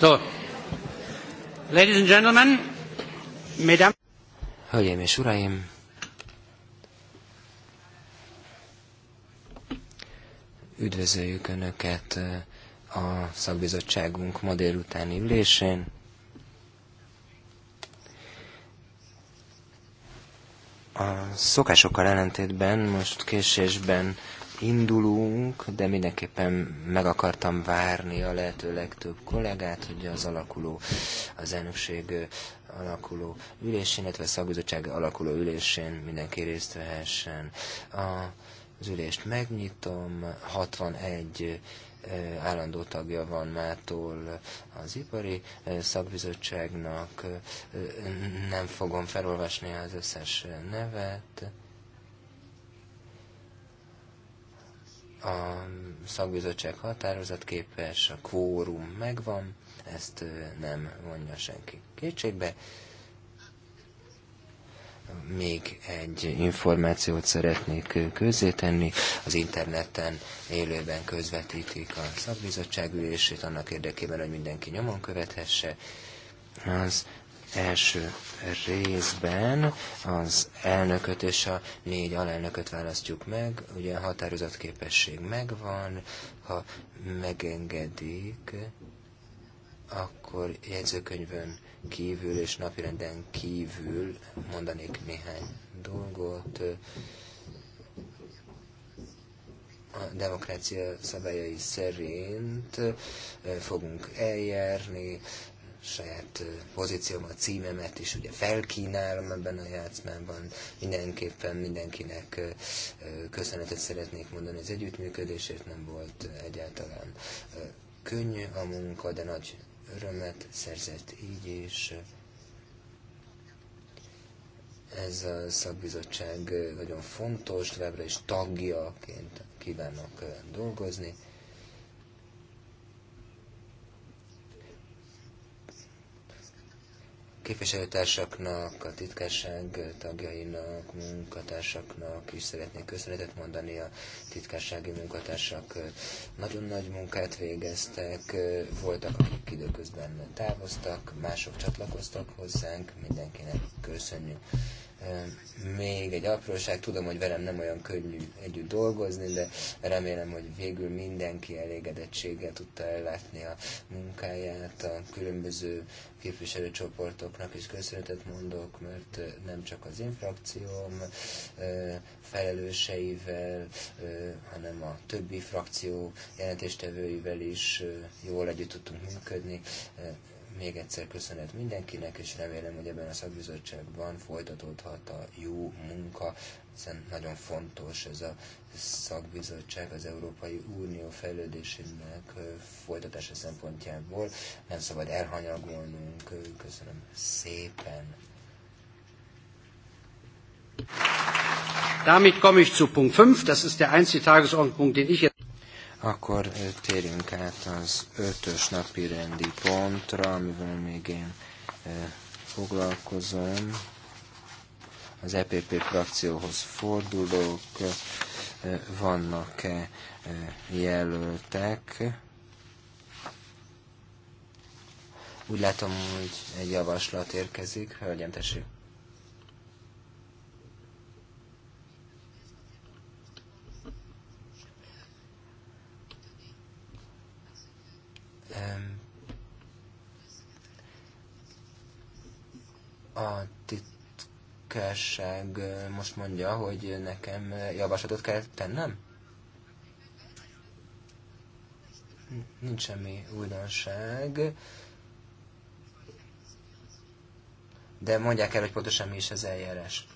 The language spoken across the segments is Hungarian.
So. Ladies and gentlemen, mesdames... Hölgyeim és uraim, üdvözöljük Önöket eh, a szakbizottságunk ma délutáni ülésén. A szokásokkal ellentétben most késésben indulunk, de mindenképpen meg akartam várni a lehető legtöbb kollégát, hogy az alakuló, az elnökség alakuló ülésén, illetve a szakbizottság alakuló ülésén mindenki részt vehessen. A, az ülést megnyitom, 61 állandó tagja van mától az ipari szakbizottságnak, nem fogom felolvasni az összes nevet. a szakbizottság határozat képes, a kvórum megvan, ezt nem mondja senki kétségbe. Még egy információt szeretnék közzétenni. Az interneten élőben közvetítik a szakbizottság ülését annak érdekében, hogy mindenki nyomon követhesse. Az első részben az elnököt és a négy alelnököt választjuk meg. Ugye a határozatképesség megvan, ha megengedik, akkor jegyzőkönyvön kívül és napirenden kívül mondanék néhány dolgot. A demokrácia szabályai szerint fogunk eljárni, saját pozíciómat, címemet is ugye felkínálom ebben a játszmában. Mindenképpen mindenkinek köszönetet szeretnék mondani az együttműködésért, nem volt egyáltalán könnyű a munka, de nagy örömet szerzett így is ez a szakbizottság nagyon fontos, továbbra is tagjaként kívánok dolgozni. képviselőtársaknak, a titkárság tagjainak, munkatársaknak is szeretnék köszönetet mondani. A titkársági munkatársak nagyon nagy munkát végeztek, voltak, akik időközben távoztak, mások csatlakoztak hozzánk, mindenkinek köszönjük még egy apróság, tudom, hogy velem nem olyan könnyű együtt dolgozni, de remélem, hogy végül mindenki elégedettséggel tudta ellátni a munkáját a különböző képviselőcsoportoknak, és köszönetet mondok, mert nem csak az infrakcióm felelőseivel, hanem a többi frakció jelentéstevőivel is jól együtt tudtunk működni. Még egyszer köszönet mindenkinek, és remélem, hogy ebben a szakbizottságban folytatódhat a jó munka, hiszen nagyon fontos ez a szakbizottság az Európai Unió fejlődésének folytatása szempontjából. Nem szabad elhanyagolnunk. Köszönöm szépen. Damit komme ich zu Punkt 5. Das ist der einzige Tagesordnungspunkt, den ich jetzt akkor eh, térjünk át az ötös napi rendi pontra, amivel még én eh, foglalkozom. Az EPP frakcióhoz fordulók, eh, vannak-e jelöltek? Úgy látom, hogy egy javaslat érkezik. Hölgyem, tessék. A titkárság most mondja, hogy nekem javaslatot kell tennem? Nincs semmi újdonság. De mondják el, hogy pontosan mi is az eljárás.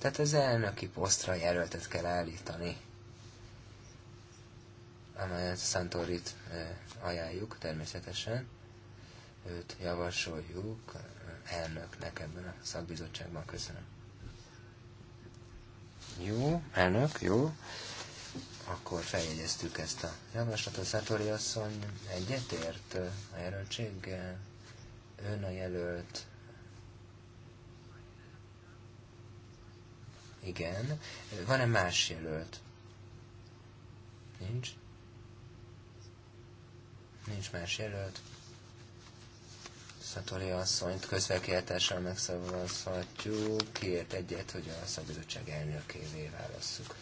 Tehát az elnöki posztra jelöltet kell állítani, amelyet Santorit ajánljuk természetesen. Őt javasoljuk elnöknek ebben a szakbizottságban. Köszönöm. Jó, elnök, jó. Akkor feljegyeztük ezt a javaslatot. Szatori asszony egyetért a jelöltséggel. Ön a jelölt Igen. Van-e más jelölt? Nincs. Nincs más jelölt. Szatoli asszonyt közvelkiáltással megszavazhatjuk. Kiért egyet, hogy a szabadság elnökévé válasszuk.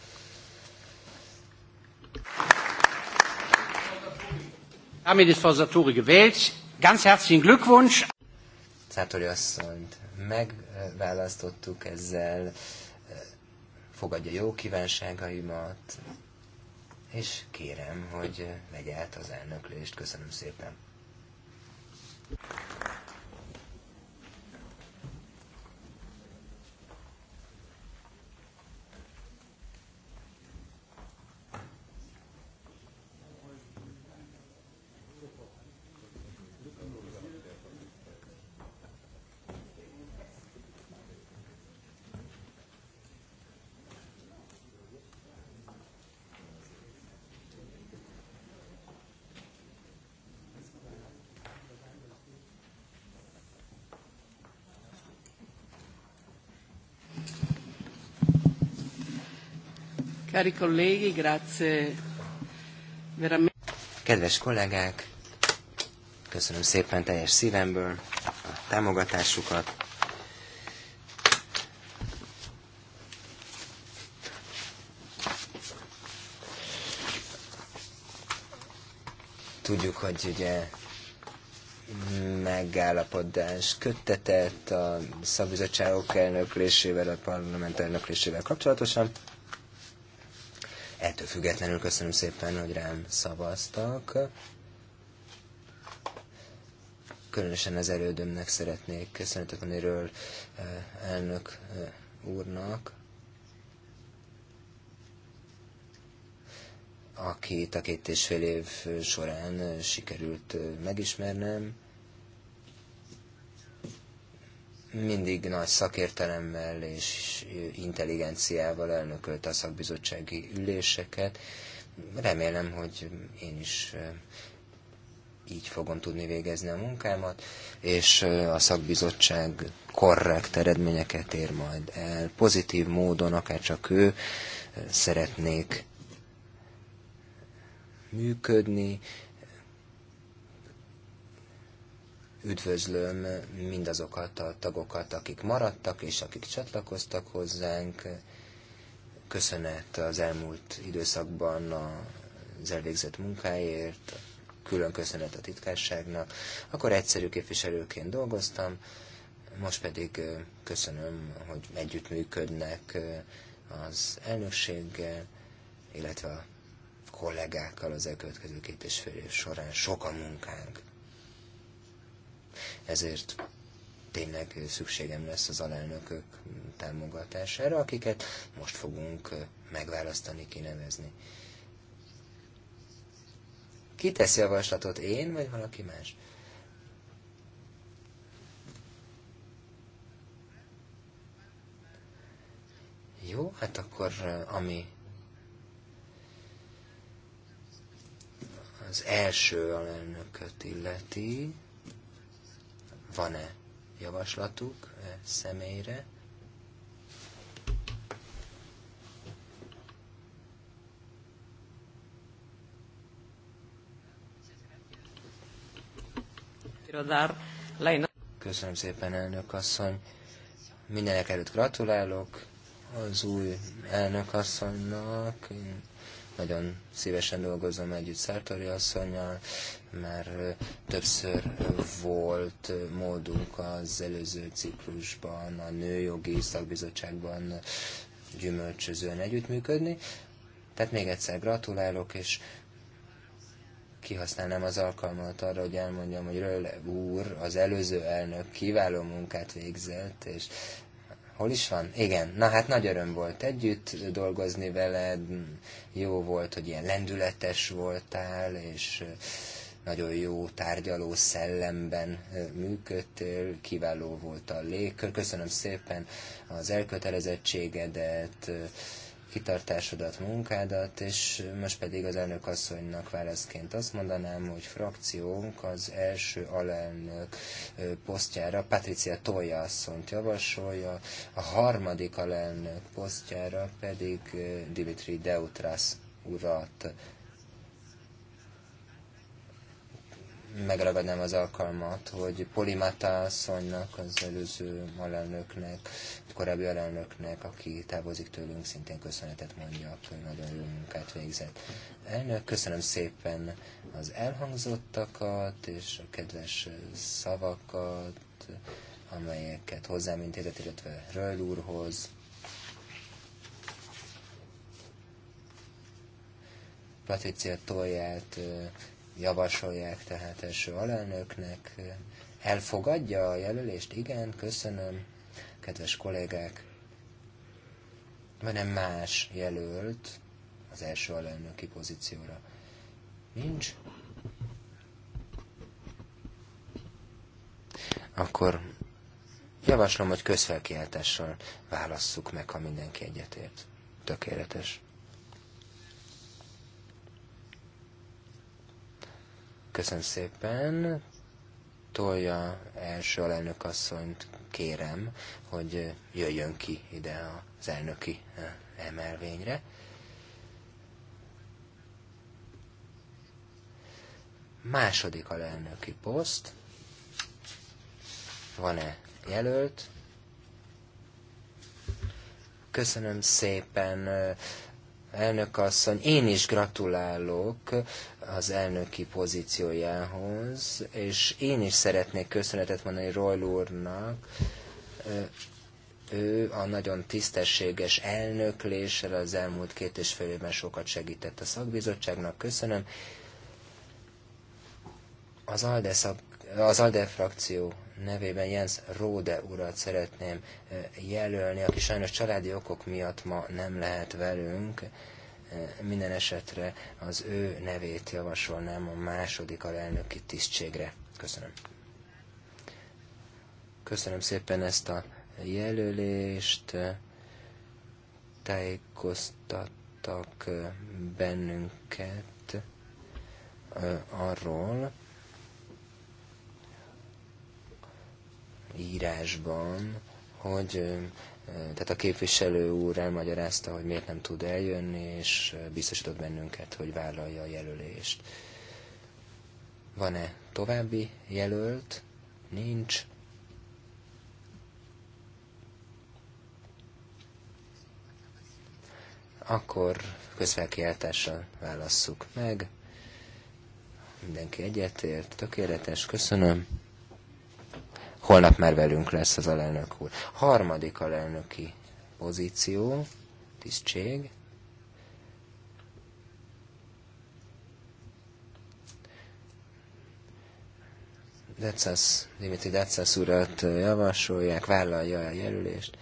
Damit ist Frau Satori gewählt. Ganz herzlichen Glückwunsch. Szatoli asszonyt megválasztottuk ezzel fogadja jó kívánságaimat, és kérem, hogy megy át az elnöklést. Köszönöm szépen! Cari colleghi, grazie. Veramente. Kedves kollégák, köszönöm szépen teljes szívemből a támogatásukat. Tudjuk, hogy ugye megállapodás köttetett a szakbizottságok elnöklésével, a parlament elnöklésével kapcsolatosan. Ettől függetlenül köszönöm szépen, hogy rám szavaztak. Különösen az erődömnek szeretnék köszönetet önéről eh, elnök eh, úrnak, akit a két és fél év során eh, sikerült megismernem. mindig nagy szakértelemmel és intelligenciával elnökölt a szakbizottsági üléseket. Remélem, hogy én is így fogom tudni végezni a munkámat, és a szakbizottság korrekt eredményeket ér majd el. Pozitív módon, akár csak ő, szeretnék működni, Üdvözlöm mindazokat a tagokat, akik maradtak és akik csatlakoztak hozzánk. Köszönet az elmúlt időszakban az elvégzett munkáért, külön köszönet a titkárságnak. Akkor egyszerű képviselőként dolgoztam, most pedig köszönöm, hogy együttműködnek az elnökséggel, illetve a kollégákkal az elkövetkező két és fél év során sok a munkánk ezért tényleg szükségem lesz az alelnökök támogatására, akiket most fogunk megválasztani, kinevezni. Ki tesz javaslatot, én vagy valaki más? Jó, hát akkor ami az első alelnököt illeti, van-e javaslatuk e személyre? Köszönöm szépen, elnök asszony. Mindenek előtt gratulálok az új elnök asszonynak. Én nagyon szívesen dolgozom együtt Szártori asszonynal, mert többször volt módunk az előző ciklusban, a Nőjogi Szakbizottságban gyümölcsözően együttműködni. Tehát még egyszer gratulálok, és kihasználnám az alkalmat arra, hogy elmondjam, hogy Röle úr, az előző elnök kiváló munkát végzett, és Hol is van? Igen. Na hát nagy öröm volt együtt dolgozni veled, jó volt, hogy ilyen lendületes voltál, és nagyon jó tárgyaló szellemben működtél, kiváló volt a légkör. Köszönöm szépen az elkötelezettségedet, kitartásodat, munkádat, és most pedig az elnök asszonynak válaszként azt mondanám, hogy frakciónk az első alelnök posztjára Patricia Tolja asszonyt javasolja, a harmadik alelnök posztjára pedig Dimitri Deutras urat megragadnám az alkalmat, hogy Polimata asszonynak, az előző alelnöknek korábbi alelnöknek, aki távozik tőlünk, szintén köszönetet mondjak, nagyon jó munkát végzett. Elnök, köszönöm szépen az elhangzottakat és a kedves szavakat, amelyeket hozzám intézett, illetve Röld úrhoz. Patricia Tolját javasolják tehát első alelnöknek. Elfogadja a jelölést? Igen, köszönöm. Kedves kollégák, van más jelölt az első alelnöki pozícióra? Nincs? Akkor javaslom, hogy közfelkiáltással válasszuk meg, ha mindenki egyetért. Tökéletes. Köszönöm szépen. Tolja első alelnök asszonyt kérem, hogy jöjjön ki ide az elnöki eh, emelvényre. Második a alelnöki poszt. Van-e jelölt? Köszönöm szépen eh, Elnök asszony, én is gratulálok az elnöki pozíciójához, és én is szeretnék köszönetet mondani Royl úrnak. Ő a nagyon tisztességes elnökléssel az elmúlt két és fél évben sokat segített a szakbizottságnak. Köszönöm. Az ALDE, szak, az ALDE frakció nevében Jens Rode urat szeretném jelölni, aki sajnos családi okok miatt ma nem lehet velünk. Minden esetre az ő nevét javasolnám a második alelnöki tisztségre. Köszönöm. Köszönöm szépen ezt a jelölést. Tájékoztattak bennünket arról, írásban, hogy tehát a képviselő úr elmagyarázta, hogy miért nem tud eljönni, és biztosított bennünket, hogy vállalja a jelölést. Van-e további jelölt? Nincs. Akkor közfelkiáltással válasszuk meg. Mindenki egyetért, tökéletes, köszönöm holnap már velünk lesz az alelnök úr. Harmadik alelnöki pozíció, tisztség. Decász, Dimitri Decász urat javasolják, vállalja a jelölést.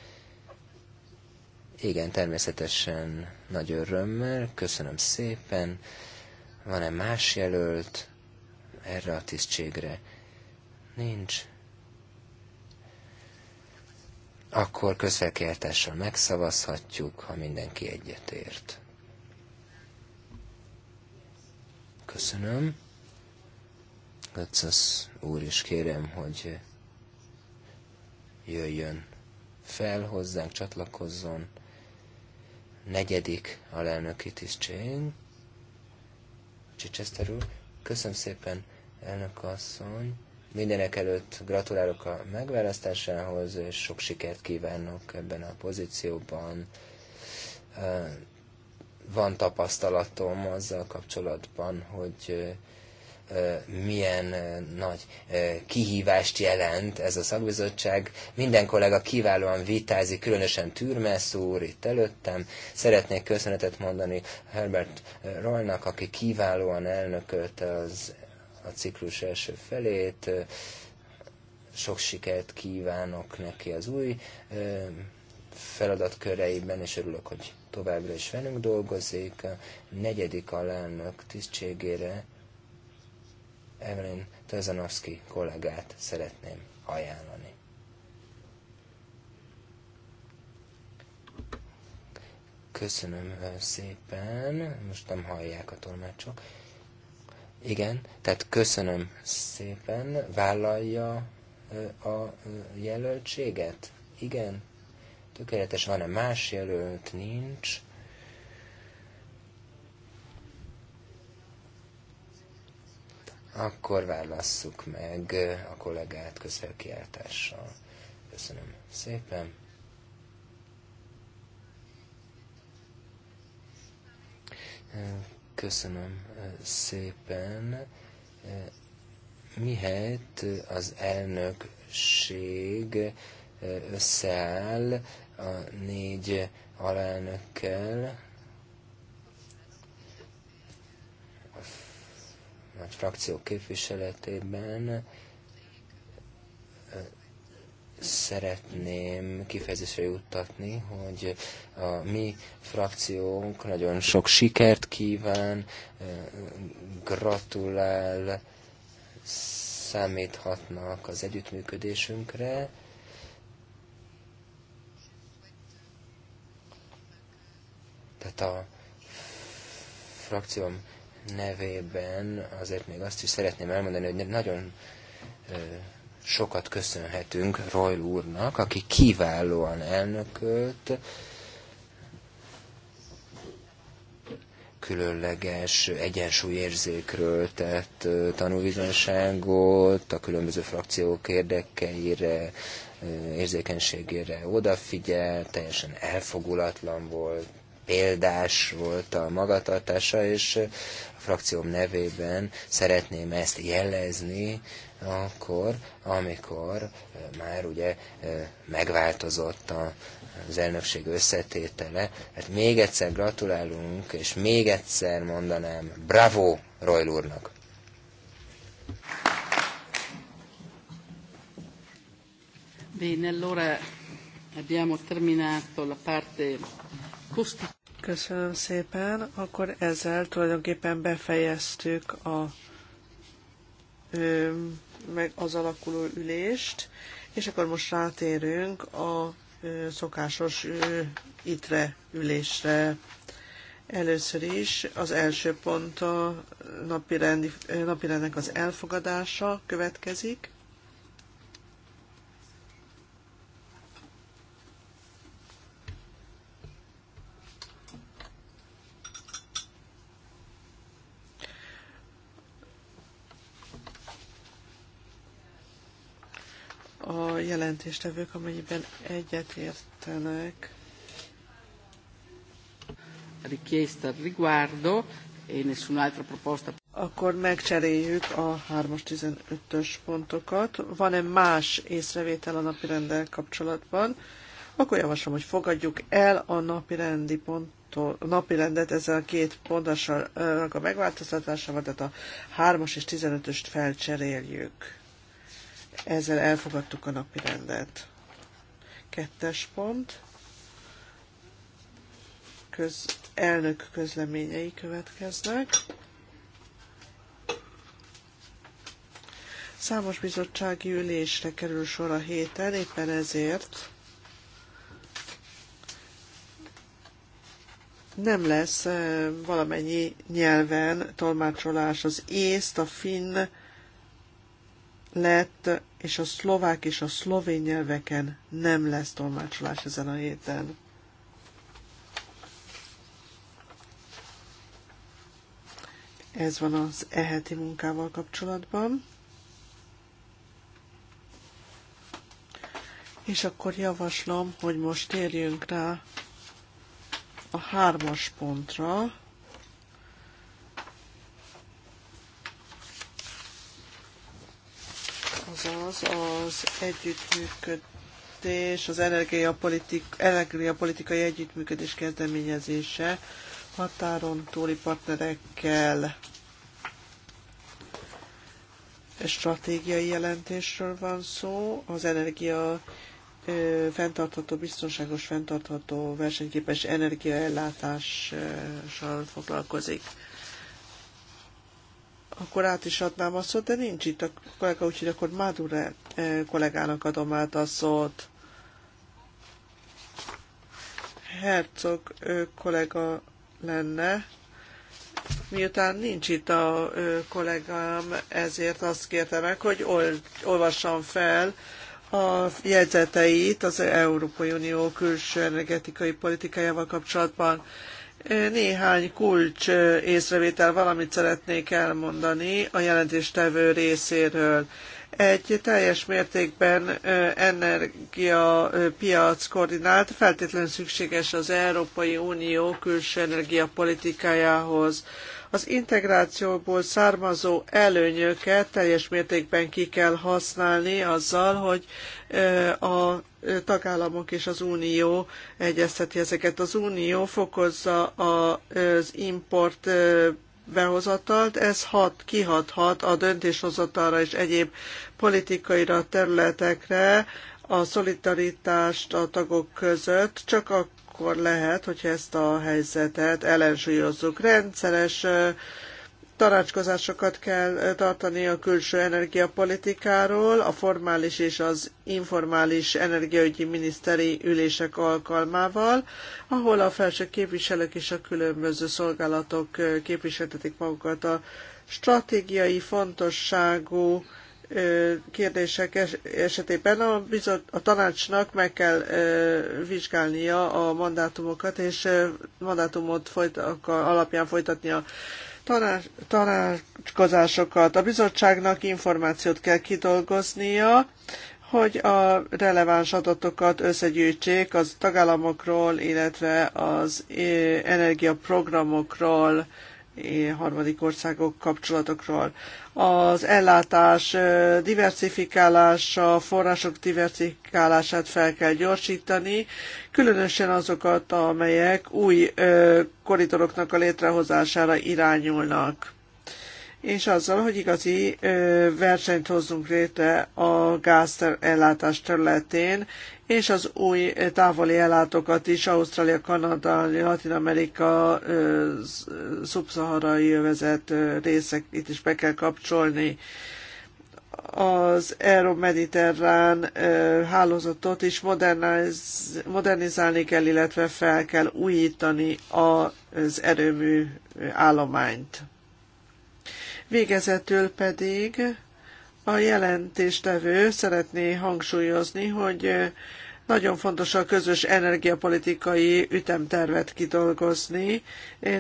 Igen, természetesen nagy örömmel, köszönöm szépen. Van-e más jelölt erre a tisztségre? Nincs akkor közfelkiáltással megszavazhatjuk, ha mindenki egyetért. Köszönöm. az. úr is kérem, hogy jöjjön fel hozzánk, csatlakozzon. Negyedik alelnöki tisztség. Csicseszter úr, köszönöm szépen, elnök asszony Mindenek előtt gratulálok a megválasztásához, és sok sikert kívánok ebben a pozícióban. Van tapasztalatom azzal kapcsolatban, hogy milyen nagy kihívást jelent ez a szakbizottság. Minden kollega kiválóan vitázik, különösen Türmesz úr itt előttem. Szeretnék köszönetet mondani Herbert Rollnak, aki kiválóan elnökölte az a ciklus első felét. Sok sikert kívánok neki az új feladatköreiben, és örülök, hogy továbbra is velünk dolgozik. A negyedik alelnök tisztségére Evelyn Tazanowski kollégát szeretném ajánlani. Köszönöm szépen, most nem hallják a tolmácsok. Igen, tehát köszönöm szépen, vállalja a jelöltséget? Igen, tökéletes, van-e más jelölt? Nincs. Akkor válasszuk meg a kollégát közfelkiáltással. Köszönöm szépen. Köszönöm szépen. Mihelyt az elnökség összeáll a négy alelnökkel, a frakció képviseletében, szeretném kifejezésre juttatni, hogy a mi frakciónk nagyon sok sikert kíván, gratulál, számíthatnak az együttműködésünkre. Tehát a frakcióm nevében azért még azt is szeretném elmondani, hogy nagyon sokat köszönhetünk Royal úrnak, aki kiválóan elnökölt, különleges egyensúlyérzékről tett tanúbizonyságot, a különböző frakciók érdekeire, érzékenységére odafigyel, teljesen elfogulatlan volt, példás volt a magatartása, és a frakcióm nevében szeretném ezt jelezni, akkor, amikor már ugye megváltozott a, az elnökség összetétele. Hát még egyszer gratulálunk, és még egyszer mondanám, bravo Royl úrnak! Bene, allora abbiamo terminato la parte Köszönöm szépen. Akkor ezzel tulajdonképpen befejeztük a ö, meg az alakuló ülést, és akkor most rátérünk a szokásos itre ülésre. Először is az első pont a napirendnek napi az elfogadása következik. a jelentéstevők, amennyiben egyetértenek. Richiesta riguardo e nessun altra proposta. Akkor megcseréljük a 3-as 15-ös pontokat. Van-e más észrevétel a napi rendel kapcsolatban? Akkor javaslom, hogy fogadjuk el a napi rendi pont a napi rendet ezzel a két pontosan a megváltoztatásával, tehát a 3-as és 15-öst felcseréljük. Ezzel elfogadtuk a napi rendet. Kettes pont. Köz, elnök közleményei következnek. Számos bizottsági ülésre kerül sor a héten, éppen ezért nem lesz eh, valamennyi nyelven tolmácsolás az észt, a finn, lett, és a szlovák és a szlovén nyelveken nem lesz tolmácsolás ezen a héten. Ez van az eheti munkával kapcsolatban. És akkor javaslom, hogy most térjünk rá a hármas pontra. az az együttműködés, az energiapolitik, energiapolitikai együttműködés kezdeményezése határon túli partnerekkel stratégiai jelentésről van szó, az energia ö, fenntartható, biztonságos, fenntartható, versenyképes energiaellátással foglalkozik akkor át is adnám a szót, de nincs itt a kollega, úgyhogy akkor Mádure eh, kollégának adom át a szót. Herzog eh, kollega lenne. Miután nincs itt a eh, kollégám, ezért azt kérte meg, hogy ol, olvassam fel a jegyzeteit az Európai Unió külső energetikai politikájával kapcsolatban. Néhány kulcs észrevétel, valamit szeretnék elmondani a jelentéstevő részéről. Egy teljes mértékben energiapiac koordinált feltétlenül szükséges az Európai Unió külső energiapolitikájához. politikájához az integrációból származó előnyöket teljes mértékben ki kell használni azzal, hogy a tagállamok és az Unió egyezteti ezeket. Az Unió fokozza az import behozatalt, ez hat, kihathat a döntéshozatalra és egyéb politikaira, területekre, a szolidaritást a tagok között, csak a akkor lehet, hogyha ezt a helyzetet ellensúlyozzuk. Rendszeres tanácskozásokat kell tartani a külső energiapolitikáról, a formális és az informális energiaügyi miniszteri ülések alkalmával, ahol a felső képviselők és a különböző szolgálatok képviseltetik magukat a stratégiai fontosságú kérdések esetében a, bizot, a tanácsnak meg kell vizsgálnia a mandátumokat, és mandátumot folyt, alapján folytatnia tanács, tanácskozásokat. A bizottságnak információt kell kidolgoznia, hogy a releváns adatokat összegyűjtsék az tagállamokról, illetve az energiaprogramokról, Eh, harmadik országok kapcsolatokról. Az ellátás eh, diversifikálása, források diversifikálását fel kell gyorsítani, különösen azokat, amelyek új eh, koridoroknak a létrehozására irányulnak és azzal, hogy igazi versenyt hozzunk létre a gázellátás területén, és az új távoli ellátókat is, Ausztrália, Kanada, Latin Amerika, szubszaharai övezet részek itt is be kell kapcsolni az Eural-Mediterrán hálózatot is modernizálni kell, illetve fel kell újítani az erőmű állományt. Végezetül pedig a jelentéstevő szeretné hangsúlyozni, hogy nagyon fontos a közös energiapolitikai ütemtervet kidolgozni,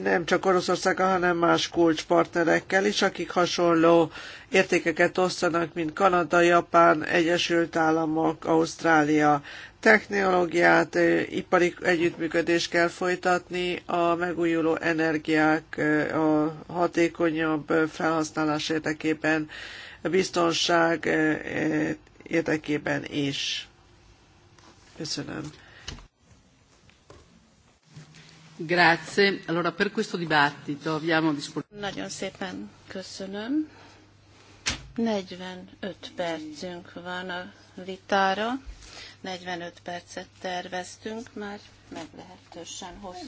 nem csak Oroszországgal, hanem más kulcspartnerekkel is, akik hasonló értékeket osztanak, mint Kanada, Japán, Egyesült Államok, Ausztrália technológiát, ipari együttműködést kell folytatni, a megújuló energiák a hatékonyabb felhasználás érdekében, a biztonság érdekében is. Köszönöm. Grazie. Allora per questo dibattito abbiamo disposizione. Nagyon szépen köszönöm. 45 percünk van a vitára. 45 percet terveztünk, már meglehetősen hosszú.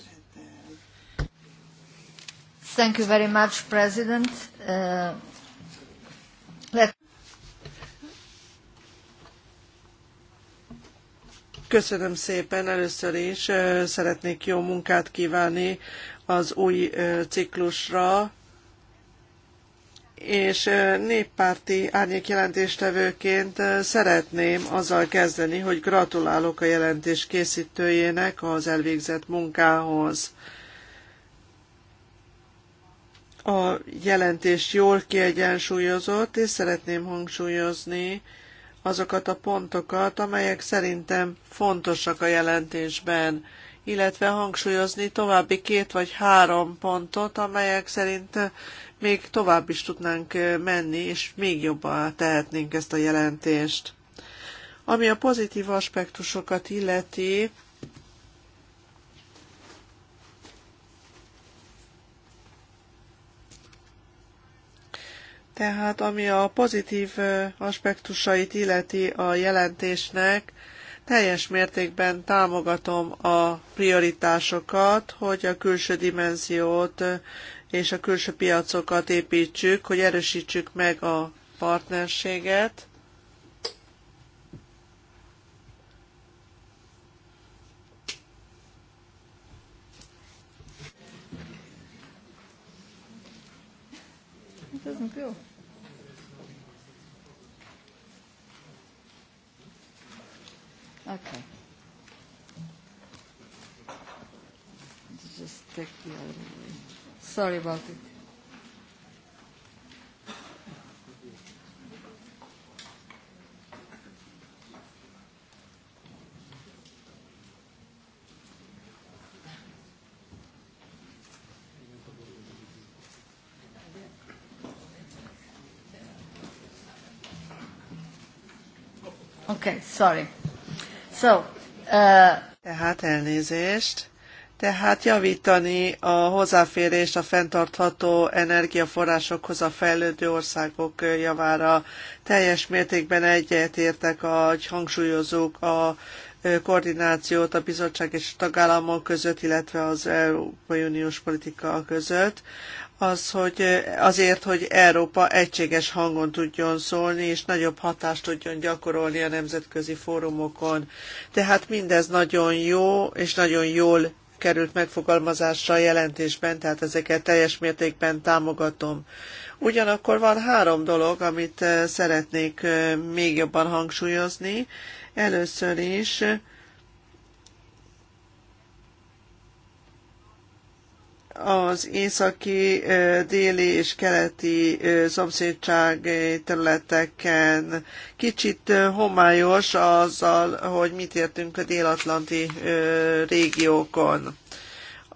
Thank you very much, President. Uh, let... Köszönöm szépen először is. Szeretnék jó munkát kívánni az új ciklusra, és néppárti árnyék jelentéstevőként szeretném azzal kezdeni, hogy gratulálok a jelentés készítőjének az elvégzett munkához. A jelentés jól kiegyensúlyozott, és szeretném hangsúlyozni azokat a pontokat, amelyek szerintem fontosak a jelentésben illetve hangsúlyozni további két vagy három pontot, amelyek szerint még tovább is tudnánk menni, és még jobban tehetnénk ezt a jelentést. Ami a pozitív aspektusokat illeti, Tehát ami a pozitív aspektusait illeti a jelentésnek, teljes mértékben támogatom a prioritásokat, hogy a külső dimenziót és a külső piacokat építsük, hogy erősítsük meg a partnerséget. It doesn't go. Okay. just take the other Sorry about it. Okay, sorry. So, uh... Tehát elnézést tehát javítani a hozzáférést a fenntartható energiaforrásokhoz a fejlődő országok javára. Teljes mértékben egyetértek, hogy hangsúlyozók a koordinációt a bizottság és a tagállamok között, illetve az Európai Uniós politika között, az, hogy azért, hogy Európa egységes hangon tudjon szólni, és nagyobb hatást tudjon gyakorolni a nemzetközi fórumokon. Tehát mindez nagyon jó, és nagyon jól került megfogalmazásra a jelentésben, tehát ezeket teljes mértékben támogatom. Ugyanakkor van három dolog, amit eh, szeretnék eh, még jobban hangsúlyozni. Először is az északi, déli és keleti szomszédság területeken. Kicsit homályos azzal, hogy mit értünk a délatlanti régiókon.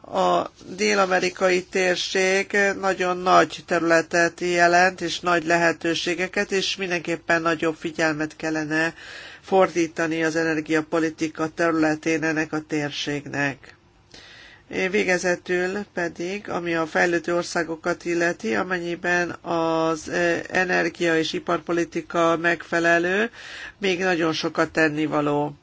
A dél-amerikai térség nagyon nagy területet jelent, és nagy lehetőségeket, és mindenképpen nagyobb figyelmet kellene fordítani az energiapolitika területén ennek a térségnek Végezetül pedig, ami a fejlődő országokat illeti, amennyiben az e, energia és iparpolitika megfelelő, még nagyon sokat tennivaló.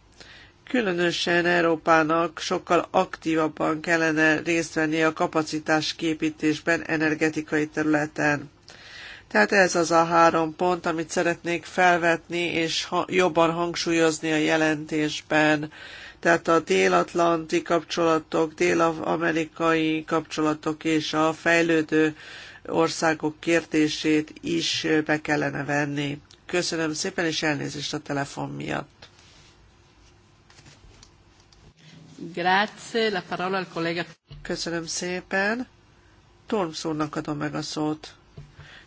Különösen Európának sokkal aktívabban kellene részt vennie a kapacitás képítésben energetikai területen. Tehát ez az a három pont, amit szeretnék felvetni és ha, jobban hangsúlyozni a jelentésben tehát a dél-atlanti kapcsolatok, dél-amerikai kapcsolatok és a fejlődő országok kérdését is be kellene venni. Köszönöm szépen, és elnézést a telefon miatt. Grazie, la parola al collega. Köszönöm szépen. Torms úrnak adom meg a szót.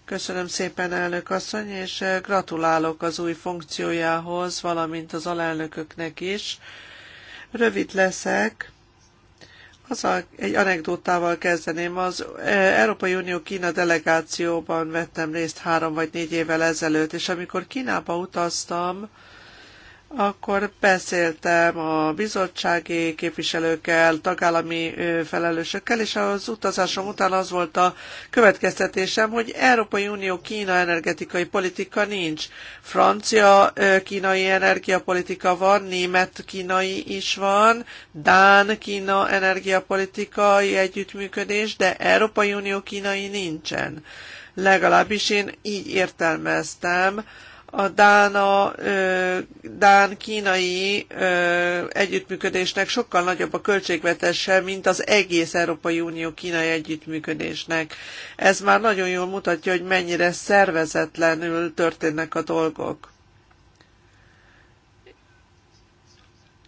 Köszönöm szépen, elnök asszony, és gratulálok az új funkciójához, valamint az alelnököknek is. Rövid leszek. Azzal egy anekdotával kezdeném. Az e, Európai Unió Kína delegációban vettem részt három vagy négy évvel ezelőtt, és amikor Kínába utaztam, akkor beszéltem a bizottsági képviselőkkel, tagállami felelősökkel, és az utazásom után az volt a következtetésem, hogy Európai Unió Kína energetikai politika nincs. Francia kínai energiapolitika van, német kínai is van, Dán Kína energiapolitikai együttműködés, de Európai Unió kínai nincsen. Legalábbis én így értelmeztem, a Dána, Dán-kínai együttműködésnek sokkal nagyobb a költségvetése, mint az egész Európai Unió kínai együttműködésnek. Ez már nagyon jól mutatja, hogy mennyire szervezetlenül történnek a dolgok.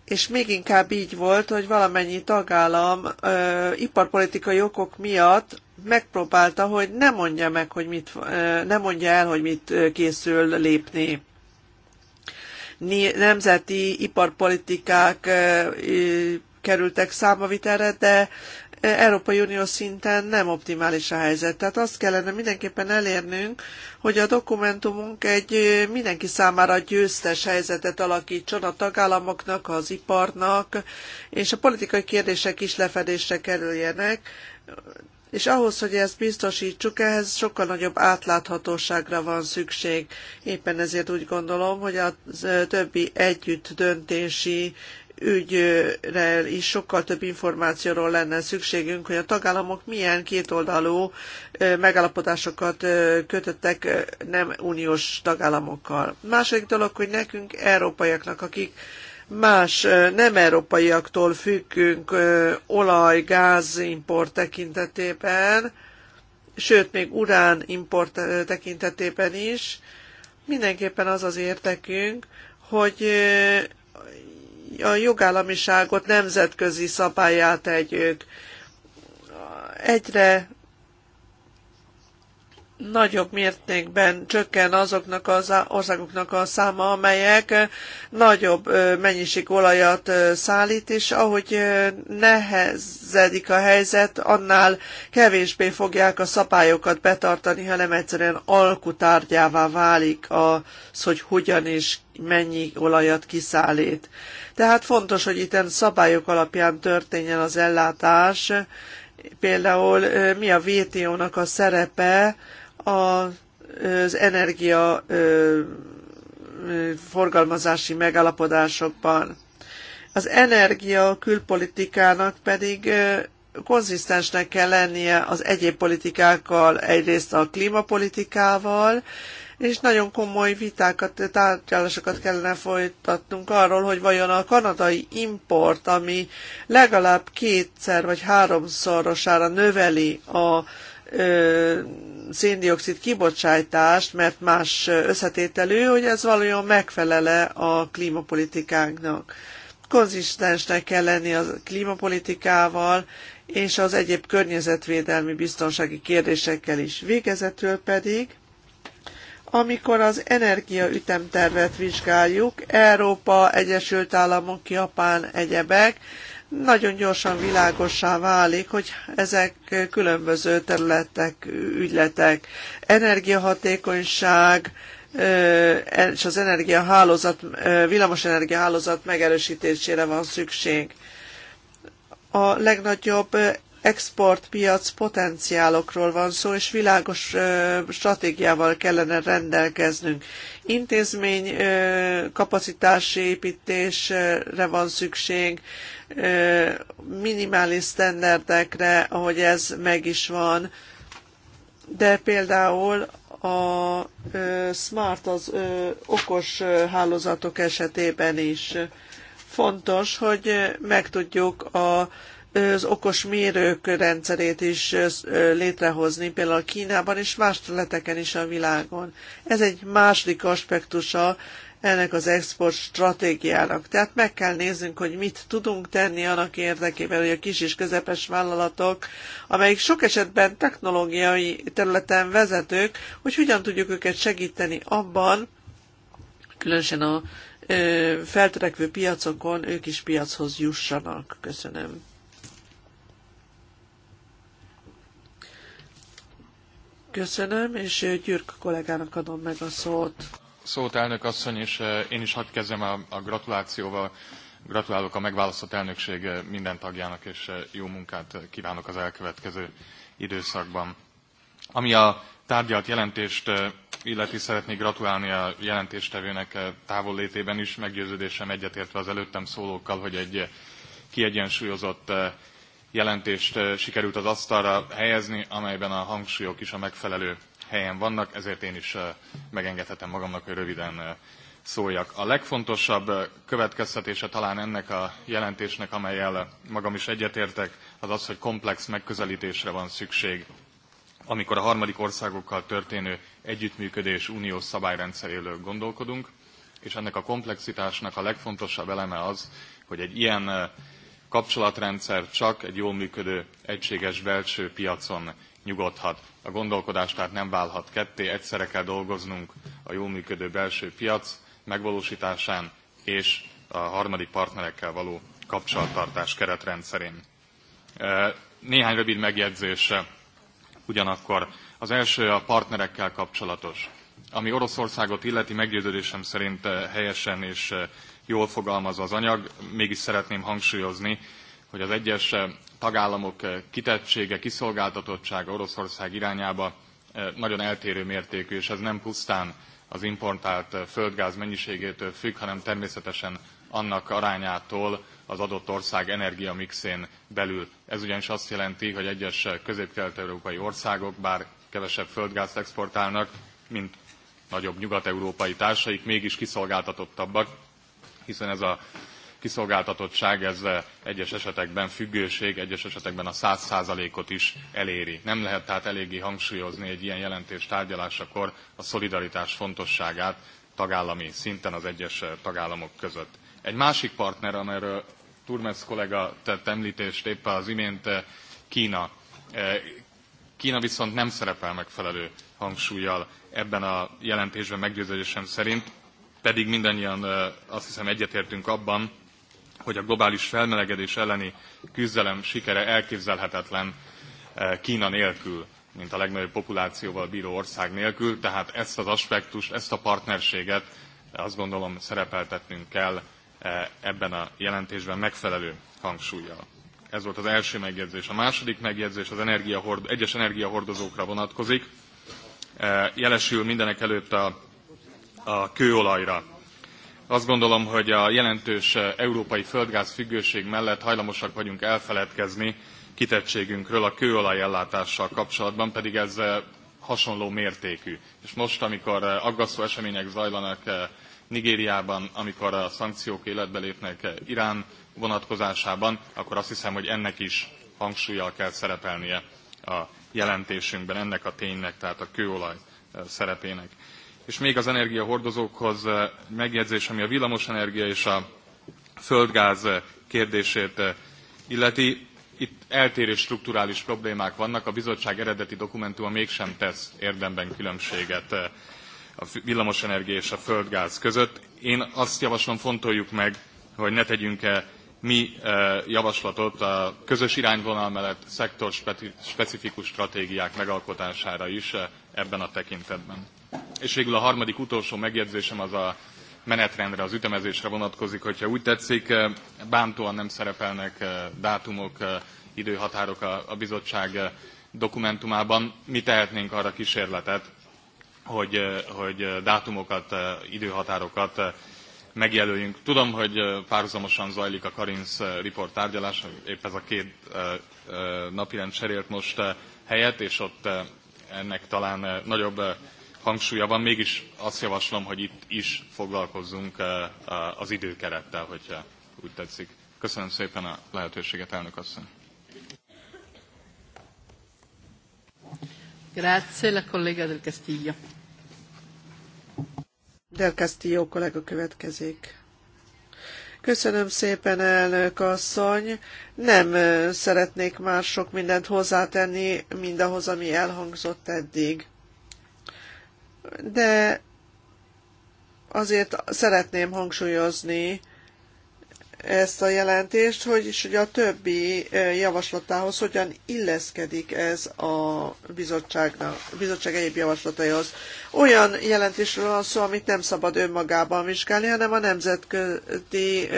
és még inkább így volt, hogy valamennyi tagállam ö, iparpolitikai okok miatt megpróbálta, hogy ne mondja meg, hogy mit, eh, nem mondja el, hogy mit eh, készül lépni nemzeti iparpolitikák eh, kerültek számavitelre, de Európai Unió szinten nem optimális a helyzet. Tehát azt kellene mindenképpen elérnünk, hogy a dokumentumunk egy mindenki számára győztes helyzetet alakítson a tagállamoknak, az iparnak, és a politikai kérdések is lefedésre kerüljenek, és ahhoz, hogy ezt biztosítsuk, ehhez sokkal nagyobb átláthatóságra van szükség. Éppen ezért úgy gondolom, hogy a többi együtt döntési ügyre is sokkal több információról lenne szükségünk, hogy a tagállamok milyen kétoldalú megállapodásokat kötöttek nem uniós tagállamokkal. Második dolog, hogy nekünk, európaiaknak, akik más nem európaiaktól függünk olaj, gáz import tekintetében, sőt, még urán import tekintetében is. Mindenképpen az az értekünk, hogy a jogállamiságot nemzetközi szabályá tegyük. Egyre nagyobb mértékben csökken azoknak az országoknak a száma, amelyek nagyobb mennyiség olajat szállít, és ahogy nehezedik a helyzet, annál kevésbé fogják a szabályokat betartani, hanem egyszerűen alkutárgyává válik az, hogy hogyan és mennyi olajat kiszállít. Tehát fontos, hogy itt szabályok alapján történjen az ellátás, például mi a VTO-nak a szerepe, az energia forgalmazási megalapodásokban. Az energia külpolitikának pedig konzisztensnek kell lennie az egyéb politikákkal, egyrészt a klímapolitikával, és nagyon komoly vitákat, tárgyalásokat kellene folytatnunk arról, hogy vajon a kanadai import, ami legalább kétszer vagy háromszorosára növeli a ö, széndiokszid kibocsátást, mert más összetételű, hogy ez valójában megfelele a klímapolitikánknak. Konzisztensnek kell lenni a klímapolitikával és az egyéb környezetvédelmi biztonsági kérdésekkel is. Végezetül pedig amikor az energiaütemtervet vizsgáljuk, Európa, Egyesült Államok, Japán, egyebek, nagyon gyorsan világossá válik, hogy ezek különböző területek, ügyletek, energiahatékonyság, e, és az energiahálózat, villamosenergia hálózat megerősítésére van szükség. A legnagyobb exportpiac potenciálokról van szó, és világos stratégiával kellene rendelkeznünk. Intézmény kapacitási építésre van szükség, minimális sztenderdekre, ahogy ez meg is van. De például a smart, az okos hálózatok esetében is fontos, hogy megtudjuk a az okos mérők rendszerét is létrehozni, például Kínában és más területeken is a világon. Ez egy második aspektusa ennek az export stratégiának. Tehát meg kell néznünk, hogy mit tudunk tenni annak érdekében, hogy a kis és közepes vállalatok, amelyik sok esetben technológiai területen vezetők, hogy hogyan tudjuk őket segíteni abban, különösen a ö, feltörekvő piacokon ők is piachoz jussanak. Köszönöm. Köszönöm, és Gyürk kollégának adom meg a szót szót, elnök asszony, és eh, én is hadd kezdjem a, a gratulációval. Gratulálok a megválasztott elnökség eh, minden tagjának, és eh, jó munkát kívánok az elkövetkező időszakban. Ami a tárgyalt jelentést illeti, szeretnék gratulálni a jelentéstevőnek távollétében is, meggyőződésem egyetértve az előttem szólókkal, hogy egy kiegyensúlyozott jelentést sikerült az asztalra helyezni, amelyben a hangsúlyok is a megfelelő helyen vannak, ezért én is megengedhetem magamnak, hogy röviden szóljak. A legfontosabb következtetése talán ennek a jelentésnek, amelyel magam is egyetértek, az az, hogy komplex megközelítésre van szükség, amikor a harmadik országokkal történő együttműködés uniós szabályrendszeréről gondolkodunk, és ennek a komplexitásnak a legfontosabb eleme az, hogy egy ilyen kapcsolatrendszer csak egy jól működő egységes belső piacon nyugodhat. A gondolkodás tehát nem válhat ketté, egyszerre kell dolgoznunk a jól működő belső piac megvalósításán és a harmadik partnerekkel való kapcsolattartás keretrendszerén. Néhány rövid megjegyzése ugyanakkor. Az első a partnerekkel kapcsolatos. Ami Oroszországot illeti meggyőződésem szerint helyesen és jól fogalmazza az anyag, mégis szeretném hangsúlyozni, hogy az egyes tagállamok eh, kitettsége, kiszolgáltatottsága Oroszország irányába eh, nagyon eltérő mértékű, és ez nem pusztán az importált eh, földgáz mennyiségétől függ, hanem természetesen annak arányától az adott ország energiamixén belül. Ez ugyanis azt jelenti, hogy egyes közép-kelet-európai országok, bár kevesebb földgázt exportálnak, mint nagyobb nyugat-európai társaik, mégis kiszolgáltatottabbak, hiszen ez a kiszolgáltatottság, ez eh, egyes esetekben függőség, egyes esetekben a száz százalékot is eléri. Nem lehet tehát eléggé hangsúlyozni egy ilyen jelentés tárgyalásakor a szolidaritás fontosságát tagállami szinten az egyes eh, tagállamok között. Egy másik partner, amelyről Turmes kollega tett említést éppen az imént, eh, Kína. Kína viszont nem szerepel megfelelő hangsúlyjal ebben a jelentésben meggyőződésem szerint, pedig mindannyian azt hiszem egyetértünk abban, hogy a globális felmelegedés elleni küzdelem sikere elképzelhetetlen eh, Kína nélkül, mint a legnagyobb populációval bíró ország nélkül, tehát ezt az aspektust, ezt a partnerséget eh, azt gondolom szerepeltetnünk kell eh, ebben a jelentésben megfelelő hangsúlyjal. Ez volt az első megjegyzés. A második megjegyzés az energiahord, egyes energiahordozókra vonatkozik. Jelesül mindenek előtt a, a kőolajra azt gondolom, hogy a jelentős eh, európai földgáz függőség mellett hajlamosak vagyunk elfeledkezni kitettségünkről a kőolajellátással kapcsolatban, pedig ez eh, hasonló mértékű. És most, amikor eh, aggasztó események zajlanak Nigériában, amikor a szankciók életbe lépnek Irán vonatkozásában, akkor azt hiszem, hogy ennek is hangsúlyjal kell szerepelnie a jelentésünkben, ennek a ténynek, tehát a kőolaj szerepének és még az energiahordozókhoz eh, megjegyzés, ami a villamosenergia és a földgáz eh, kérdését eh, illeti. Itt eltérő strukturális problémák vannak, a bizottság eredeti dokumentuma mégsem tesz érdemben különbséget a villamosenergia és a földgáz között. Én azt javaslom, fontoljuk meg, hogy ne tegyünk-e mi javaslatot a közös irányvonal mellett szektor specifikus stratégiák megalkotására is ebben a tekintetben. És végül a harmadik utolsó megjegyzésem az a menetrendre, az ütemezésre vonatkozik, hogyha úgy tetszik, eh, bántóan nem szerepelnek eh, dátumok, eh, időhatárok a bizottság dokumentumában. Mi tehetnénk arra kísérletet, hogy, hogy dátumokat, időhatárokat megjelöljünk. Tudom, hogy párhuzamosan zajlik a Karinsz report tárgyalás, épp ez a két napirend cserélt most helyet, és ott ennek talán nagyobb hangsúlya van, mégis azt javaslom, hogy itt is foglalkozzunk eh, eh, az időkerettel, hogyha úgy tetszik. Köszönöm szépen a lehetőséget, elnök asszony. Grazie, la collega del Castillo. Del Castillo kollega következik. Köszönöm szépen, elnök asszony. Nem eh, szeretnék már sok mindent hozzátenni mindahhoz, ami elhangzott eddig de azért szeretném hangsúlyozni ezt a jelentést, hogy is ugye a többi javaslatához hogyan illeszkedik ez a bizottságnak, a bizottság egyéb javaslataihoz. Olyan jelentésről van szó, amit nem szabad önmagában vizsgálni, hanem a nemzetközi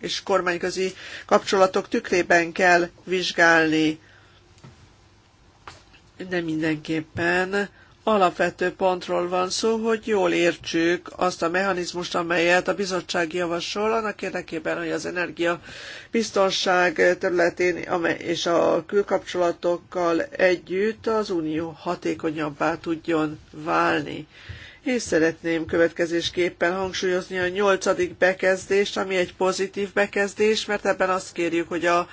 és kormányközi kapcsolatok tükrében kell vizsgálni. De mindenképpen alapvető pontról van szó, hogy jól értsük azt a mechanizmust, amelyet a bizottság javasol, annak érdekében, hogy az energia biztonság területén és a külkapcsolatokkal együtt az Unió hatékonyabbá tudjon válni és szeretném következésképpen hangsúlyozni a nyolcadik bekezdést, ami egy pozitív bekezdés, mert ebben azt kérjük, hogy a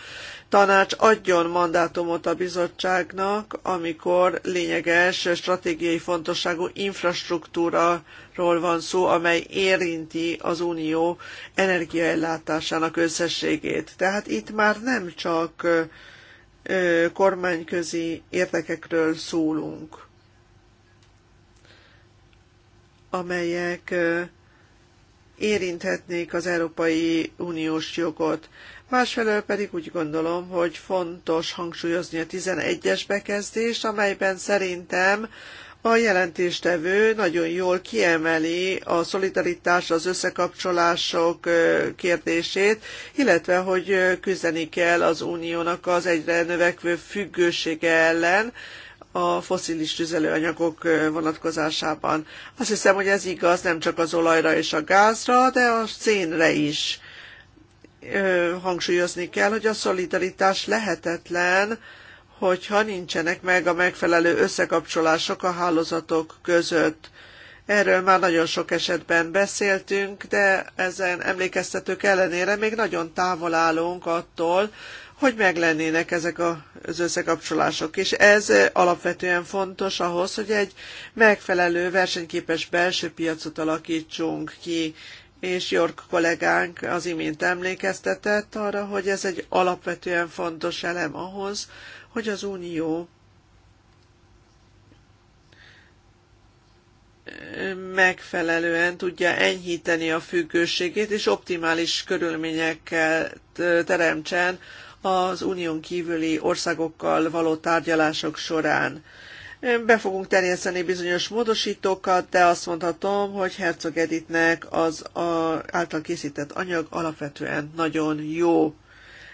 tanács adjon mandátumot a bizottságnak, amikor lényeges, stratégiai fontosságú infrastruktúráról van szó, amely érinti az unió energiaellátásának összességét. Tehát itt már nem csak kormányközi érdekekről szólunk amelyek érinthetnék az Európai Uniós jogot. Másfelől pedig úgy gondolom, hogy fontos hangsúlyozni a 11-es bekezdést, amelyben szerintem a jelentéstevő nagyon jól kiemeli a szolidaritás, az összekapcsolások kérdését, illetve hogy küzdeni kell az uniónak az egyre növekvő függősége ellen, a foszilis tüzelőanyagok vonatkozásában. Azt hiszem, hogy ez igaz nem csak az olajra és a gázra, de a szénre is hangsúlyozni kell, hogy a szolidaritás lehetetlen, hogyha nincsenek meg a megfelelő összekapcsolások a hálózatok között. Erről már nagyon sok esetben beszéltünk, de ezen emlékeztetők ellenére még nagyon távol állunk attól, hogy meglennének ezek az összekapcsolások. És ez alapvetően fontos ahhoz, hogy egy megfelelő versenyképes belső piacot alakítsunk ki, és York kollégánk az imént emlékeztetett arra, hogy ez egy alapvetően fontos elem ahhoz, hogy az Unió megfelelően tudja enyhíteni a függőségét, és optimális körülményekkel teremtsen az unión kívüli országokkal való tárgyalások során. Be fogunk terjeszteni bizonyos módosítókat, de azt mondhatom, hogy Herzog Editnek az a, által készített anyag alapvetően nagyon jó,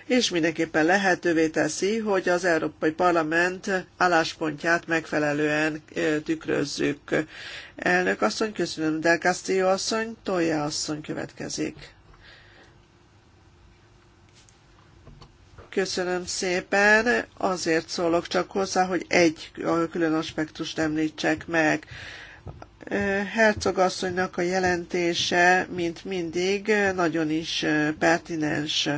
és mindenképpen lehetővé teszi, hogy az Európai Parlament álláspontját megfelelően tükrözzük. Elnök asszony, köszönöm, Del Castillo asszony, Tolja asszony következik. Köszönöm szépen. Azért szólok csak hozzá, hogy egy külön aspektust említsek meg. Hercogasszonynak a jelentése, mint mindig, nagyon is pertinens.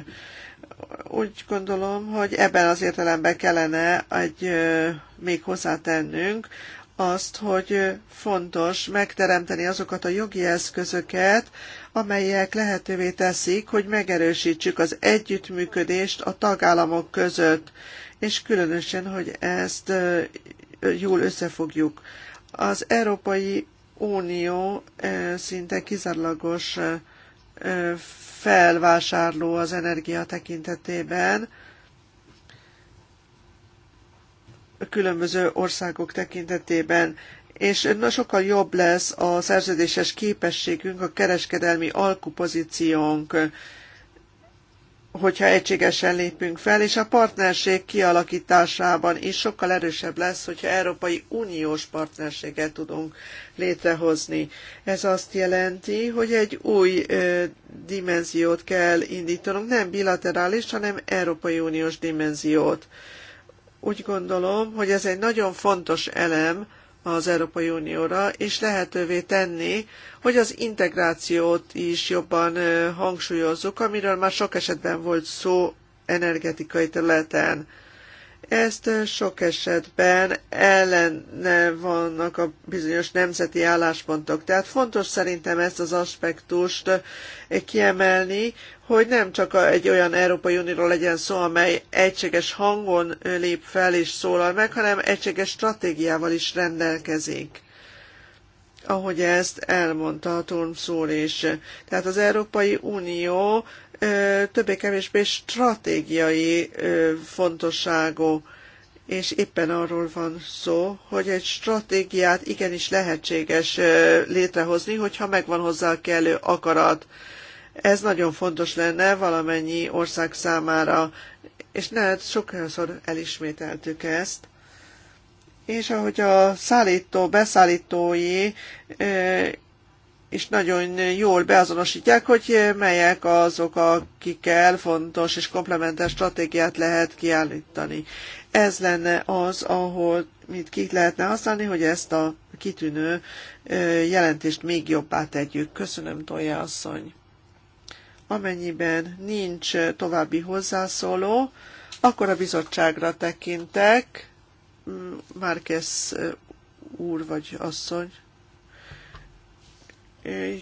Úgy gondolom, hogy ebben az értelemben kellene egy még hozzátennünk azt, hogy fontos megteremteni azokat a jogi eszközöket, amelyek lehetővé teszik, hogy megerősítsük az együttműködést a tagállamok között, és különösen, hogy ezt jól összefogjuk. Az Európai Unió szinte kizárólagos felvásárló az energia tekintetében, különböző országok tekintetében, és na, sokkal jobb lesz a szerződéses képességünk, a kereskedelmi alkupozíciónk, hogyha egységesen lépünk fel, és a partnerség kialakításában is sokkal erősebb lesz, hogyha Európai Uniós partnerséget tudunk létrehozni. Ez azt jelenti, hogy egy új ö, dimenziót kell indítanunk, nem bilaterális, hanem Európai Uniós dimenziót. Ö, úgy gondolom, hogy ez egy nagyon fontos elem az Európai Unióra, és lehetővé tenni, hogy az integrációt is jobban hangsúlyozzuk, amiről már sok esetben volt szó energetikai területen. Ezt sok esetben ellene vannak a bizonyos nemzeti álláspontok. Tehát fontos szerintem ezt az aspektust kiemelni, hogy nem csak egy olyan Európai Unióról legyen szó, amely egységes hangon lép fel és szólal meg, hanem egységes stratégiával is rendelkezik ahogy ezt elmondta a Turmszúr is. Tehát az Európai Unió többé-kevésbé stratégiai fontosságú, és éppen arról van szó, hogy egy stratégiát igenis lehetséges létrehozni, hogyha megvan hozzá a kellő akarat. Ez nagyon fontos lenne valamennyi ország számára, és ne sokszor elismételtük ezt. És ahogy a szállító, beszállítói és nagyon jól beazonosítják, hogy melyek azok, akikkel fontos és komplementer stratégiát lehet kiállítani. Ez lenne az, ahol mit ki lehetne használni, hogy ezt a kitűnő jelentést még jobbá tegyük. Köszönöm, Tolja asszony! Amennyiben nincs további hozzászóló, akkor a bizottságra tekintek. Márkesz eh, úr vagy asszony.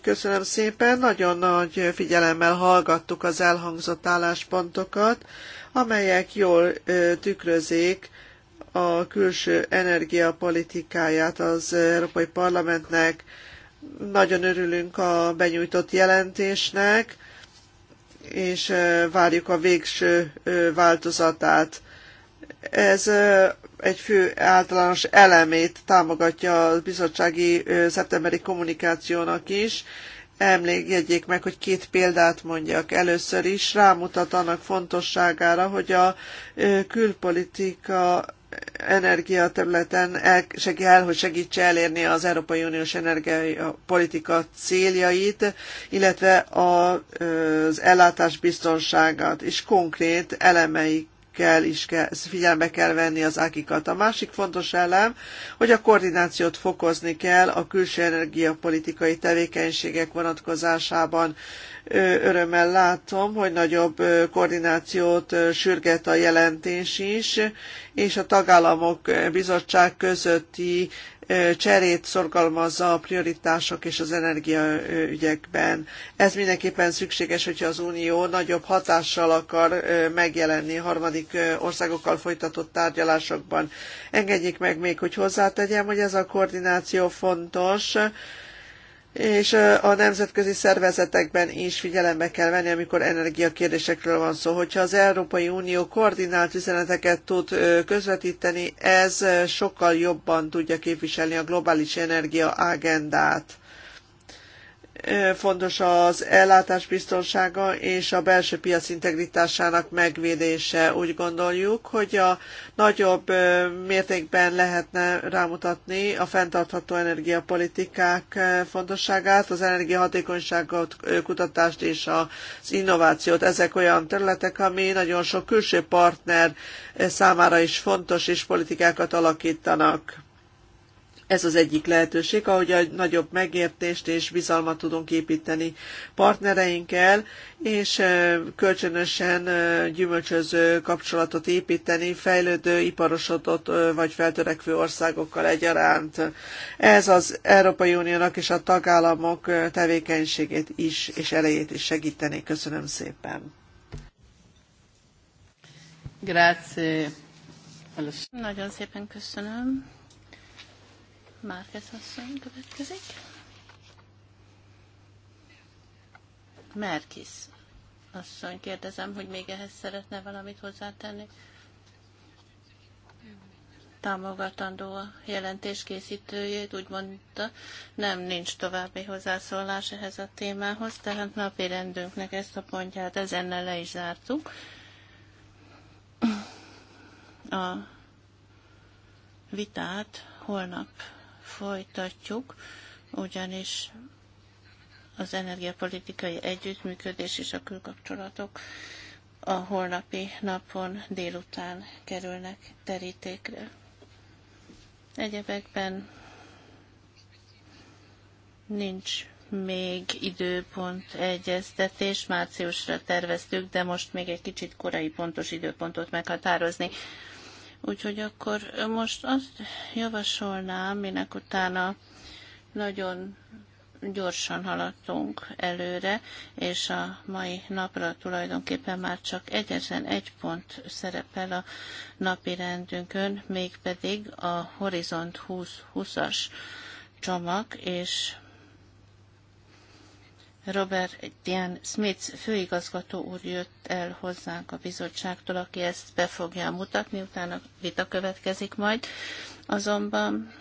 Köszönöm szépen, nagyon nagy figyelemmel hallgattuk az elhangzott álláspontokat, amelyek jól eh, tükrözik a külső energiapolitikáját az Európai Parlamentnek. Nagyon örülünk a benyújtott jelentésnek, és várjuk a végső változatát. Ez egy fő általános elemét támogatja a bizottsági szeptemberi kommunikációnak is. Emlékjegyék meg, hogy két példát mondjak. Először is rámutat annak fontosságára, hogy a külpolitika energiaterületen el, hogy segítse elérni az Európai Uniós energiapolitika céljait, illetve a, az ellátás biztonságát és konkrét elemeik kell is kell, figyelme kell venni az ákikat. A másik fontos elem, hogy a koordinációt fokozni kell a külső energiapolitikai tevékenységek vonatkozásában, örömmel látom, hogy nagyobb koordinációt sürget a jelentés is, és a tagállamok bizottság közötti cserét szorgalmazza a prioritások és az energiaügyekben. Ez mindenképpen szükséges, hogyha az Unió nagyobb hatással akar megjelenni harmadik országokkal folytatott tárgyalásokban. Engedjék meg még, hogy hozzátegyem, hogy ez a koordináció fontos, és a nemzetközi szervezetekben is figyelembe kell venni, amikor energiakérdésekről van szó. Hogyha az Európai Unió koordinált üzeneteket tud közvetíteni, ez sokkal jobban tudja képviselni a globális energia agendát fontos az ellátás biztonsága és a belső piac integritásának megvédése. Úgy gondoljuk, hogy a nagyobb mértékben lehetne rámutatni a fenntartható energiapolitikák fontosságát, az energiahatékonyságot, kutatást és az innovációt. Ezek olyan területek, ami nagyon sok külső partner számára is fontos, és politikákat alakítanak ez az egyik lehetőség, ahogy a nagyobb megértést és bizalmat tudunk építeni partnereinkkel, és kölcsönösen gyümölcsöző kapcsolatot építeni fejlődő, iparosodott vagy feltörekvő országokkal egyaránt. Ez az Európai Uniónak és a tagállamok tevékenységét is és elejét is segíteni. Köszönöm szépen. Grazie. Nagyon szépen köszönöm. Márkez asszony következik. Merkis asszony, kérdezem, hogy még ehhez szeretne valamit hozzátenni. Támogatandó a jelentés készítőjét, úgy mondta, nem nincs további hozzászólás ehhez a témához, tehát napi rendünknek ezt a pontját ezennel le is zártuk. A vitát holnap folytatjuk, ugyanis az energiapolitikai együttműködés és a külkapcsolatok a holnapi napon délután kerülnek terítékre. Egyebekben nincs még időpont egyeztetés, márciusra terveztük, de most még egy kicsit korai pontos időpontot meghatározni. Úgyhogy akkor most azt javasolnám, minek utána nagyon gyorsan haladtunk előre, és a mai napra tulajdonképpen már csak egyetlen egy pont szerepel a napi rendünkön, mégpedig a Horizont 2020-as csomag, és Robert Dian Smith főigazgató úr jött el hozzánk a bizottságtól, aki ezt be fogja mutatni, utána vita következik majd. Azonban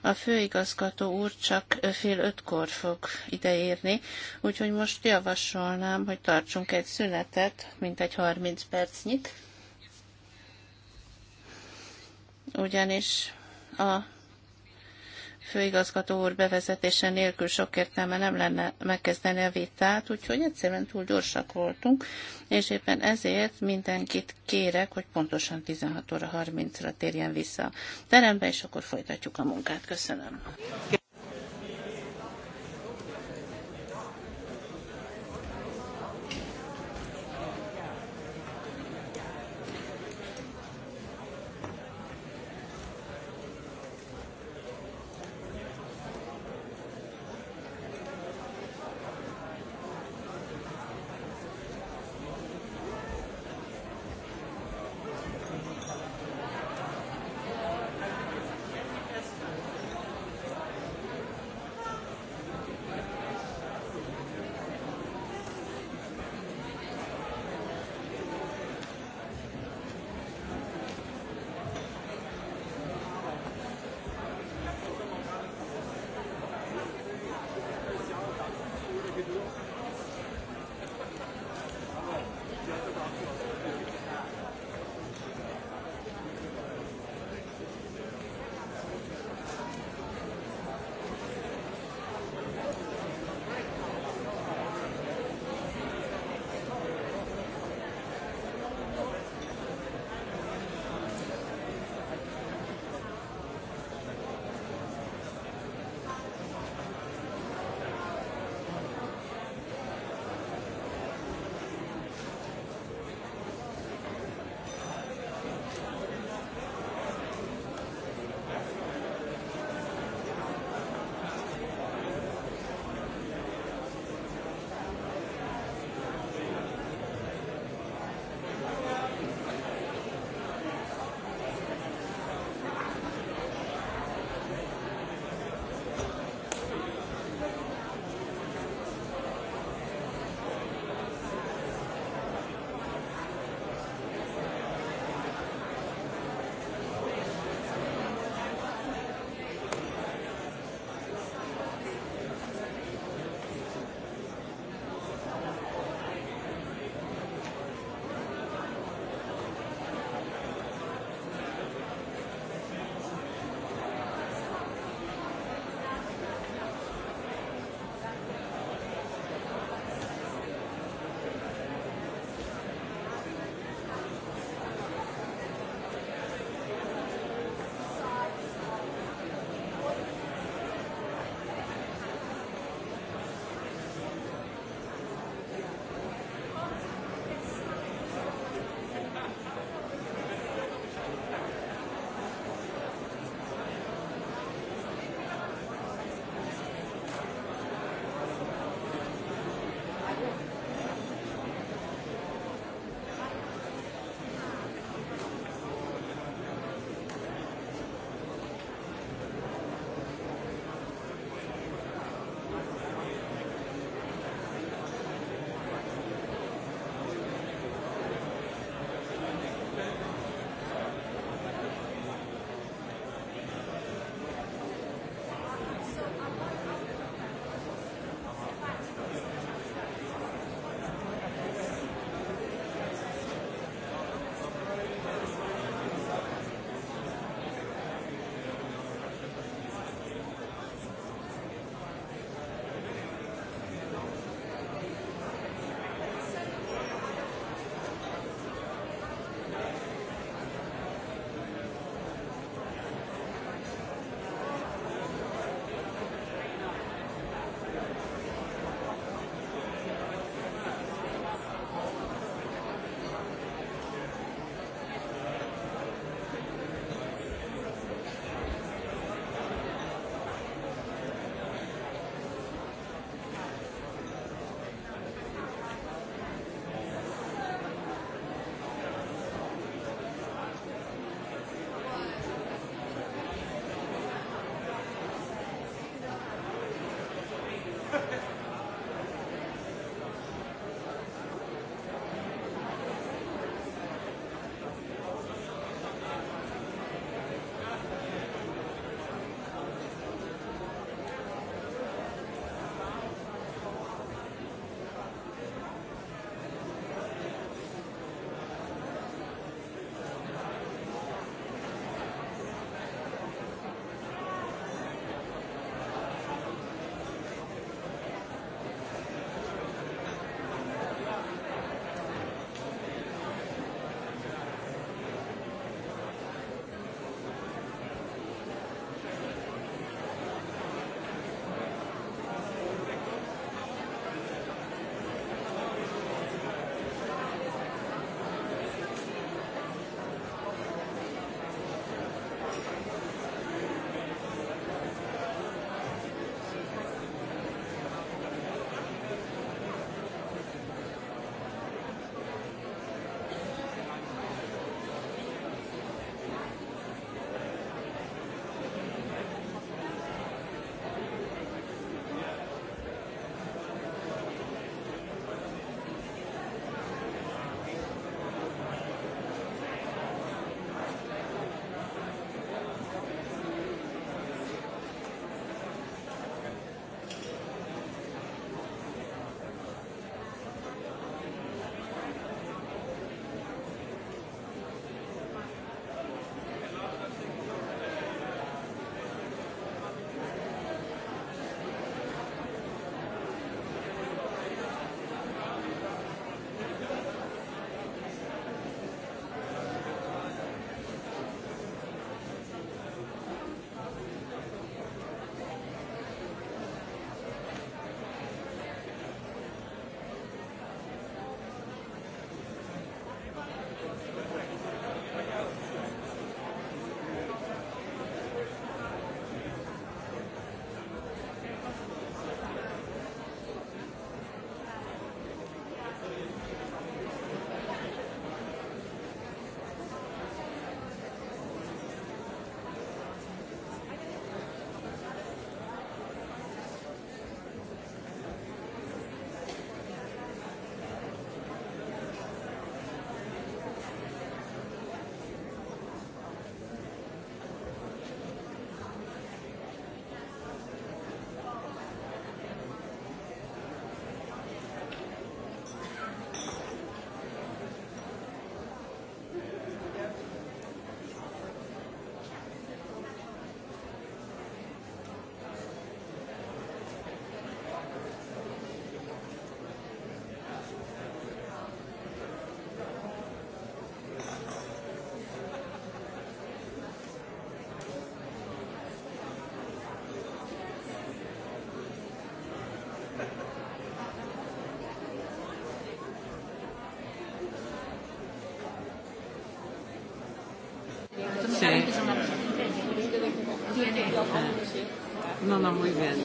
a főigazgató úr csak fél ötkor fog ideérni, úgyhogy most javasolnám, hogy tartsunk egy szünetet, mint egy 30 percnyit. Ugyanis a főigazgató úr bevezetése nélkül sok értelme nem lenne megkezdeni a vitát, úgyhogy egyszerűen túl gyorsak voltunk, és éppen ezért mindenkit kérek, hogy pontosan 16 óra 30-ra térjen vissza a terembe, és akkor folytatjuk a munkát. Köszönöm. No, no, muy bien.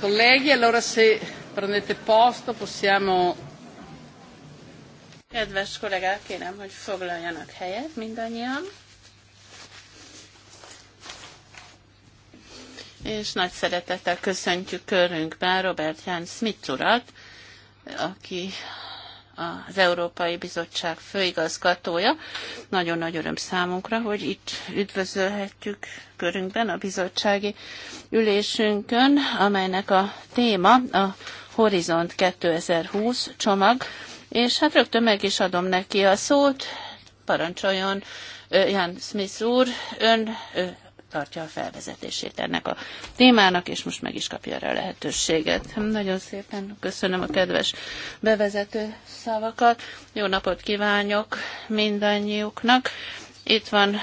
Colleghi, allora se prendete posto possiamo... Kedves kollégák, kérem, hogy foglaljanak helyet mindannyian. És nagy szeretettel köszöntjük körünkben Robert Jan Smith urat, aki az Európai Bizottság főigazgatója, nagyon nagy öröm számunkra, hogy itt üdvözölhetjük körünkben a bizottsági ülésünkön, amelynek a téma a Horizont 2020 csomag, és hát rögtön meg is adom neki a szót, parancsoljon Jan Smith úr, ön tartja a felvezetését ennek a témának, és most meg is kapja erre a lehetőséget. Nagyon szépen köszönöm a kedves bevezető szavakat. Jó napot kívánok mindannyiuknak. Itt van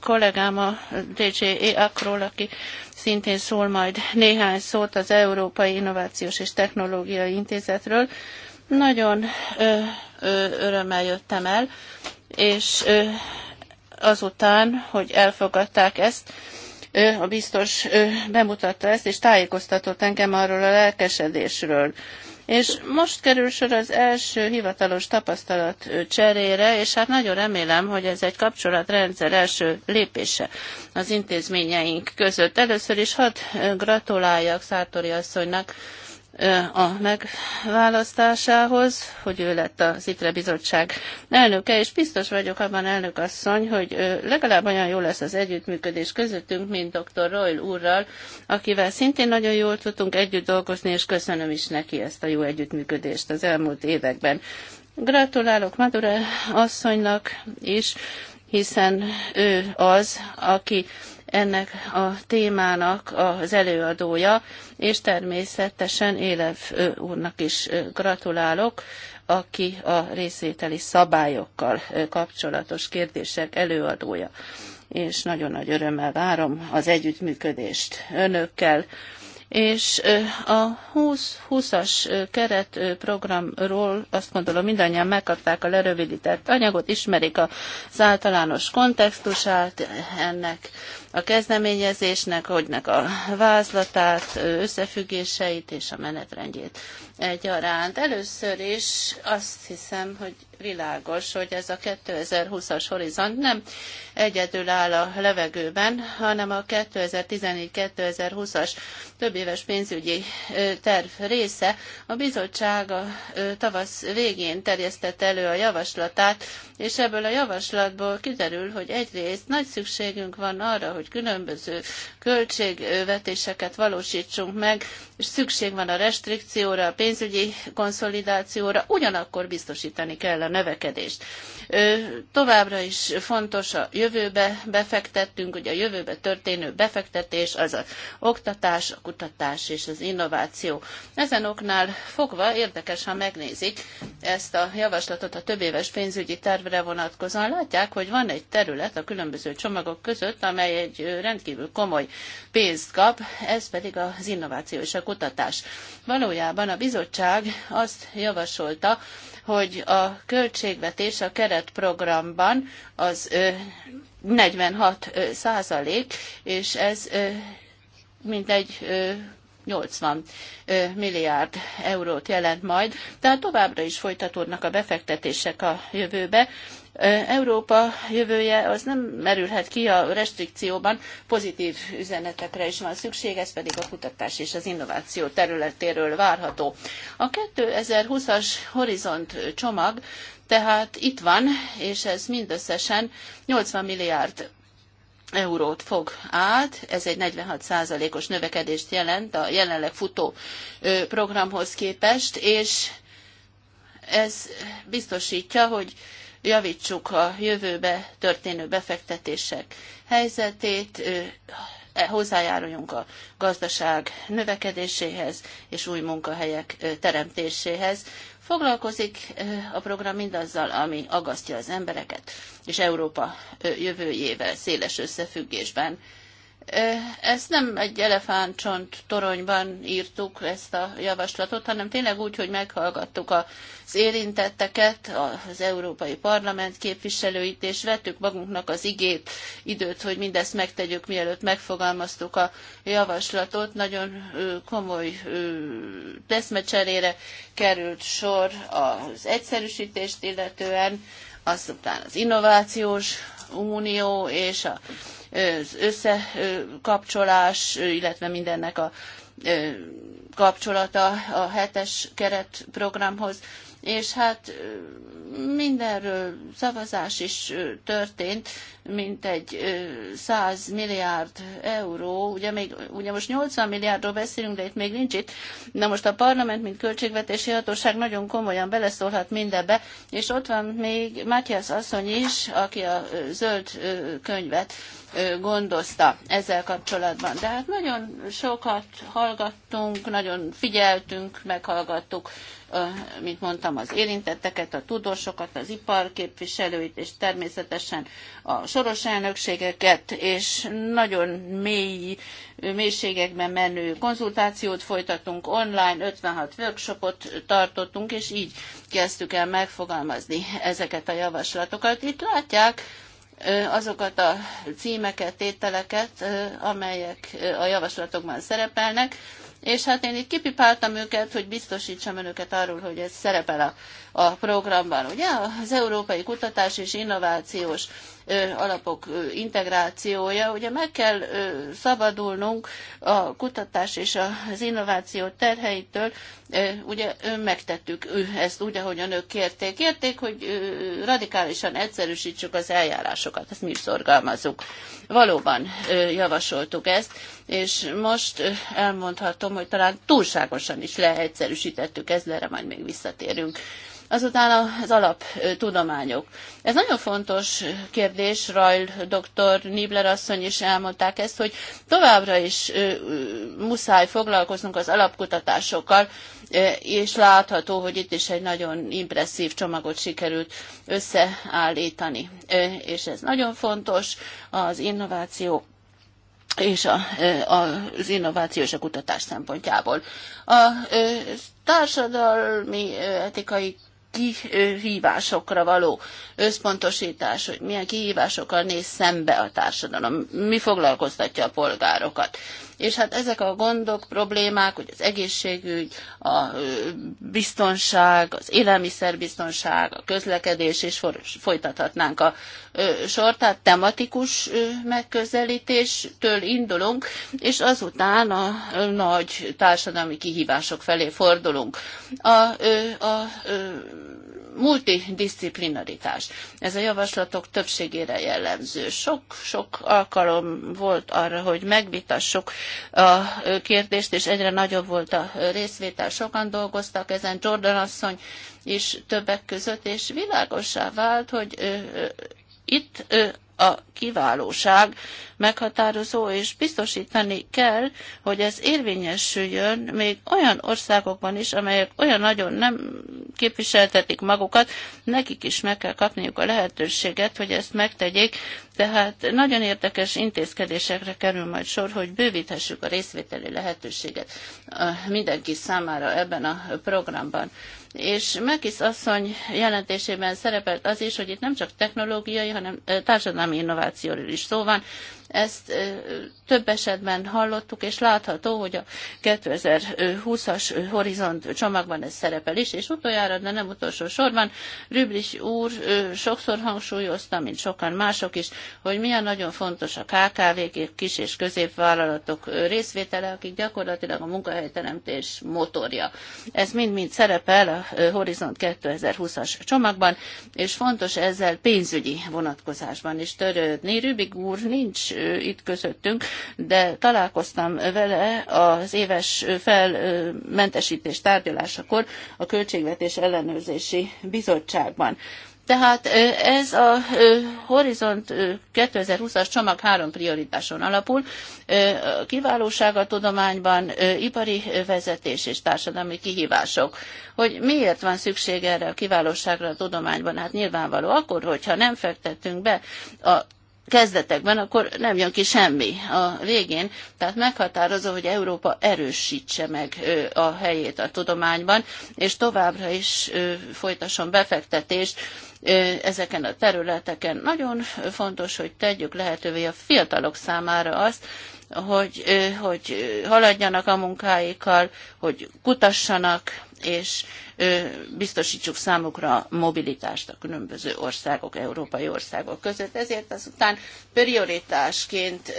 kollégám a DJE Akról, aki szintén szól majd néhány szót az Európai Innovációs és Technológiai Intézetről. Nagyon ö, ö, örömmel jöttem el, és ö, azután, hogy elfogadták ezt, a biztos bemutatta ezt, és tájékoztatott engem arról a lelkesedésről. És most kerül sor az első hivatalos tapasztalat cserére, és hát nagyon remélem, hogy ez egy kapcsolatrendszer első lépése az intézményeink között. Először is hadd gratuláljak Szátori asszonynak, a megválasztásához, hogy ő lett az ITRE bizottság elnöke, és biztos vagyok abban elnök asszony, hogy legalább olyan jó lesz az együttműködés közöttünk, mint dr. Royl úrral, akivel szintén nagyon jól tudtunk együtt dolgozni, és köszönöm is neki ezt a jó együttműködést az elmúlt években. Gratulálok Madure asszonynak is, hiszen ő az, aki ennek a témának az előadója, és természetesen Élev úrnak is gratulálok, aki a részvételi szabályokkal kapcsolatos kérdések előadója. És nagyon nagy örömmel várom az együttműködést önökkel és a 20-20-as keretprogramról azt gondolom mindannyian megkapták a lerövidített anyagot, ismerik az általános kontextusát ennek, a kezdeményezésnek, hogynek a vázlatát, összefüggéseit és a menetrendjét egyaránt. Először is azt hiszem, hogy világos, hogy ez a 2020-as horizont nem egyedül áll a levegőben, hanem a 2014-2020-as többéves pénzügyi terv része. A bizottság a tavasz végén terjesztett elő a javaslatát, és ebből a javaslatból kiderül, hogy egyrészt nagy szükségünk van arra, hogy hogy különböző költségvetéseket valósítsunk meg, és szükség van a restrikcióra, a pénzügyi konszolidációra, ugyanakkor biztosítani kell a növekedést. Továbbra is fontos a jövőbe befektettünk, ugye a jövőbe történő befektetés az az oktatás, a kutatás és az innováció. Ezen oknál fogva érdekes, ha megnézik ezt a javaslatot a többéves pénzügyi tervre vonatkozóan. Látják, hogy van egy terület a különböző csomagok között, amely egy egy rendkívül komoly pénzt kap, ez pedig az innováció és a kutatás. Valójában a bizottság azt javasolta, hogy a költségvetés a keretprogramban az 46 százalék, és ez mintegy 80 milliárd eurót jelent majd, tehát továbbra is folytatódnak a befektetések a jövőbe, Európa jövője az nem merülhet ki a restrikcióban, pozitív üzenetekre is van szükség, ez pedig a kutatás és az innováció területéről várható. A 2020-as horizont csomag tehát itt van, és ez mindösszesen 80 milliárd eurót fog át, ez egy 46%-os növekedést jelent a jelenleg futó programhoz képest, és ez biztosítja, hogy javítsuk a jövőbe történő befektetések helyzetét, e, hozzájáruljunk a gazdaság növekedéséhez és új munkahelyek teremtéséhez. Foglalkozik a program mindazzal, ami agasztja az embereket, és Európa jövőjével széles összefüggésben ezt nem egy elefántcsont toronyban írtuk ezt a javaslatot, hanem tényleg úgy, hogy meghallgattuk az érintetteket, az Európai Parlament képviselőit, és vettük magunknak az igét, időt, hogy mindezt megtegyük, mielőtt megfogalmaztuk a javaslatot. Nagyon komoly teszmecserére került sor az egyszerűsítést illetően, azután az innovációs unió és a az összekapcsolás, illetve mindennek a kapcsolata a hetes keretprogramhoz, és hát mindenről szavazás is történt, mint egy 100 milliárd euró, ugye, még, ugye most 80 milliárdról beszélünk, de itt még nincs itt. Na most a parlament, mint költségvetési hatóság nagyon komolyan beleszólhat mindebbe, és ott van még Matthias asszony is, aki a zöld könyvet gondozta ezzel kapcsolatban. De hát nagyon sokat hallgattunk, nagyon figyeltünk, meghallgattuk, mint mondtam, az érintetteket, a tudósokat, az iparképviselőit, képviselőit, és természetesen a soros elnökségeket, és nagyon mély, mélységekben menő konzultációt folytatunk, online 56 workshopot tartottunk, és így kezdtük el megfogalmazni ezeket a javaslatokat. Itt látják, azokat a címeket, tételeket, amelyek a javaslatokban szerepelnek, és hát én itt kipipáltam őket, hogy biztosítsam önöket arról, hogy ez szerepel a, a programban. Ugye az Európai Kutatás és Innovációs alapok integrációja. Ugye meg kell szabadulnunk a kutatás és az innováció terheitől, ugye megtettük ezt úgy, ahogy önök kérték. Kérték, hogy radikálisan egyszerűsítsük az eljárásokat, ezt mi is szorgalmazunk. Valóban javasoltuk ezt, és most elmondhatom, hogy talán túlságosan is leegyszerűsítettük, erre majd még visszatérünk Azután az alaptudományok. Ez nagyon fontos kérdés, Rajl doktor, Nibler asszony is elmondták ezt, hogy továbbra is muszáj foglalkoznunk az alapkutatásokkal, és látható, hogy itt is egy nagyon impresszív csomagot sikerült összeállítani. És ez nagyon fontos az innováció és a, az innováció és a kutatás szempontjából. A társadalmi etikai kihívásokra való összpontosítás, hogy milyen kihívásokkal néz szembe a társadalom, mi foglalkoztatja a polgárokat és hát ezek a gondok, problémák, hogy az egészségügy, a biztonság, az élelmiszerbiztonság, a közlekedés, és folytathatnánk a sort, tehát tematikus megközelítéstől indulunk, és azután a nagy társadalmi kihívások felé fordulunk. A, a, a multidisziplinaritás. Ez a javaslatok többségére jellemző. Sok-sok alkalom volt arra, hogy megvitassuk a kérdést, és egyre nagyobb volt a részvétel. Sokan dolgoztak ezen, Jordan asszony is többek között, és világosá vált, hogy itt a kiválóság meghatározó, és biztosítani kell, hogy ez érvényesüljön még olyan országokban is, amelyek olyan nagyon nem képviseltetik magukat, nekik is meg kell kapniuk a lehetőséget, hogy ezt megtegyék, tehát nagyon érdekes intézkedésekre kerül majd sor, hogy bővíthessük a részvételi lehetőséget eh, mindenki számára ebben a programban és Mekis asszony jelentésében szerepelt az is, hogy itt nem csak technológiai, hanem társadalmi innovációról is szó van, ezt több esetben hallottuk, és látható, hogy a 2020-as horizont csomagban ez szerepel is, és utoljára, de nem utolsó sorban, Rüblis úr sokszor hangsúlyozta, mint sokan mások is, hogy milyen nagyon fontos a KKV-k, kis és középvállalatok részvétele, akik gyakorlatilag a munkahelyteremtés motorja. Ez mind-mind szerepel a Horizont 2020-as csomagban, és fontos ezzel pénzügyi vonatkozásban is törődni. Rübig úr nincs itt közöttünk, de találkoztam vele az éves felmentesítés tárgyalásakor a Költségvetés Ellenőrzési Bizottságban. Tehát ez a Horizont 2020-as csomag három prioritáson alapul. Kiválóság a tudományban, ipari vezetés és társadalmi kihívások. Hogy miért van szükség erre a kiválóságra a tudományban? Hát nyilvánvaló akkor, hogyha nem fektettünk be a kezdetekben, akkor nem jön ki semmi a végén. Tehát meghatározó, hogy Európa erősítse meg a helyét a tudományban, és továbbra is folytasson befektetést ezeken a területeken. Nagyon fontos, hogy tegyük lehetővé a fiatalok számára azt, hogy, hogy haladjanak a munkáikkal, hogy kutassanak, és biztosítsuk számukra mobilitást a különböző országok, európai országok között. Ezért azután prioritásként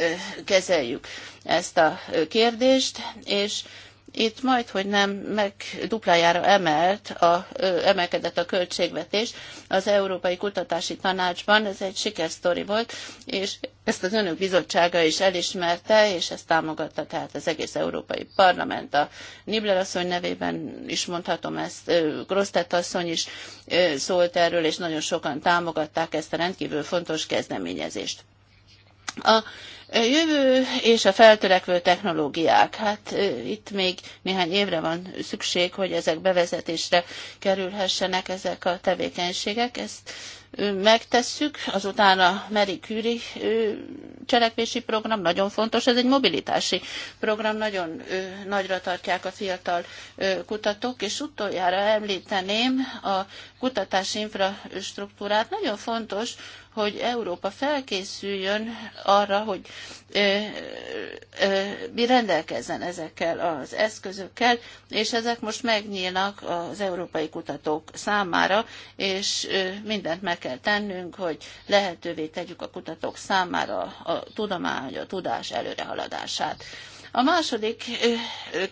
kezeljük ezt a kérdést, és itt majd, hogy nem meg duplájára emelt a, ö, emelkedett a költségvetés az Európai Kutatási Tanácsban, ez egy sikersztori volt, és ezt az önök bizottsága is elismerte, és ezt támogatta tehát az egész Európai Parlament. A Nibler asszony nevében is mondhatom ezt, Grosztet asszony is ö, szólt erről, és nagyon sokan támogatták ezt a rendkívül fontos kezdeményezést. A jövő és a feltörekvő technológiák. Hát itt még néhány évre van szükség, hogy ezek bevezetésre kerülhessenek ezek a tevékenységek. Ezt megtesszük, azután a Meri Curie cselekvési program nagyon fontos, ez egy mobilitási program, nagyon nagyra tartják a fiatal kutatók, és utoljára említeném a kutatási infrastruktúrát. Nagyon fontos, hogy Európa felkészüljön arra, hogy ö, ö, mi rendelkezzen ezekkel az eszközökkel, és ezek most megnyílnak az európai kutatók számára, és ö, mindent meg kell tennünk, hogy lehetővé tegyük a kutatók számára a tudomány, a tudás előrehaladását. A második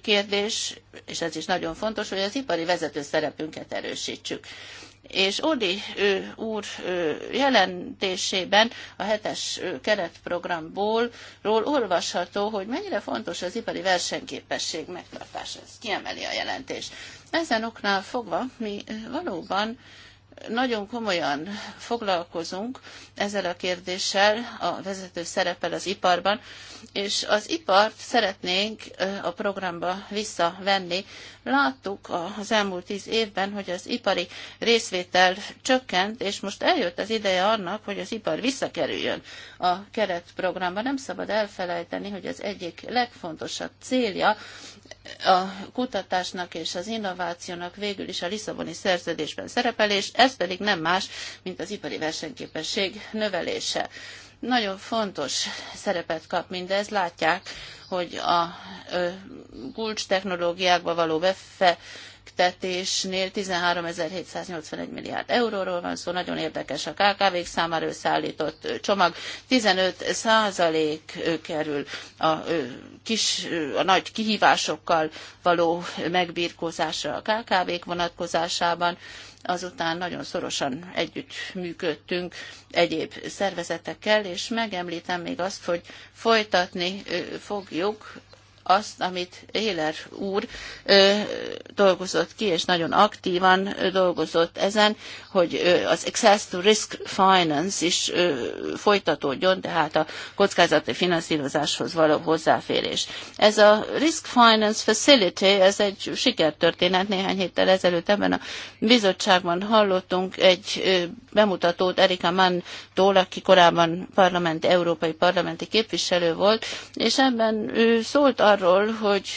kérdés, és ez is nagyon fontos, hogy az ipari vezető szerepünket erősítsük és Odi úr jelentésében a hetes keretprogramból ról olvasható, hogy mennyire fontos az ipari versenyképesség megtartása. Ez kiemeli a jelentés. Ezen oknál fogva mi valóban nagyon komolyan foglalkozunk ezzel a kérdéssel, a vezető szerepel az iparban, és az ipart szeretnénk a programba visszavenni. Láttuk az elmúlt tíz évben, hogy az ipari részvétel csökkent, és most eljött az ideje annak, hogy az ipar visszakerüljön a keretprogramba. Nem szabad elfelejteni, hogy az egyik legfontosabb célja a kutatásnak és az innovációnak végül is a Lisszaboni szerződésben szerepel, és ez ez pedig nem más, mint az ipari versenyképesség növelése. Nagyon fontos szerepet kap mindez, látják, hogy a kulcs technológiákba való befektetésnél 13.781 milliárd euróról van szó, nagyon érdekes a KKV-k számára összeállított csomag. 15 százalék kerül a, kis, a nagy kihívásokkal való megbírkozásra a KKV-k vonatkozásában azután nagyon szorosan együtt működtünk egyéb szervezetekkel, és megemlítem még azt, hogy folytatni fogjuk azt, amit Éler úr ö, dolgozott ki, és nagyon aktívan dolgozott ezen, hogy ö, az Access to Risk Finance is ö, folytatódjon, tehát a kockázati finanszírozáshoz való hozzáférés. Ez a Risk Finance Facility, ez egy sikertörténet, néhány héttel ezelőtt ebben a bizottságban hallottunk egy ö, bemutatót Erika Mann-tól, aki korábban parlament, európai parlamenti képviselő volt, és ebben ő szólt arra, arról, hogy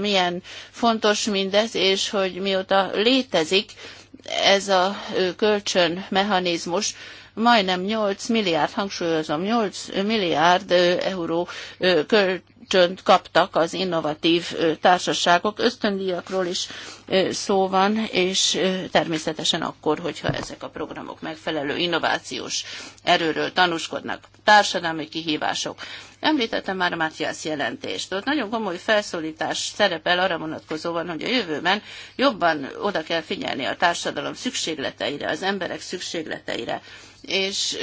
milyen fontos mindez, és hogy mióta létezik ez a kölcsönmechanizmus, majdnem 8 milliárd, hangsúlyozom, 8 milliárd euró költ kölcsönt kaptak az innovatív társaságok. Ösztöndíjakról is szó van, és természetesen akkor, hogyha ezek a programok megfelelő innovációs erőről tanúskodnak. Társadalmi kihívások. Említettem már a Matthias jelentést. Ott nagyon komoly felszólítás szerepel arra vonatkozóan, hogy a jövőben jobban oda kell figyelni a társadalom szükségleteire, az emberek szükségleteire és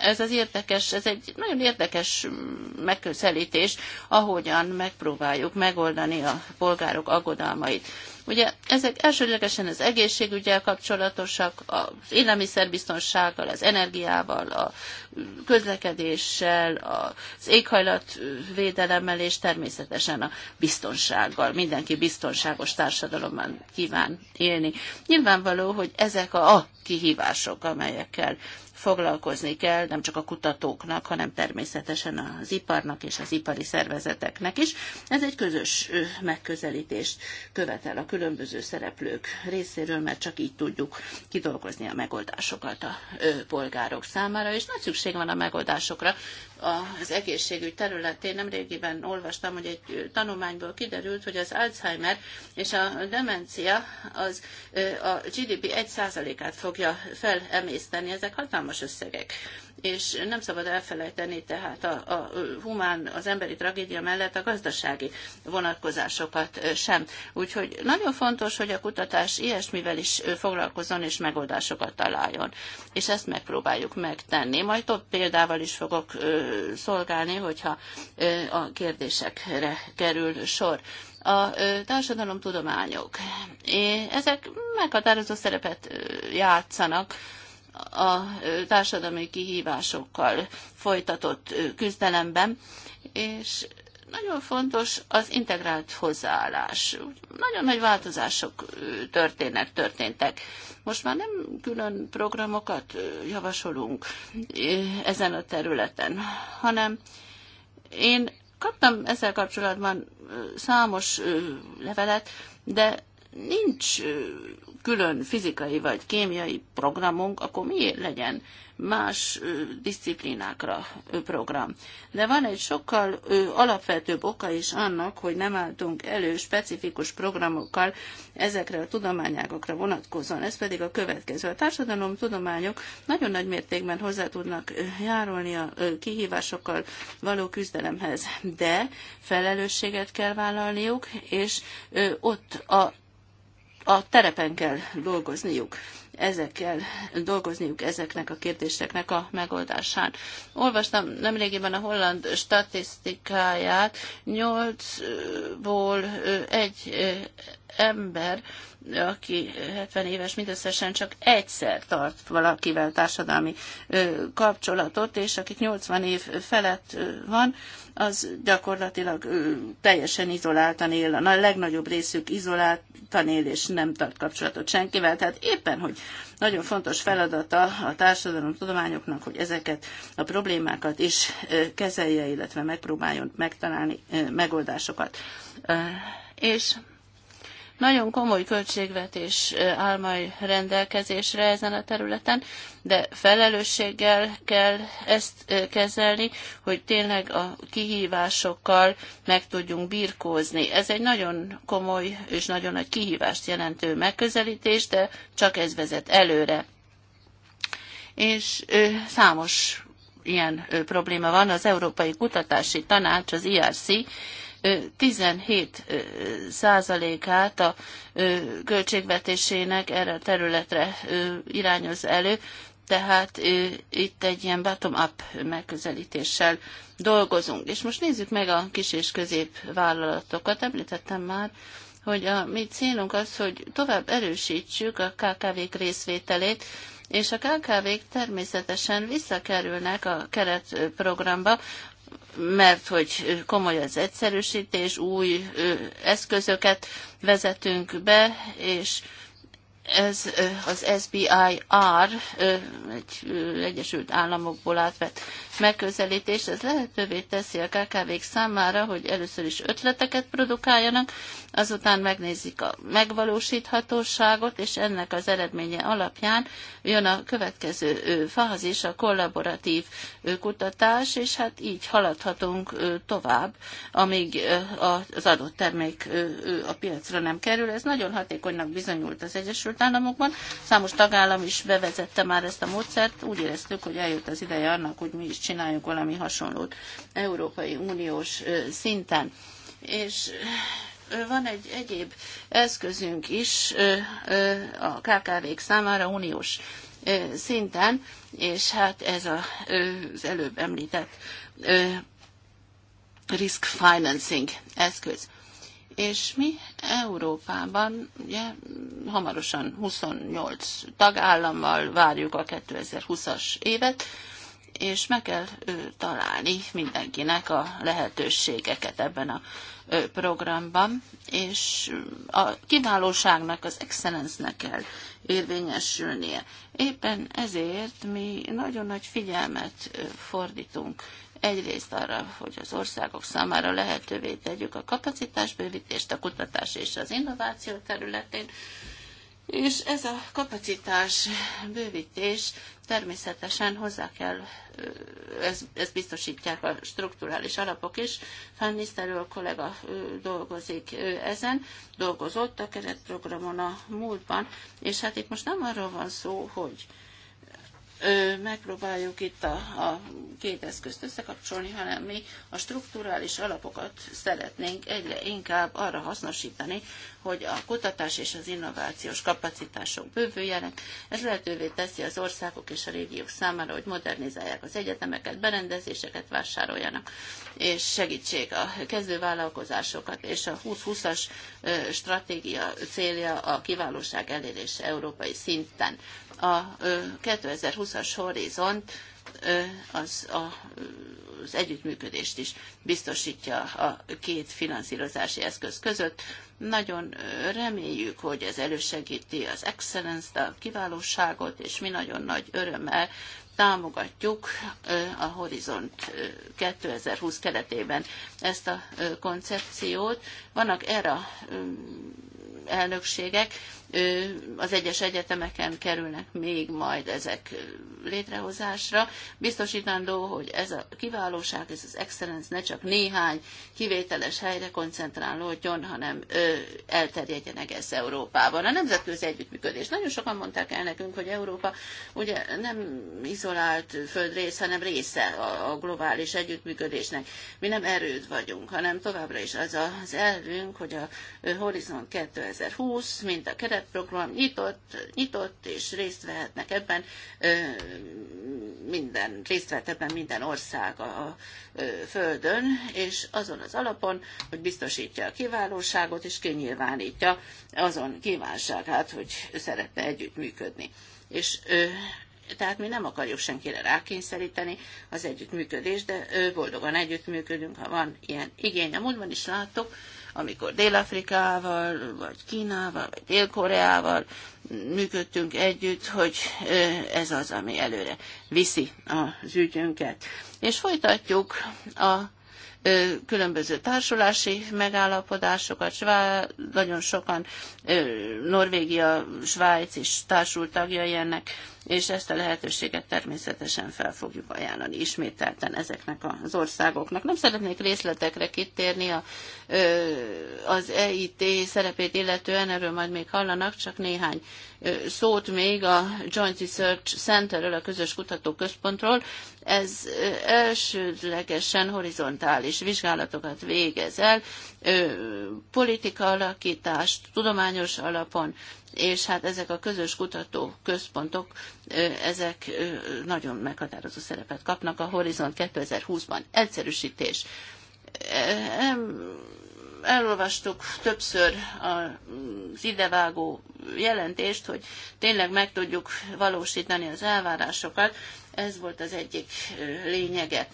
ez az érdekes, ez egy nagyon érdekes megközelítés, ahogyan megpróbáljuk megoldani a polgárok aggodalmait. Ugye ezek elsődlegesen az egészségügyel kapcsolatosak, az élelmiszerbiztonsággal, az energiával, a közlekedéssel, az éghajlatvédelemmel és természetesen a biztonsággal. Mindenki biztonságos társadalomban kíván élni. Nyilvánvaló, hogy ezek a kihívások, amelyekkel foglalkozni kell nem csak a kutatóknak, hanem természetesen az iparnak és az ipari szervezeteknek is. Ez egy közös megközelítést követel a különböző szereplők részéről, mert csak így tudjuk kidolgozni a megoldásokat a polgárok számára, és nagy szükség van a megoldásokra, az egészségügy területén. Nemrégiben olvastam, hogy egy tanulmányból kiderült, hogy az Alzheimer és a demencia az a GDP 1%-át fogja felemészteni. Ezek hatalmas összegek és nem szabad elfelejteni tehát a, a humán, az emberi tragédia mellett a gazdasági vonatkozásokat sem. Úgyhogy nagyon fontos, hogy a kutatás ilyesmivel is foglalkozzon és megoldásokat találjon. És ezt megpróbáljuk megtenni. Majd több példával is fogok szolgálni, hogyha a kérdésekre kerül sor a társadalomtudományok. Ezek meghatározó szerepet játszanak a társadalmi kihívásokkal folytatott küzdelemben, és nagyon fontos az integrált hozzáállás. Nagyon nagy változások történnek, történtek. Most már nem külön programokat javasolunk ezen a területen, hanem én kaptam ezzel kapcsolatban számos levelet, de nincs külön fizikai vagy kémiai programunk, akkor miért legyen más disziplinákra program. De van egy sokkal alapvetőbb oka is annak, hogy nem álltunk elő specifikus programokkal ezekre a tudományágokra vonatkozóan. Ez pedig a következő. A tudományok nagyon nagy mértékben hozzá tudnak járulni a kihívásokkal való küzdelemhez, de felelősséget kell vállalniuk, és ott a a terepen kell dolgozniuk ezekkel dolgozniuk ezeknek a kérdéseknek a megoldásán. Olvastam nemrégiben a holland statisztikáját, 8-ból egy ember, aki 70 éves, mindösszesen csak egyszer tart valakivel társadalmi kapcsolatot, és akik 80 év felett van, az gyakorlatilag teljesen izoláltan él. A legnagyobb részük izoláltan él, és nem tart kapcsolatot senkivel. Tehát éppen, hogy nagyon fontos feladata a társadalomtudományoknak, hogy ezeket a problémákat is kezelje, illetve megpróbáljon megtalálni megoldásokat. És nagyon komoly költségvetés áll majd rendelkezésre ezen a területen, de felelősséggel kell ezt kezelni, hogy tényleg a kihívásokkal meg tudjunk birkózni. Ez egy nagyon komoly és nagyon nagy kihívást jelentő megközelítés, de csak ez vezet előre. És számos ilyen probléma van. Az Európai Kutatási Tanács, az IRC 17 százalékát a költségvetésének erre a területre irányoz elő, tehát itt egy ilyen bottom-up megközelítéssel dolgozunk. És most nézzük meg a kis és vállalatokat. Említettem már, hogy a mi célunk az, hogy tovább erősítsük a KKV-k részvételét, és a KKV-k természetesen visszakerülnek a keretprogramba, mert hogy komoly az egyszerűsítés, új eszközöket vezetünk be, és ez az SBIR, egy Egyesült Államokból átvett megközelítés, ez lehetővé teszi a KKV-k számára, hogy először is ötleteket produkáljanak, azután megnézik a megvalósíthatóságot, és ennek az eredménye alapján jön a következő fázis, a kollaboratív kutatás, és hát így haladhatunk tovább, amíg az adott termék a piacra nem kerül. Ez nagyon hatékonynak bizonyult az Egyesült Egyesült Államokban. Számos tagállam is bevezette már ezt a módszert. Úgy éreztük, hogy eljött az ideje annak, hogy mi is csináljunk valami hasonlót Európai Uniós szinten. És van egy egyéb eszközünk is a KKV-k számára uniós szinten, és hát ez az előbb említett risk financing eszköz. És mi Európában ugye, hamarosan 28 tagállammal várjuk a 2020-as évet, és meg kell ő, találni mindenkinek a lehetőségeket ebben a ő, programban, és a kiválóságnak, az excellence-nek kell érvényesülnie. Éppen ezért mi nagyon nagy figyelmet fordítunk Egyrészt arra, hogy az országok számára lehetővé tegyük a kapacitásbővítést a kutatás és az innováció területén, és ez a kapacitás bővítés természetesen hozzá kell, ezt, ez biztosítják a strukturális alapok is. Fán a kollega dolgozik ezen, dolgozott a keretprogramon a múltban, és hát itt most nem arról van szó, hogy megpróbáljuk itt a, a két eszközt összekapcsolni, hanem mi a strukturális alapokat szeretnénk egyre inkább arra hasznosítani, hogy a kutatás és az innovációs kapacitások bővüljenek. Ez lehetővé teszi az országok és a régiók számára, hogy modernizálják az egyetemeket, berendezéseket vásároljanak, és segítség a kezdővállalkozásokat, és a 2020-as stratégia célja a kiválóság elérése európai szinten. A 2020-as horizont az a az együttműködést is biztosítja a két finanszírozási eszköz között. Nagyon reméljük, hogy ez elősegíti az excellence a kiválóságot, és mi nagyon nagy örömmel támogatjuk a Horizont 2020 keretében ezt a koncepciót. Vannak erre elnökségek, az egyes egyetemeken kerülnek még majd ezek létrehozásra. Biztosítandó, hogy ez a kiválóság, ez az excellence ne csak néhány kivételes helyre koncentrálódjon, hanem elterjedjen egész Európában. A nemzetközi együttműködés. Nagyon sokan mondták el nekünk, hogy Európa ugye nem izolált földrész, hanem része a globális együttműködésnek. Mi nem erőd vagyunk, hanem továbbra is az az elvünk, hogy a Horizon 2020, mint a keret CEF program nyitott, nyitott, és részt vehetnek ebben minden, részt vehet ebben minden ország a Földön, és azon az alapon, hogy biztosítja a kiválóságot, és kinyilvánítja azon kívánságát, hogy szeretne együttműködni. És tehát mi nem akarjuk senkire rákényszeríteni az együttműködést, de boldogan együttműködünk, ha van ilyen igény. A múltban is láttuk, amikor Dél-Afrikával, vagy Kínával, vagy Dél-Koreával működtünk együtt, hogy ez az, ami előre viszi az ügyünket. És folytatjuk a különböző társulási megállapodásokat. Svá, nagyon sokan Norvégia, Svájc is társult tagjai ennek és ezt a lehetőséget természetesen fel fogjuk ajánlani ismételten ezeknek az országoknak. Nem szeretnék részletekre kitérni a, az EIT szerepét illetően, erről majd még hallanak, csak néhány szót még a Joint Research Centerről, a közös kutatóközpontról. Ez elsődlegesen horizontális vizsgálatokat végez el, politika alakítást, tudományos alapon, és hát ezek a közös kutató központok, ezek nagyon meghatározó szerepet kapnak a Horizont 2020-ban. Egyszerűsítés. Elolvastuk többször az idevágó jelentést, hogy tényleg meg tudjuk valósítani az elvárásokat, ez volt az egyik lényege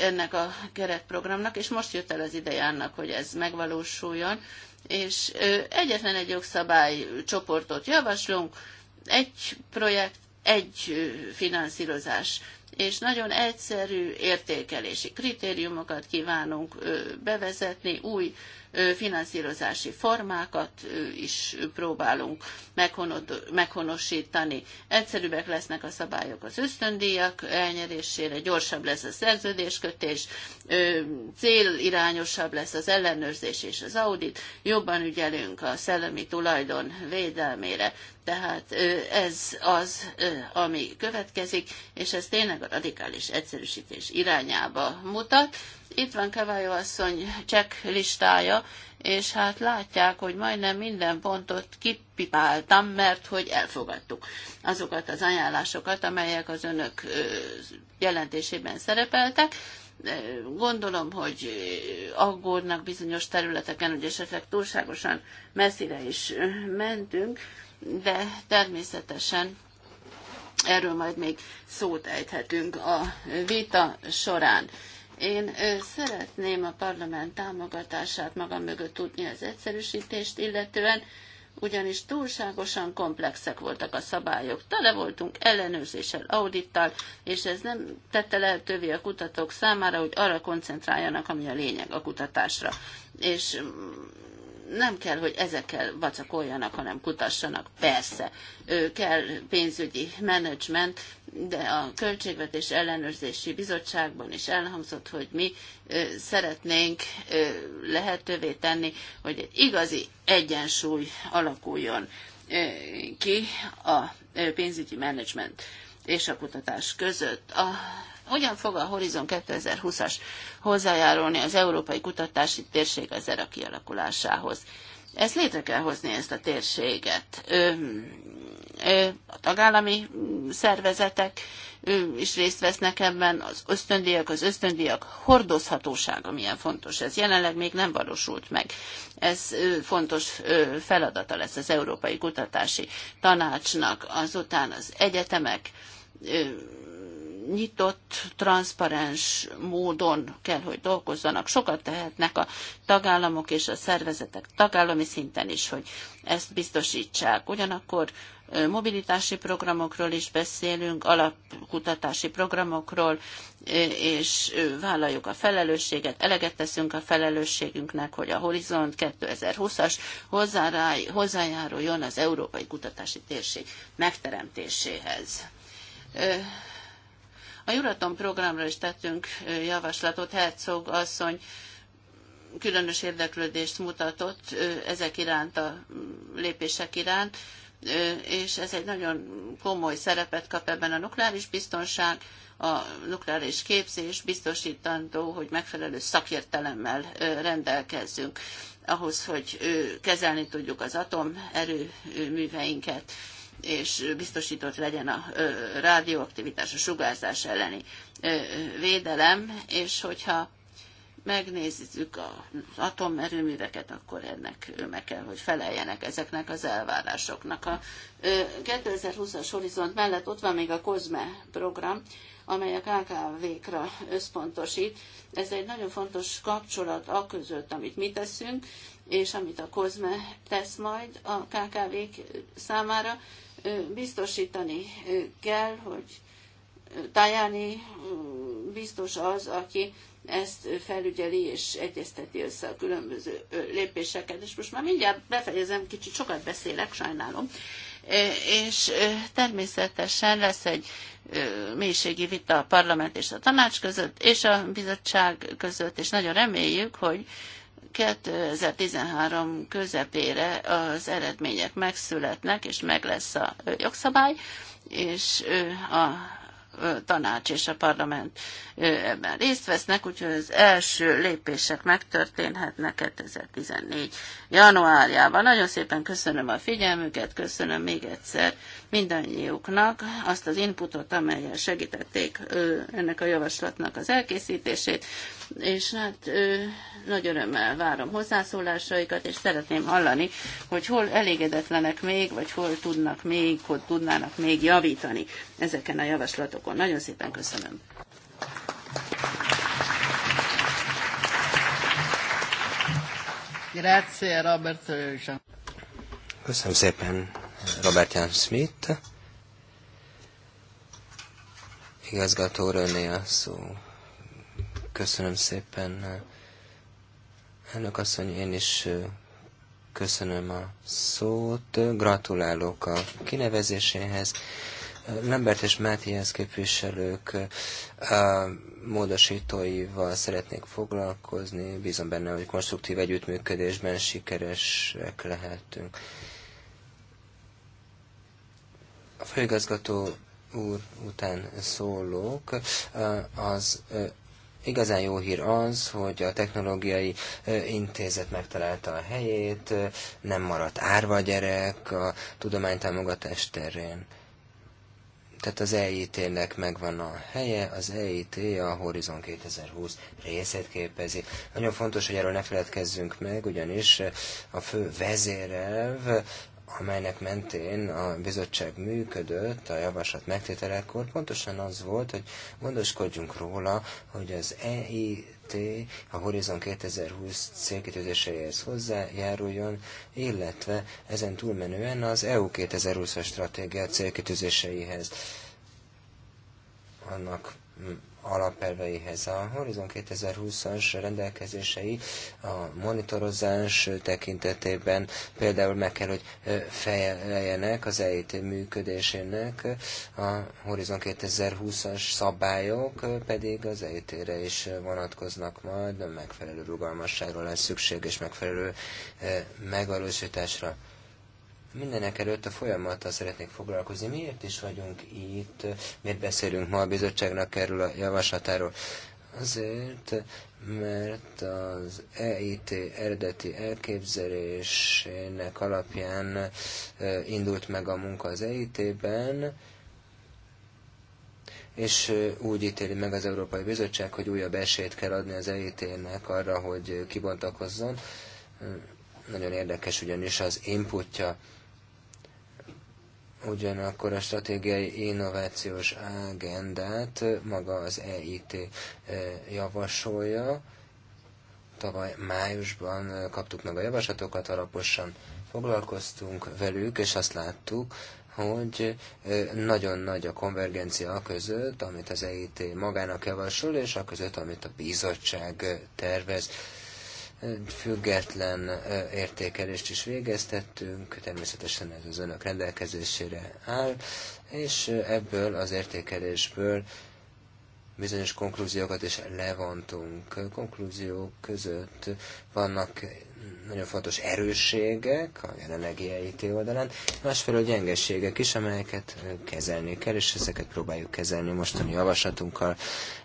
ennek a keretprogramnak, és most jött el az ideje annak, hogy ez megvalósuljon, és egyetlen egy jogszabály csoportot javaslunk, egy projekt, egy finanszírozás és nagyon egyszerű értékelési kritériumokat kívánunk bevezetni, új finanszírozási formákat is próbálunk meghonosítani. Egyszerűbbek lesznek a szabályok az ösztöndíjak elnyerésére, gyorsabb lesz a szerződéskötés, célirányosabb lesz az ellenőrzés és az audit, jobban ügyelünk a szellemi tulajdon védelmére. Tehát ez az, ami következik, és ez tényleg a radikális egyszerűsítés irányába mutat. Itt van Kevályó asszony csekk listája, és hát látják, hogy majdnem minden pontot kipipáltam, mert hogy elfogadtuk azokat az ajánlásokat, amelyek az önök jelentésében szerepeltek. Gondolom, hogy aggódnak bizonyos területeken, hogy esetleg túlságosan messzire is mentünk, de természetesen erről majd még szót ejthetünk a vita során. Én szeretném a parlament támogatását magam mögött tudni az egyszerűsítést illetően, ugyanis túlságosan komplexek voltak a szabályok. Tele voltunk ellenőrzéssel, audittal, és ez nem tette lehetővé a kutatók számára, hogy arra koncentráljanak, ami a lényeg a kutatásra. És mm, nem kell, hogy ezekkel vacakoljanak, hanem kutassanak. Persze, kell pénzügyi menedzsment, de a Költségvetés Ellenőrzési Bizottságban is elhangzott, hogy mi szeretnénk lehetővé tenni, hogy egy igazi egyensúly alakuljon ki a pénzügyi menedzsment és a kutatás között. A, hogyan fog a Horizon 2020-as hozzájárulni az európai kutatási térség az ERA kialakulásához? Ezt létre kell hozni, ezt a térséget. Ö, a tagállami mm, szervezetek is részt vesznek ebben, az ösztöndíjak, az ösztöndíjak hordozhatósága milyen fontos. Ez jelenleg még nem valósult meg. Ez fontos feladata lesz az Európai Kutatási Tanácsnak. Azután az egyetemek nyitott, transzparens módon kell, hogy dolgozzanak. Sokat tehetnek a tagállamok és a szervezetek tagállami szinten is, hogy ezt biztosítsák. Ugyanakkor mobilitási programokról is beszélünk, alapkutatási programokról, és vállaljuk a felelősséget, eleget teszünk a felelősségünknek, hogy a Horizont 2020-as hozzájáruljon az európai kutatási térség megteremtéséhez. A Juraton programra is tettünk javaslatot, Herzog asszony különös érdeklődést mutatott ezek iránt, a lépések iránt és ez egy nagyon komoly szerepet kap ebben a nukleáris biztonság, a nukleáris képzés biztosítandó, hogy megfelelő szakértelemmel rendelkezzünk ahhoz, hogy kezelni tudjuk az atomerőműveinket, és biztosított legyen a rádióaktivitás, a sugárzás elleni védelem, és hogyha megnézzük az atomerőműveket, akkor ennek meg kell, hogy feleljenek ezeknek az elvárásoknak. A 2020-as horizont mellett ott van még a COSME program, amely a KKV-kra összpontosít. Ez egy nagyon fontos kapcsolat a között, amit mi teszünk, és amit a COSME tesz majd a KKV-k számára. Biztosítani kell, hogy Tajani biztos az, aki ezt felügyeli és egyezteti össze a különböző lépéseket. És most már mindjárt befejezem, kicsit sokat beszélek, sajnálom. És természetesen lesz egy mélységi vita a parlament és a tanács között, és a bizottság között, és nagyon reméljük, hogy 2013 közepére az eredmények megszületnek, és meg lesz a jogszabály, és a tanács és a parlament ebben részt vesznek, úgyhogy az első lépések megtörténhetnek 2014 januárjában. Nagyon szépen köszönöm a figyelmüket, köszönöm még egyszer mindannyiuknak azt az inputot, amelyel segítették ennek a javaslatnak az elkészítését, és hát nagy örömmel várom hozzászólásaikat, és szeretném hallani, hogy hol elégedetlenek még, vagy hol tudnak még, hogy tudnának még javítani ezeken a javaslatokon. Nagyon szépen köszönöm. Grazie, Robert eh, Jean. Köszönöm szépen, Robert Jan Smith. Igazgató René a szó. Köszönöm szépen. Eh, elnök asszony, én is eh, köszönöm a szót, gratulálok a kinevezéséhez. Lambert és Mátiász képviselők módosítóival szeretnék foglalkozni. Bízom benne, hogy konstruktív együttműködésben sikeresek lehetünk. A főigazgató úr után szólók, az igazán jó hír az, hogy a technológiai intézet megtalálta a helyét, nem maradt árva gyerek a tudománytámogatás terén tehát az EIT-nek megvan a helye, az EIT a Horizon 2020 részét képezi. Nagyon fontos, hogy erről ne feledkezzünk meg, ugyanis a fő vezérelv amelynek mentén a bizottság működött a javaslat megtételekor, pontosan az volt, hogy gondoskodjunk róla, hogy az EIT a Horizon 2020 célkitűzéseihez hozzájáruljon, illetve ezen túlmenően az EU 2020-as stratégia célkitűzéseihez. Annak alapelveihez. A Horizon 2020-as rendelkezései a monitorozás tekintetében például meg kell, hogy fejeljenek az EIT működésének, a Horizon 2020-as szabályok pedig az EIT-re is vonatkoznak majd, megfelelő rugalmasságra lesz szükség és megfelelő megvalósításra. Mindenek előtt a folyamattal szeretnék foglalkozni. Miért is vagyunk itt? Miért beszélünk ma a bizottságnak erről a javaslatáról? Azért, mert az EIT eredeti elképzelésének alapján indult meg a munka az EIT-ben, és úgy ítéli meg az Európai Bizottság, hogy újabb esélyt kell adni az EIT-nek arra, hogy kibontakozzon. Nagyon érdekes ugyanis az inputja ugyanakkor a stratégiai innovációs agendát maga az EIT eh, javasolja. Tavaly májusban eh, kaptuk meg a javaslatokat, alaposan foglalkoztunk velük, és azt láttuk, hogy eh, nagyon nagy a konvergencia között, amit az EIT magának javasol, és a között, amit a bizottság tervez. Független értékelést is végeztettünk, természetesen ez az önök rendelkezésére áll, és ebből az értékelésből bizonyos konklúziókat is levontunk. Konklúziók között vannak nagyon fontos erősségek a jelenlegi EIT oldalán, másfelől gyengeségek is, amelyeket kezelni kell, és ezeket próbáljuk kezelni mostani javaslatunkkal.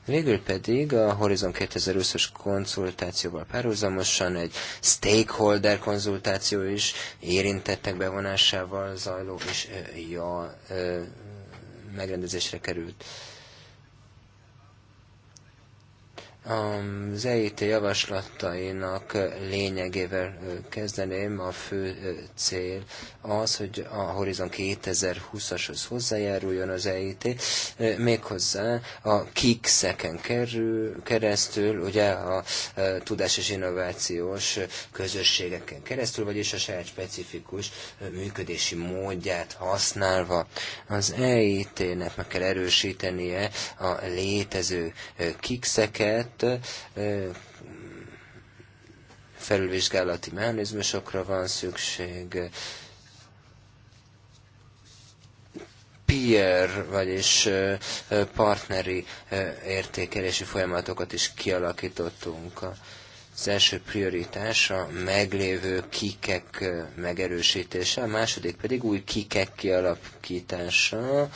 Végül pedig a Horizon 2020-as konzultációval párhuzamosan egy stakeholder konzultáció is érintettek bevonásával zajló és ja, megrendezésre került. Az EIT javaslatainak lényegével kezdeném. A fő cél az, hogy a Horizon 2020-ashoz hozzájáruljon az EIT, méghozzá a KIX-eken keresztül, ugye a tudás és innovációs közösségeken keresztül, vagyis a saját specifikus működési módját használva. Az EIT-nek meg kell erősítenie a létező KIX-eket, tehát felülvizsgálati mechanizmusokra van szükség, peer, vagyis partneri értékelési folyamatokat is kialakítottunk. Az első prioritás a meglévő kikek megerősítése, a második pedig új kikek kialakítása,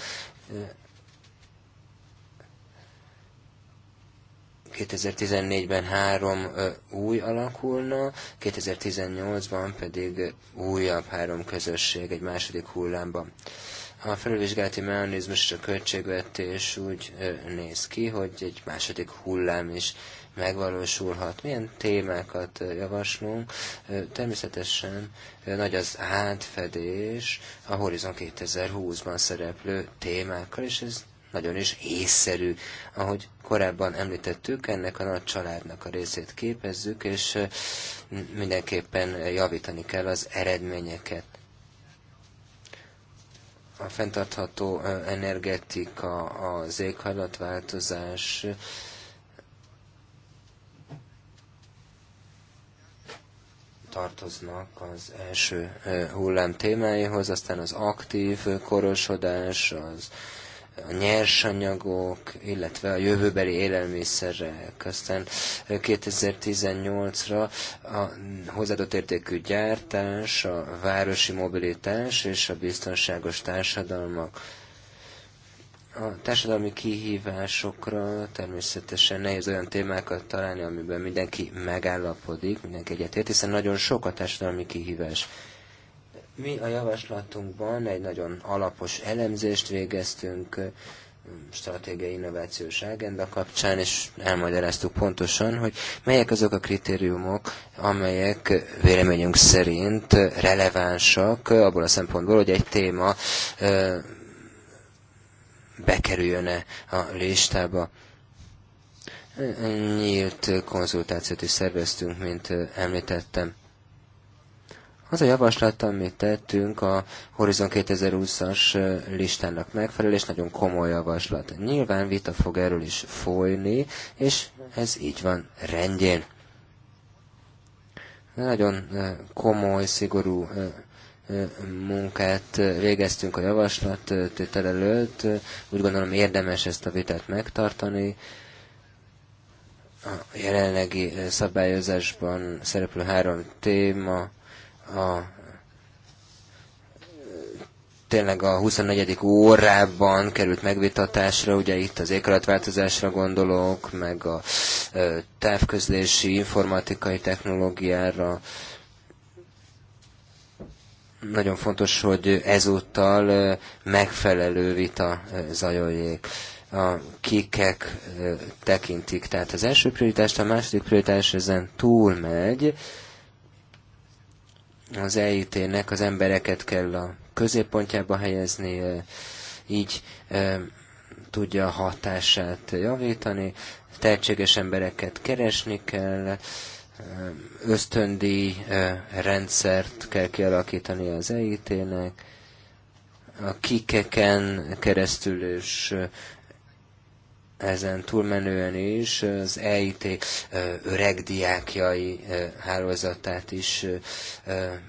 2014-ben három új alakulna, 2018-ban pedig újabb három közösség egy második hullámban. A felülvizsgálati mechanizmus és a költségvetés úgy néz ki, hogy egy második hullám is megvalósulhat. Milyen témákat javaslunk? Természetesen nagy az átfedés a Horizon 2020-ban szereplő témákkal, és ez nagyon is észszerű. Ahogy korábban említettük, ennek a nagy családnak a részét képezzük, és mindenképpen javítani kell az eredményeket. A fenntartható energetika, az éghajlatváltozás, tartoznak az első hullám témáihoz, aztán az aktív korosodás, az a nyersanyagok, illetve a jövőbeli élelmiszerek. Aztán 2018-ra a hozzáadott értékű gyártás, a városi mobilitás és a biztonságos társadalmak. A társadalmi kihívásokra természetesen nehéz olyan témákat találni, amiben mindenki megállapodik, mindenki egyetért, hiszen nagyon sok a társadalmi kihívás mi a javaslatunkban egy nagyon alapos elemzést végeztünk stratégiai innovációs agenda kapcsán, és elmagyaráztuk pontosan, hogy melyek azok a kritériumok, amelyek véleményünk szerint relevánsak abból a szempontból, hogy egy téma bekerüljön-e a listába. Nyílt konzultációt is szerveztünk, mint említettem. Az a javaslat, amit tettünk a Horizon 2020-as listának megfelelő, és nagyon komoly javaslat. Nyilván vita fog erről is folyni, és ez így van rendjén. Nagyon komoly, szigorú munkát végeztünk a javaslat tétel előtt. Úgy gondolom érdemes ezt a vitát megtartani a jelenlegi szabályozásban szereplő három téma a tényleg a 24. órában került megvitatásra, ugye itt az éghajlatváltozásra gondolok, meg a távközlési informatikai technológiára. Nagyon fontos, hogy ezúttal megfelelő vita zajoljék. A kikek tekintik, tehát az első prioritást, a második prioritás ezen túl megy, az EIT-nek az embereket kell a középpontjába helyezni, így tudja a hatását javítani, tehetséges embereket keresni kell, ösztöndi rendszert kell kialakítani az EIT-nek, a kikeken keresztül és ezen túlmenően is az EIT öreg diákjai hálózatát is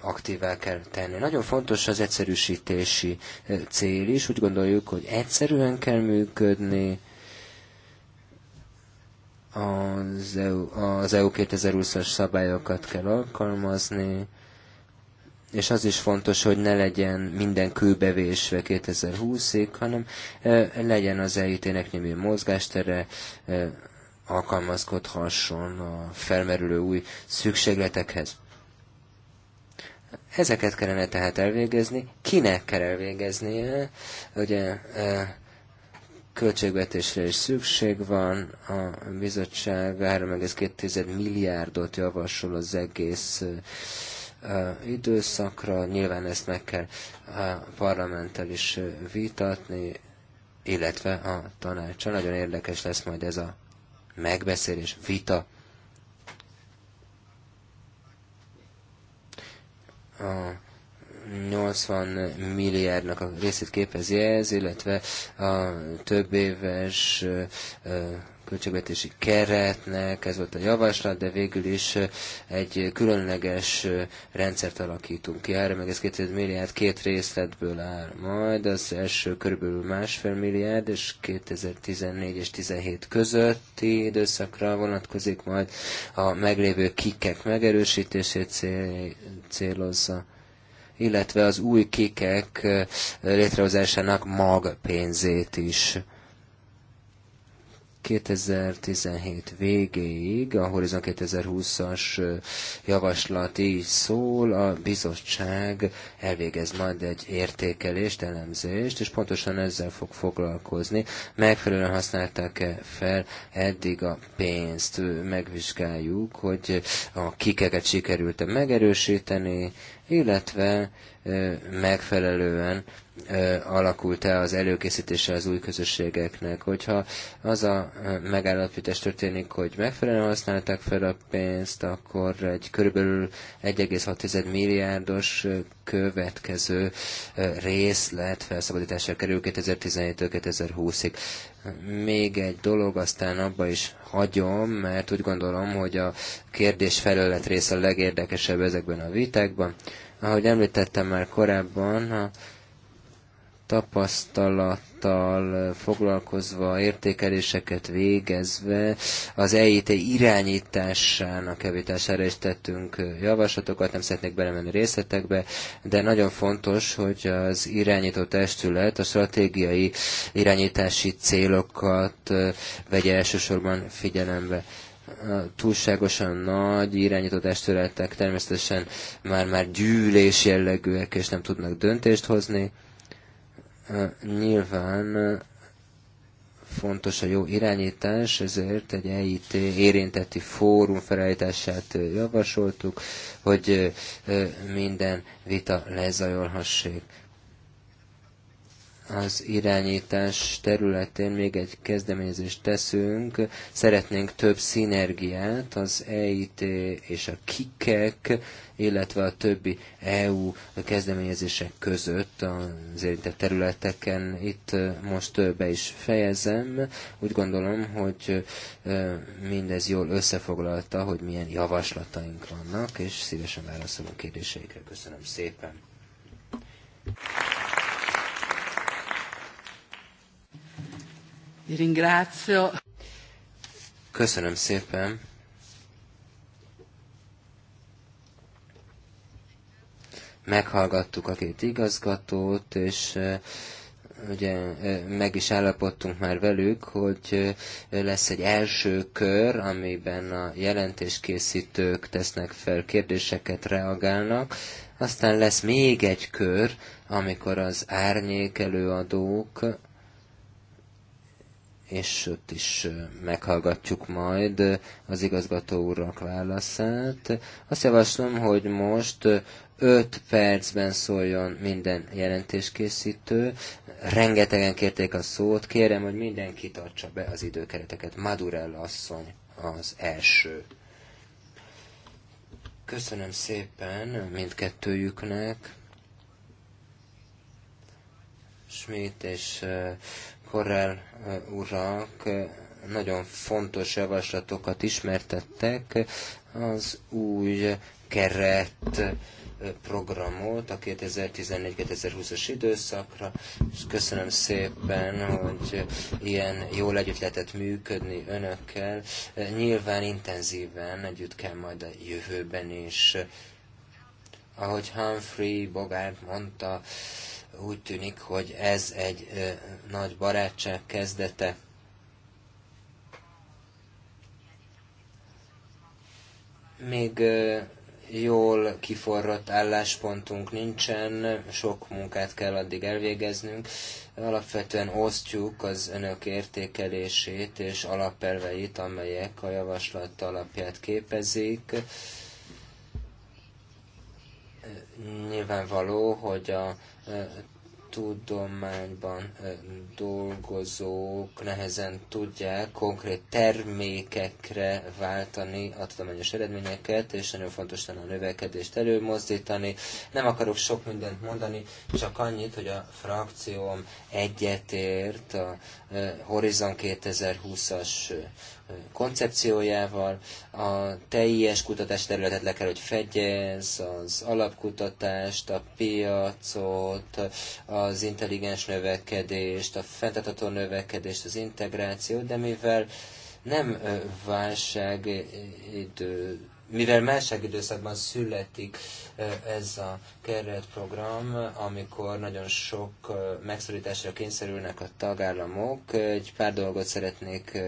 aktívá kell tenni. Nagyon fontos az egyszerűsítési cél is. Úgy gondoljuk, hogy egyszerűen kell működni, az EU, az EU 2020-as szabályokat kell alkalmazni, és az is fontos, hogy ne legyen minden kőbevésve 2020-ig, hanem legyen az EIT-nek némi mozgástere, alkalmazkodhasson a felmerülő új szükségletekhez. Ezeket kellene tehát elvégezni. Kinek kell elvégezni? Ugye költségvetésre is szükség van, a bizottság 3,2 milliárdot javasol az egész időszakra. Nyilván ezt meg kell a parlamenttel is vitatni, illetve a tanácsa. Nagyon érdekes lesz majd ez a megbeszélés, vita. A 80 milliárdnak a részét képezi ez, illetve a több éves költségvetési keretnek, ez volt a javaslat, de végül is egy különleges rendszert alakítunk ki. 3,2 milliárd két részletből áll majd, az első körülbelül másfél milliárd, és 2014 és 17 közötti időszakra vonatkozik majd a meglévő kikek megerősítését cél, célozza illetve az új kikek létrehozásának magpénzét is. 2017 végéig, a Horizon 2020-as javaslat így szól, a bizottság elvégez majd egy értékelést, elemzést, és pontosan ezzel fog foglalkozni. Megfelelően használták-e fel eddig a pénzt? Megvizsgáljuk, hogy a kikeket sikerült-e megerősíteni, illetve megfelelően alakult-e az előkészítése az új közösségeknek. Hogyha az a megállapítás történik, hogy megfelelően használták fel a pénzt, akkor egy körülbelül 1,6 milliárdos következő részlet felszabadításra kerül 2017-től 2020-ig. Még egy dolog, aztán abba is hagyom, mert úgy gondolom, hogy a kérdés-felelet része a legérdekesebb ezekben a vitákban. Ahogy említettem már korábban, a tapasztalattal foglalkozva, értékeléseket végezve, az EIT irányításának javítására is tettünk javaslatokat, nem szeretnék belemenni részletekbe, de nagyon fontos, hogy az irányító testület a stratégiai irányítási célokat vegye elsősorban figyelembe túlságosan nagy irányított testületek természetesen már-már gyűlés jellegűek, és nem tudnak döntést hozni. Nyilván fontos a jó irányítás, ezért egy EIT érinteti fórum felállítását javasoltuk, hogy minden vita lezajolhassék az irányítás területén még egy kezdeményezést teszünk. Szeretnénk több szinergiát az EIT és a KIKEK, e illetve a többi EU kezdeményezések között az érintett területeken. Itt most be is fejezem. Úgy gondolom, hogy mindez jól összefoglalta, hogy milyen javaslataink vannak, és szívesen válaszolunk kérdéseikre. Köszönöm szépen! Thank you. Ringráció. Köszönöm szépen. Meghallgattuk a két igazgatót, és ugye meg is állapodtunk már velük, hogy lesz egy első kör, amiben a jelentéskészítők tesznek fel kérdéseket, reagálnak, aztán lesz még egy kör, amikor az árnyék előadók és ott is meghallgatjuk majd az igazgató úrnak válaszát. Azt javaslom, hogy most 5 percben szóljon minden jelentéskészítő. Rengetegen kérték a szót, kérem, hogy mindenki tartsa be az időkereteket. Madurell asszony az első. Köszönöm szépen mindkettőjüknek. Schmidt és Korrel eh, urak eh, nagyon fontos javaslatokat ismertettek az új keret eh, programot a 2014-2020-as időszakra, és köszönöm szépen, hogy ilyen jól együtt lehetett működni önökkel. Nyilván intenzíven együtt kell majd a jövőben is. Ahogy Humphrey Bogart mondta, úgy tűnik, hogy ez egy nagy barátság kezdete. Még jól kiforrott álláspontunk nincsen, sok munkát kell addig elvégeznünk. Alapvetően osztjuk az önök értékelését és alapelveit, amelyek a javaslat alapját képezik. Nyilvánvaló, hogy a tudományban dolgozók nehezen tudják konkrét termékekre váltani a tudományos eredményeket, és nagyon fontos lenne a növekedést előmozdítani. Nem akarok sok mindent mondani, csak annyit, hogy a frakcióm egyetért a Eh, Horizon 2020-as eh, koncepciójával. A teljes kutatás területet le kell, hogy fegyez, az alapkutatást, a piacot, az intelligens növekedést, a fenntartható növekedést, az integrációt, de mivel nem eh, válság idő mivel másság időszakban születik ez a keretprogram, amikor nagyon sok megszorításra kényszerülnek a tagállamok, egy pár dolgot szeretnék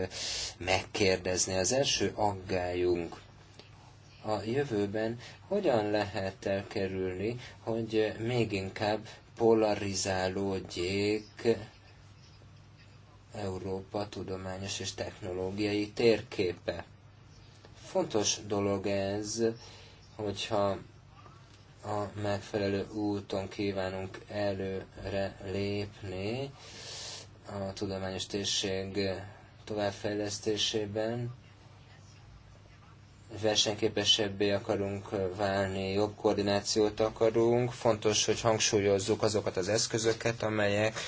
megkérdezni. Az első aggályunk a jövőben hogyan lehet elkerülni, hogy még inkább polarizálódjék Európa tudományos és technológiai térképe. Fontos dolog ez, hogyha a megfelelő úton kívánunk előre lépni a tudományos térség továbbfejlesztésében, versenyképesebbé akarunk válni, jobb koordinációt akarunk. Fontos, hogy hangsúlyozzuk azokat az eszközöket, amelyek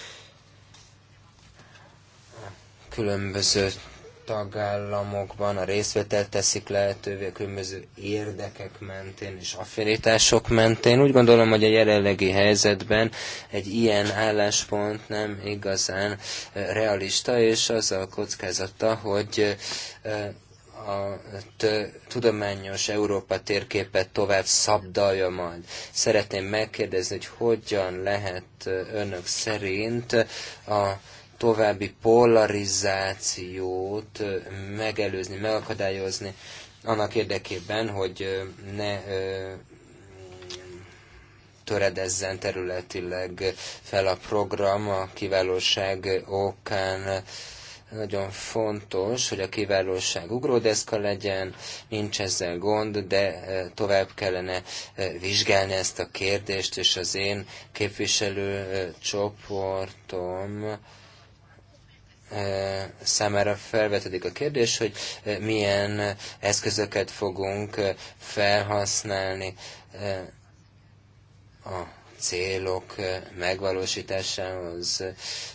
különböző tagállamokban a részvételt teszik lehetővé a különböző érdekek mentén és affinitások mentén. Úgy gondolom, hogy a jelenlegi helyzetben egy ilyen álláspont nem igazán realista, és az a kockázata, hogy a tudományos Európa térképet tovább szabdalja majd. Szeretném megkérdezni, hogy hogyan lehet önök szerint a további polarizációt megelőzni, megakadályozni annak érdekében, hogy ne töredezzen területileg fel a program a kiválóság okán. Nagyon fontos, hogy a kiválóság ugródeszka legyen, nincs ezzel gond, de tovább kellene vizsgálni ezt a kérdést, és az én képviselő csoportom számára felvetődik a kérdés, hogy milyen eszközöket fogunk felhasználni a célok megvalósításához,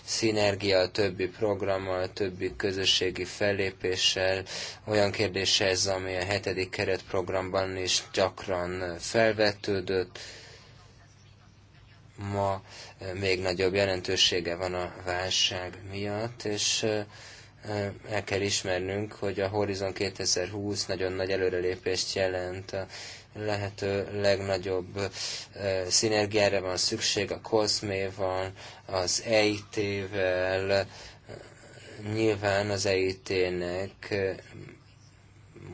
szinergia a többi programmal, a többi közösségi fellépéssel, olyan kérdés ez, ami a hetedik keretprogramban is gyakran felvetődött. Ma még nagyobb jelentősége van a válság miatt, és el kell ismernünk, hogy a Horizon 2020 nagyon nagy előrelépést jelent a lehető legnagyobb szinergiára van szükség a Cosméval, az EIT-vel, nyilván az EIT-nek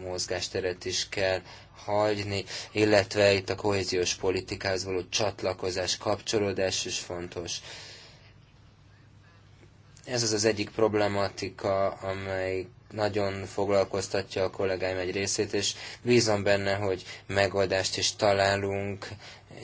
mozgásteret is kell hagyni, illetve itt a kohéziós politikához való csatlakozás, kapcsolódás is fontos. Ez az az egyik problematika, amely nagyon foglalkoztatja a kollégáim egy részét, és bízom benne, hogy megoldást is találunk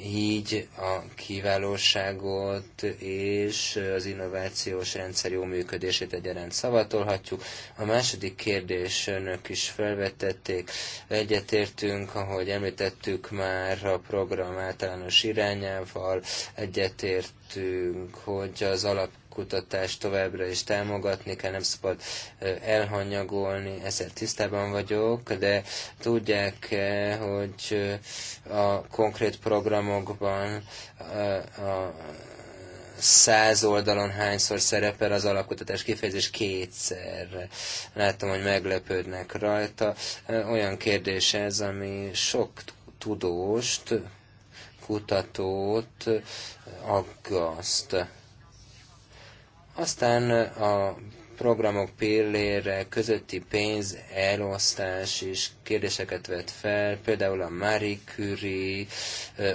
így a kiválóságot és az innovációs rendszer jó működését egyaránt szavatolhatjuk. A második kérdés önök is felvetették. Egyetértünk, ahogy említettük már a program általános irányával, egyetértünk, hogy az alap kutatást továbbra is támogatni kell, nem szabad elhanyagolni, ezzel tisztában vagyok, de tudják -e, hogy a konkrét programokban a száz oldalon hányszor szerepel az alakutatás kifejezés kétszer. Láttam, hogy meglepődnek rajta. Olyan kérdés ez, ami sok tudóst, kutatót aggaszt. Aztán a programok pillére közötti pénz elosztás is kérdéseket vet fel, például a Marie Curie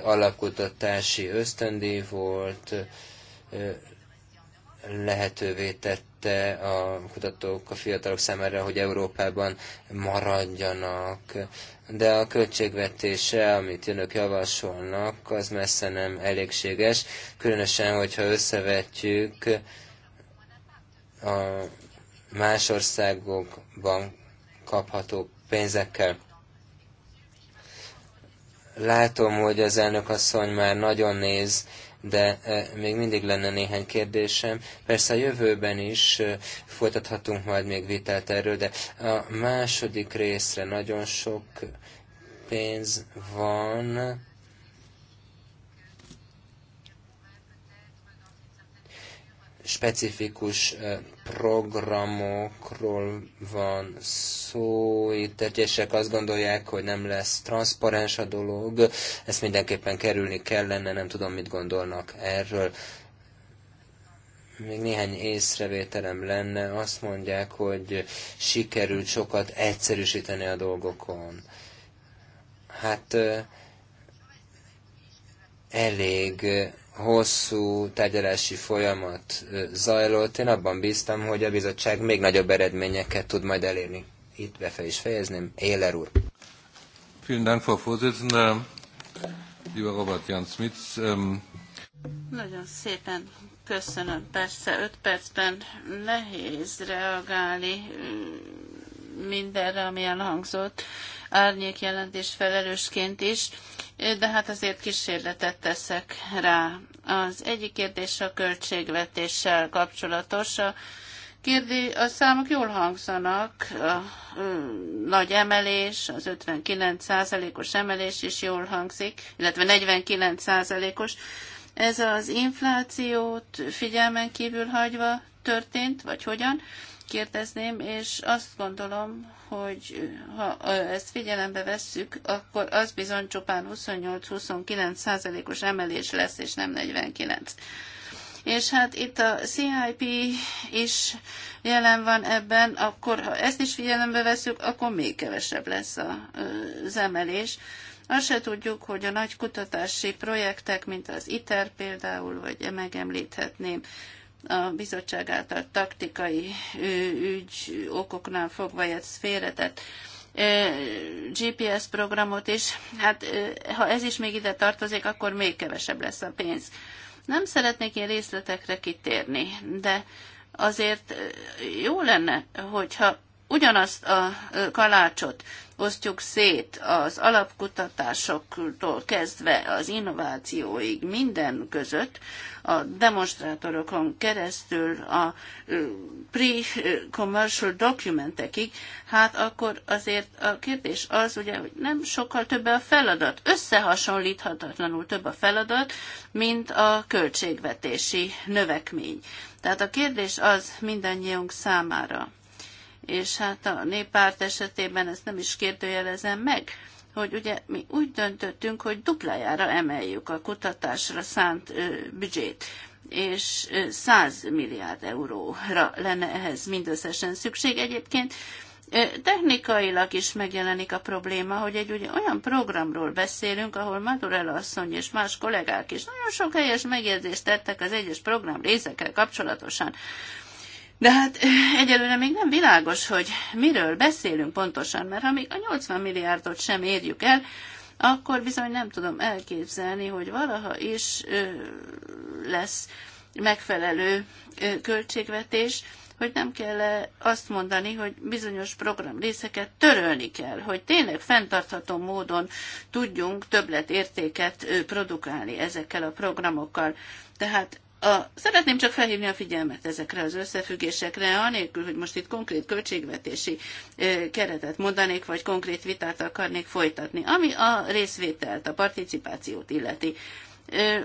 alapkutatási ösztöndi volt, lehetővé tette a kutatók, a fiatalok számára, hogy Európában maradjanak, de a költségvetése, amit önök javasolnak, az messze nem elégséges, különösen, hogyha összevetjük a más országokban kapható pénzekkel. Látom, hogy az elnök asszony már nagyon néz, de eh, még mindig lenne néhány kérdésem. Persze a jövőben is eh, folytathatunk majd még vitát erről, de a második részre nagyon sok pénz van specifikus programokról van szó. Itt egyesek azt gondolják, hogy nem lesz transzparens a dolog, ezt mindenképpen kerülni kellene, nem tudom, mit gondolnak erről. Még néhány észrevételem lenne, azt mondják, hogy sikerült sokat egyszerűsíteni a dolgokon. Hát elég hosszú tárgyalási folyamat zajlott. Én abban bíztam, hogy a bizottság még nagyobb eredményeket tud majd elérni. Itt befe is fejezném. Éler úr. Vielen Dank, Frau Vorsitzende. Lieber Robert Jan Smits. Ähm, Nagyon szépen köszönöm. Persze öt percben nehéz reagálni mindenre, ami elhangzott, árnyék jelentés felelősként is, de hát azért kísérletet teszek rá. Az egyik kérdés a költségvetéssel kapcsolatos. A kérdé, a számok jól hangzanak, a nagy emelés, az 59%-os emelés is jól hangzik, illetve 49%-os, ez az inflációt figyelmen kívül hagyva történt, vagy hogyan? Kérdezném, és azt gondolom, hogy ha ezt figyelembe vesszük, akkor az bizony csupán 28-29 százalékos emelés lesz, és nem 49. És hát itt a CIP is jelen van ebben, akkor ha ezt is figyelembe veszük, akkor még kevesebb lesz az emelés. Azt se tudjuk, hogy a nagy kutatási projektek, mint az ITER például, vagy e megemlíthetném, a bizottság által taktikai ügy okoknál fogva egy félretett GPS programot is. Hát ha ez is még ide tartozik, akkor még kevesebb lesz a pénz. Nem szeretnék én részletekre kitérni, de azért jó lenne, hogyha Ugyanazt a kalácsot osztjuk szét az alapkutatásoktól kezdve az innovációig minden között, a demonstrátorokon keresztül a pre-commercial dokumentekig, hát akkor azért a kérdés az, ugye, hogy nem sokkal több a feladat, összehasonlíthatatlanul több a feladat, mint a költségvetési növekmény. Tehát a kérdés az mindannyiunk számára és hát a néppárt esetében ezt nem is kérdőjelezem meg, hogy ugye mi úgy döntöttünk, hogy duplájára emeljük a kutatásra szánt büdzsét és 100 milliárd euróra lenne ehhez mindösszesen szükség. Egyébként technikailag is megjelenik a probléma, hogy egy ugye olyan programról beszélünk, ahol Madurella asszony és más kollégák is nagyon sok helyes megjegyzést tettek az egyes program részekkel kapcsolatosan. De hát egyelőre még nem világos, hogy miről beszélünk pontosan, mert ha még a 80 milliárdot sem érjük el, akkor bizony nem tudom elképzelni, hogy valaha is ö, lesz megfelelő ö, költségvetés, hogy nem kell -e azt mondani, hogy bizonyos program részeket törölni kell, hogy tényleg fenntartható módon tudjunk többletértéket produkálni ezekkel a programokkal. Tehát a, szeretném csak felhívni a figyelmet ezekre az összefüggésekre, anélkül, hogy most itt konkrét költségvetési ö, keretet mondanék, vagy konkrét vitát akarnék folytatni. Ami a részvételt, a participációt illeti.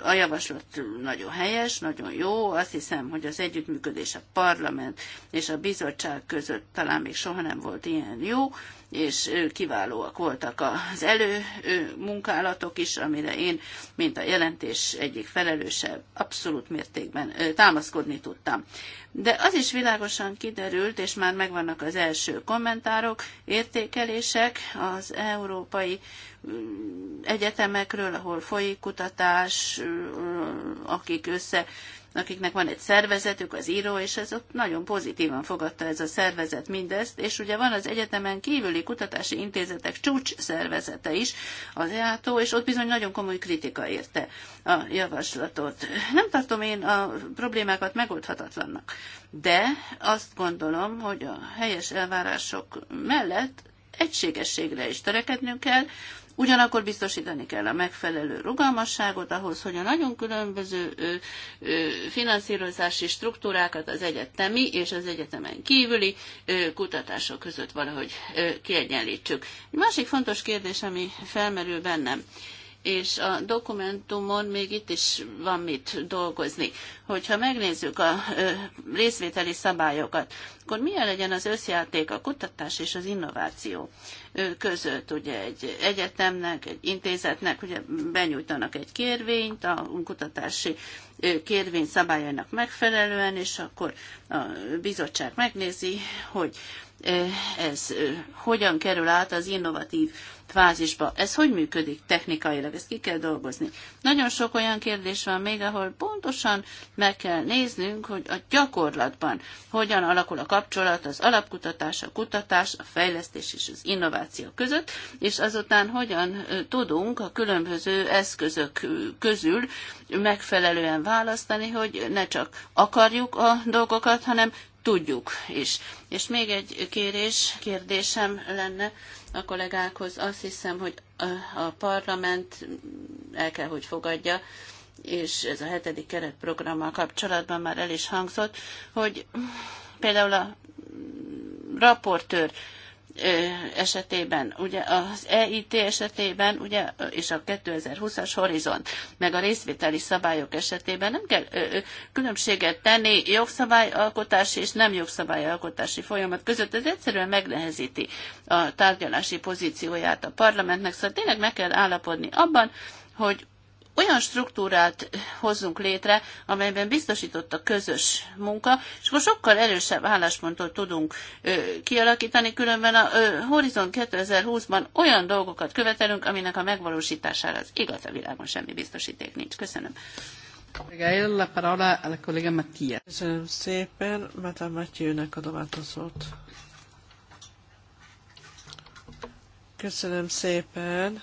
a javaslat nagyon helyes, nagyon jó. Azt hiszem, hogy az együttműködés a parlament és a bizottság között talán még soha nem volt ilyen jó. Ö, és kiválóak voltak az előmunkálatok is, amire én, mint a jelentés egyik felelőse, abszolút mértékben támaszkodni tudtam. De az is világosan kiderült, és már megvannak az első kommentárok, értékelések az európai egyetemekről, ahol folyik kutatás, akik össze akiknek van egy szervezetük, az író, és ez ott nagyon pozitívan fogadta ez a szervezet mindezt, és ugye van az egyetemen kívüli kutatási intézetek csúcs szervezete is, az EATO, és ott bizony nagyon komoly kritika érte a javaslatot. Nem tartom én a problémákat megoldhatatlannak, de azt gondolom, hogy a helyes elvárások mellett egységességre is törekednünk kell, Ugyanakkor biztosítani kell a megfelelő rugalmasságot ahhoz, hogy a nagyon különböző finanszírozási struktúrákat az egyetemi és az egyetemen kívüli kutatások között valahogy kiegyenlítsük. Egy másik fontos kérdés, ami felmerül bennem, és a dokumentumon még itt is van mit dolgozni. Hogyha megnézzük a részvételi szabályokat, akkor milyen legyen az összjáték a kutatás és az innováció között. Ugye egy egyetemnek, egy intézetnek ugye benyújtanak egy kérvényt a kutatási kérvény szabályainak megfelelően, és akkor a bizottság megnézi, hogy ez hogyan kerül át az innovatív fázisba. Ez hogy működik technikailag? Ezt ki kell dolgozni. Nagyon sok olyan kérdés van még, ahol pontosan meg kell néznünk, hogy a gyakorlatban hogyan alakul a kapcsolat az alapkutatás, a kutatás, a fejlesztés és az innováció között, és azután hogyan tudunk a különböző eszközök közül megfelelően választani, hogy ne csak akarjuk a dolgokat, hanem tudjuk is. És még egy kérés, kérdésem lenne a kollégákhoz. Azt hiszem, hogy a parlament el kell, hogy fogadja, és ez a hetedik keretprogrammal kapcsolatban már el is hangzott, hogy például a raportőr esetében, ugye az EIT esetében, ugye, és a 2020-as horizont, meg a részvételi szabályok esetében nem kell különbséget tenni jogszabályalkotási és nem jogszabályalkotási folyamat között. Ez egyszerűen megnehezíti a tárgyalási pozícióját a parlamentnek, szóval tényleg meg kell állapodni abban, hogy olyan struktúrát hozzunk létre, amelyben biztosított a közös munka, és akkor sokkal erősebb álláspontot tudunk ö, kialakítani, különben a ö, Horizon 2020-ban olyan dolgokat követelünk, aminek a megvalósítására az igaz a világon semmi biztosíték nincs. Köszönöm. La parola alla collega Mattia. Köszönöm szépen, Mata Mattyőnek adom át a szót. Köszönöm szépen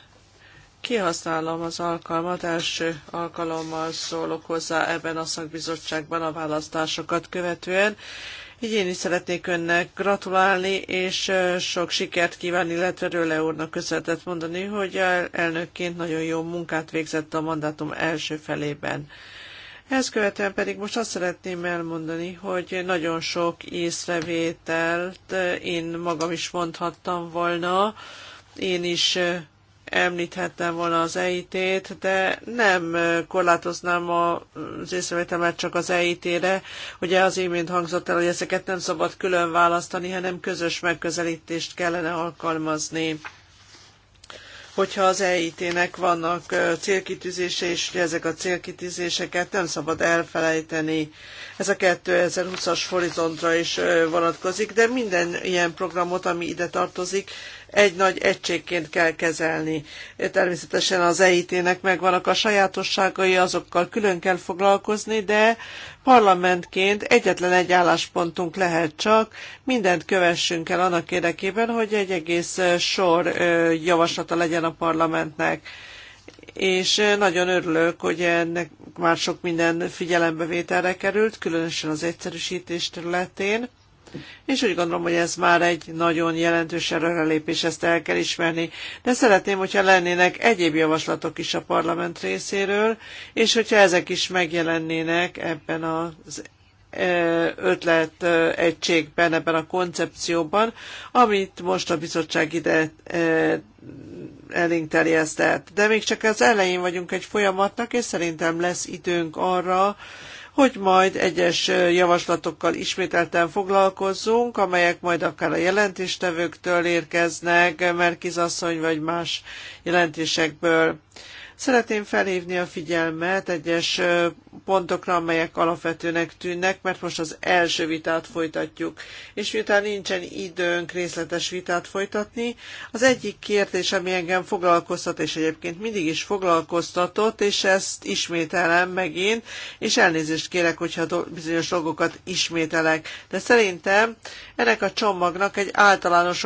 kihasználom az alkalmat, első alkalommal szólok hozzá ebben a szakbizottságban a választásokat követően. Így én is szeretnék önnek gratulálni, és sok sikert kívánni, illetve Röle úrnak köszönetet mondani, hogy elnökként nagyon jó munkát végzett a mandátum első felében. Ezt követően pedig most azt szeretném elmondani, hogy nagyon sok észrevételt én magam is mondhattam volna, én is említhettem volna az EIT-t, de nem korlátoznám az észrevételmet csak az EIT-re. Ugye az imént hangzott el, hogy ezeket nem szabad külön választani, hanem közös megközelítést kellene alkalmazni hogyha az EIT-nek vannak célkitűzése, és ugye ezek a célkitűzéseket nem szabad elfelejteni. Ez a 2020-as horizontra is vonatkozik, de minden ilyen programot, ami ide tartozik, egy nagy egységként kell kezelni. Természetesen az EIT-nek megvannak a sajátosságai, azokkal külön kell foglalkozni, de parlamentként egyetlen egy álláspontunk lehet csak, mindent kövessünk el annak érdekében, hogy egy egész sor javaslata legyen a parlamentnek és nagyon örülök, hogy ennek már sok minden figyelembevételre került, különösen az egyszerűsítés területén és úgy gondolom, hogy ez már egy nagyon jelentős előrelépés, ezt el kell ismerni. De szeretném, hogyha lennének egyéb javaslatok is a parlament részéről, és hogyha ezek is megjelennének ebben az e, ötlet e, egységben, ebben a koncepcióban, amit most a bizottság ide e, elénk terjesztett. De még csak az elején vagyunk egy folyamatnak, és szerintem lesz időnk arra, hogy majd egyes javaslatokkal ismételten foglalkozzunk, amelyek majd akár a jelentéstevőktől érkeznek, Merkizasszony vagy más jelentésekből. Szeretném felhívni a figyelmet egyes pontokra, amelyek alapvetőnek tűnnek, mert most az első vitát folytatjuk. És miután nincsen időnk részletes vitát folytatni, az egyik kérdés, ami engem foglalkoztat, és egyébként mindig is foglalkoztatott, és ezt ismételem megint, és elnézést kérek, hogyha bizonyos dolgokat ismételek. De szerintem ennek a csomagnak egy általános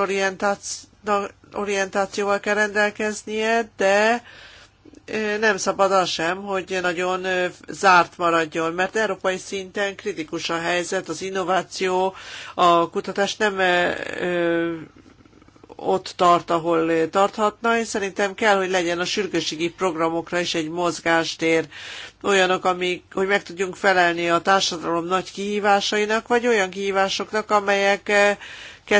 orientációval kell rendelkeznie, de nem szabad az sem, hogy nagyon zárt maradjon, mert európai szinten kritikus a helyzet, az innováció, a kutatás nem ott tart, ahol tarthatna, és szerintem kell, hogy legyen a sürgősségi programokra is egy mozgástér, olyanok, amik, hogy meg tudjunk felelni a társadalom nagy kihívásainak, vagy olyan kihívásoknak, amelyeket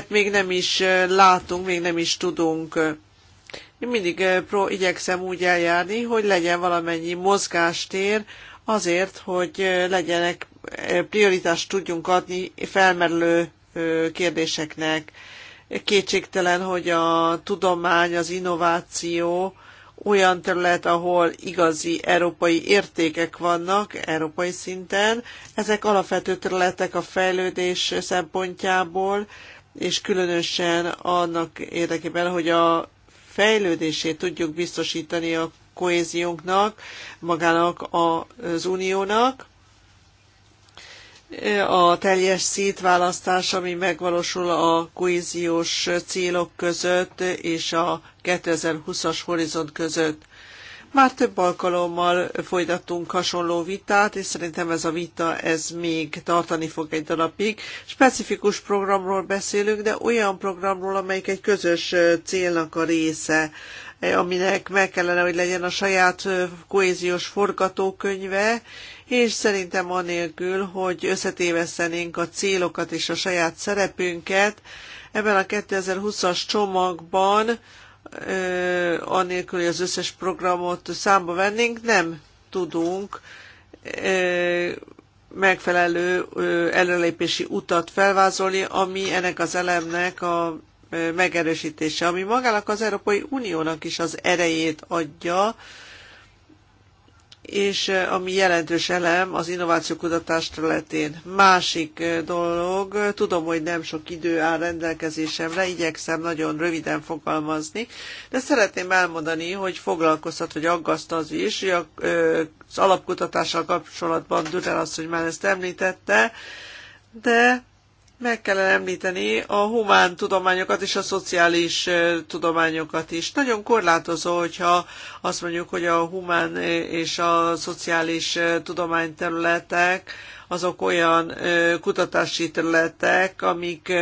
még nem is látunk, még nem is tudunk én mindig eh, pró igyekszem úgy eljárni, hogy legyen valamennyi mozgástér azért, hogy eh, legyenek eh, prioritást tudjunk adni felmerülő kérdéseknek. Kétségtelen, hogy a tudomány, az innováció olyan terület, ahol igazi európai értékek vannak európai szinten. Ezek alapvető területek a fejlődés szempontjából, és különösen annak érdekében, hogy a fejlődését tudjuk biztosítani a kohéziónknak, magának az uniónak, a teljes szétválasztás, ami megvalósul a kohéziós célok között és a 2020-as horizont között. Már több alkalommal folytattunk hasonló vitát, és szerintem ez a vita ez még tartani fog egy darabig. Specifikus programról beszélünk, de olyan programról, amelyik egy közös célnak a része, aminek meg kellene, hogy legyen a saját kohéziós forgatókönyve, és szerintem anélkül, hogy összetévesztenénk a célokat és a saját szerepünket, ebben a 2020-as csomagban anélkül, hogy az összes programot számba vennénk, nem tudunk megfelelő előlépési utat felvázolni, ami ennek az elemnek a megerősítése, ami magának az Európai Uniónak is az erejét adja, és ami jelentős elem az innováció kutatás területén. Másik dolog, tudom, hogy nem sok idő áll rendelkezésemre, igyekszem nagyon röviden fogalmazni, de szeretném elmondani, hogy foglalkoztat, hogy aggaszt az is, hogy az alapkutatással kapcsolatban Dürrel azt, hogy már ezt említette, de meg kellene említeni a humán tudományokat és a szociális tudományokat is. Nagyon korlátozó, hogyha azt mondjuk, hogy a humán és a szociális tudományterületek azok olyan kutatási területek, amik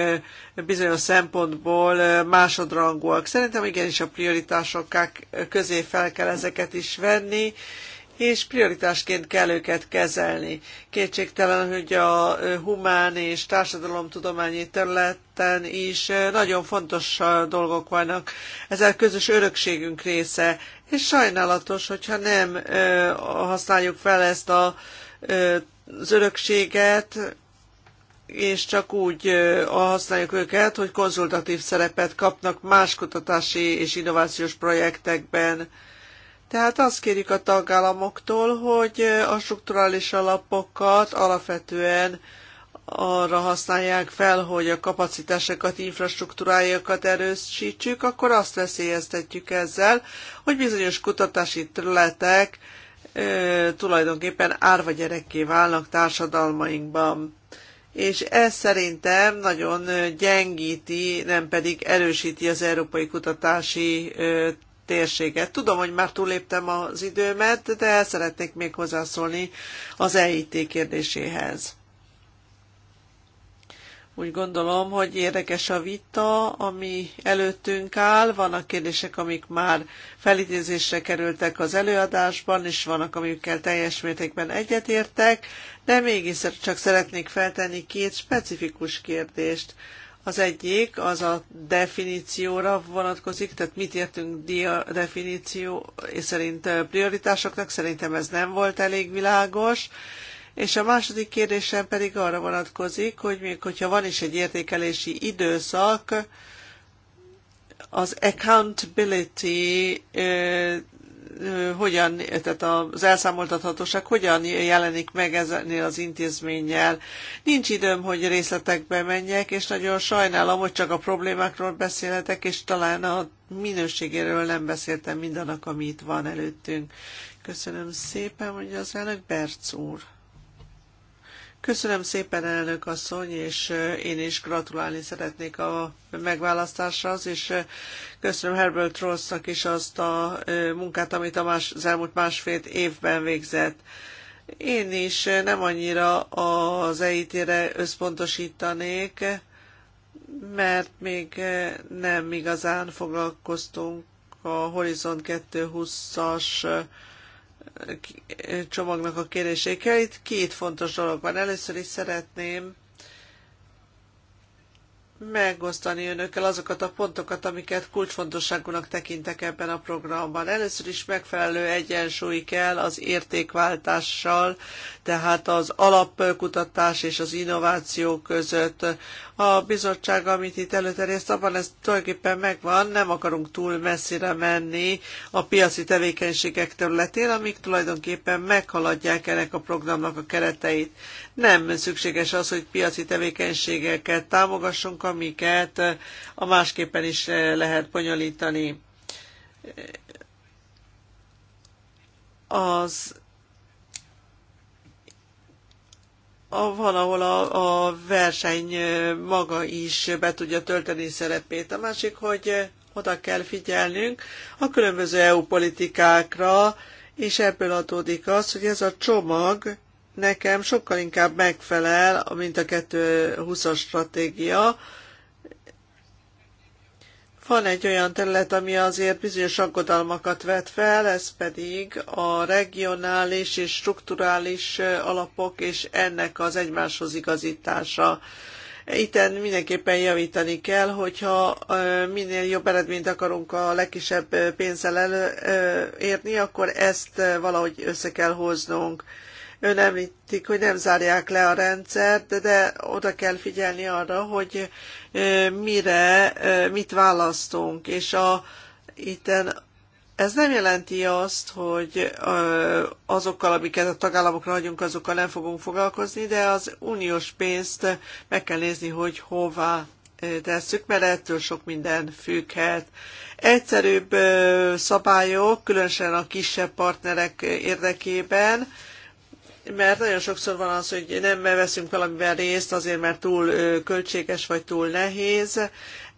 bizonyos szempontból másodrangúak. Szerintem igenis a prioritások közé fel kell ezeket is venni, és prioritásként kell őket kezelni. Kétségtelen, hogy a humán és társadalomtudományi területen is nagyon fontos dolgok vannak. a közös örökségünk része, és sajnálatos, hogyha nem használjuk fel ezt a, az örökséget, és csak úgy használjuk őket, hogy konzultatív szerepet kapnak más kutatási és innovációs projektekben tehát azt kérjük a tagállamoktól, hogy a strukturális alapokat alapvetően arra használják fel, hogy a kapacitásokat, infrastruktúrájukat erősítsük, akkor azt veszélyeztetjük ezzel, hogy bizonyos kutatási területek e, tulajdonképpen árva gyerekké válnak társadalmainkban. És ez szerintem nagyon gyengíti, nem pedig erősíti az európai kutatási e, térséget. Tudom, hogy már túléptem az időmet, de szeretnék még hozzászólni az EIT kérdéséhez. Úgy gondolom, hogy érdekes a vita, ami előttünk áll. Vannak kérdések, amik már felidézésre kerültek az előadásban, és vannak, amikkel teljes mértékben egyetértek, de mégis csak szeretnék feltenni két specifikus kérdést az egyik az a definícióra vonatkozik, tehát mit értünk dia definíció, és szerint prioritásoknak szerintem ez nem volt elég világos. És a második kérdésem pedig arra vonatkozik, hogy még hogyha van is egy értékelési időszak, az accountability hogyan, tehát az elszámoltathatóság hogyan jelenik meg ezenél az intézménnyel. Nincs időm, hogy részletekbe menjek, és nagyon sajnálom, hogy csak a problémákról beszélhetek, és talán a minőségéről nem beszéltem mindannak, ami itt van előttünk. Köszönöm szépen, mondja az elnök Berc úr. Köszönöm szépen, elnök asszony, és én is gratulálni szeretnék a megválasztáshoz, és köszönöm Herbert Rossnak is azt a munkát, amit a más, az elmúlt másfél évben végzett. Én is nem annyira az EIT-re összpontosítanék, mert még nem igazán foglalkoztunk a Horizon 220-as csomagnak a kérésékkel. Itt két fontos dolog van. Először is szeretném megosztani önökkel azokat a pontokat, amiket kulcsfontosságúnak tekintek ebben a programban. Először is megfelelő egyensúly kell az értékváltással, tehát az alapkutatás és az innováció között, a bizottság, amit itt előterjeszt, abban ez tulajdonképpen megvan, nem akarunk túl messzire menni a piaci tevékenységek területén, amik tulajdonképpen meghaladják ennek a programnak a kereteit. Nem szükséges az, hogy piaci tevékenységeket támogassunk, amiket a másképpen is lehet bonyolítani. Az a, valahol a, a verseny maga is be tudja tölteni szerepét. A másik, hogy oda kell figyelnünk a különböző EU politikákra, és ebből adódik az, hogy ez a csomag nekem sokkal inkább megfelel, mint a 2020-as stratégia, van egy olyan terület, ami azért bizonyos aggodalmakat vet fel, ez pedig a regionális és strukturális alapok és ennek az egymáshoz igazítása. Itt mindenképpen javítani kell, hogyha minél jobb eredményt akarunk a legkisebb pénzzel elérni, akkor ezt valahogy össze kell hoznunk Ön említik, hogy nem zárják le a rendszert, de, de oda kell figyelni arra, hogy mire, mit választunk, és a, itten ez nem jelenti azt, hogy azokkal, amiket a tagállamokra adjunk, azokkal nem fogunk foglalkozni, de az uniós pénzt meg kell nézni, hogy hová tesszük, mert ettől sok minden függhet. Egyszerűbb szabályok, különösen a kisebb partnerek érdekében, mert nagyon sokszor van az, hogy nem veszünk valamiben részt azért, mert túl költséges vagy túl nehéz.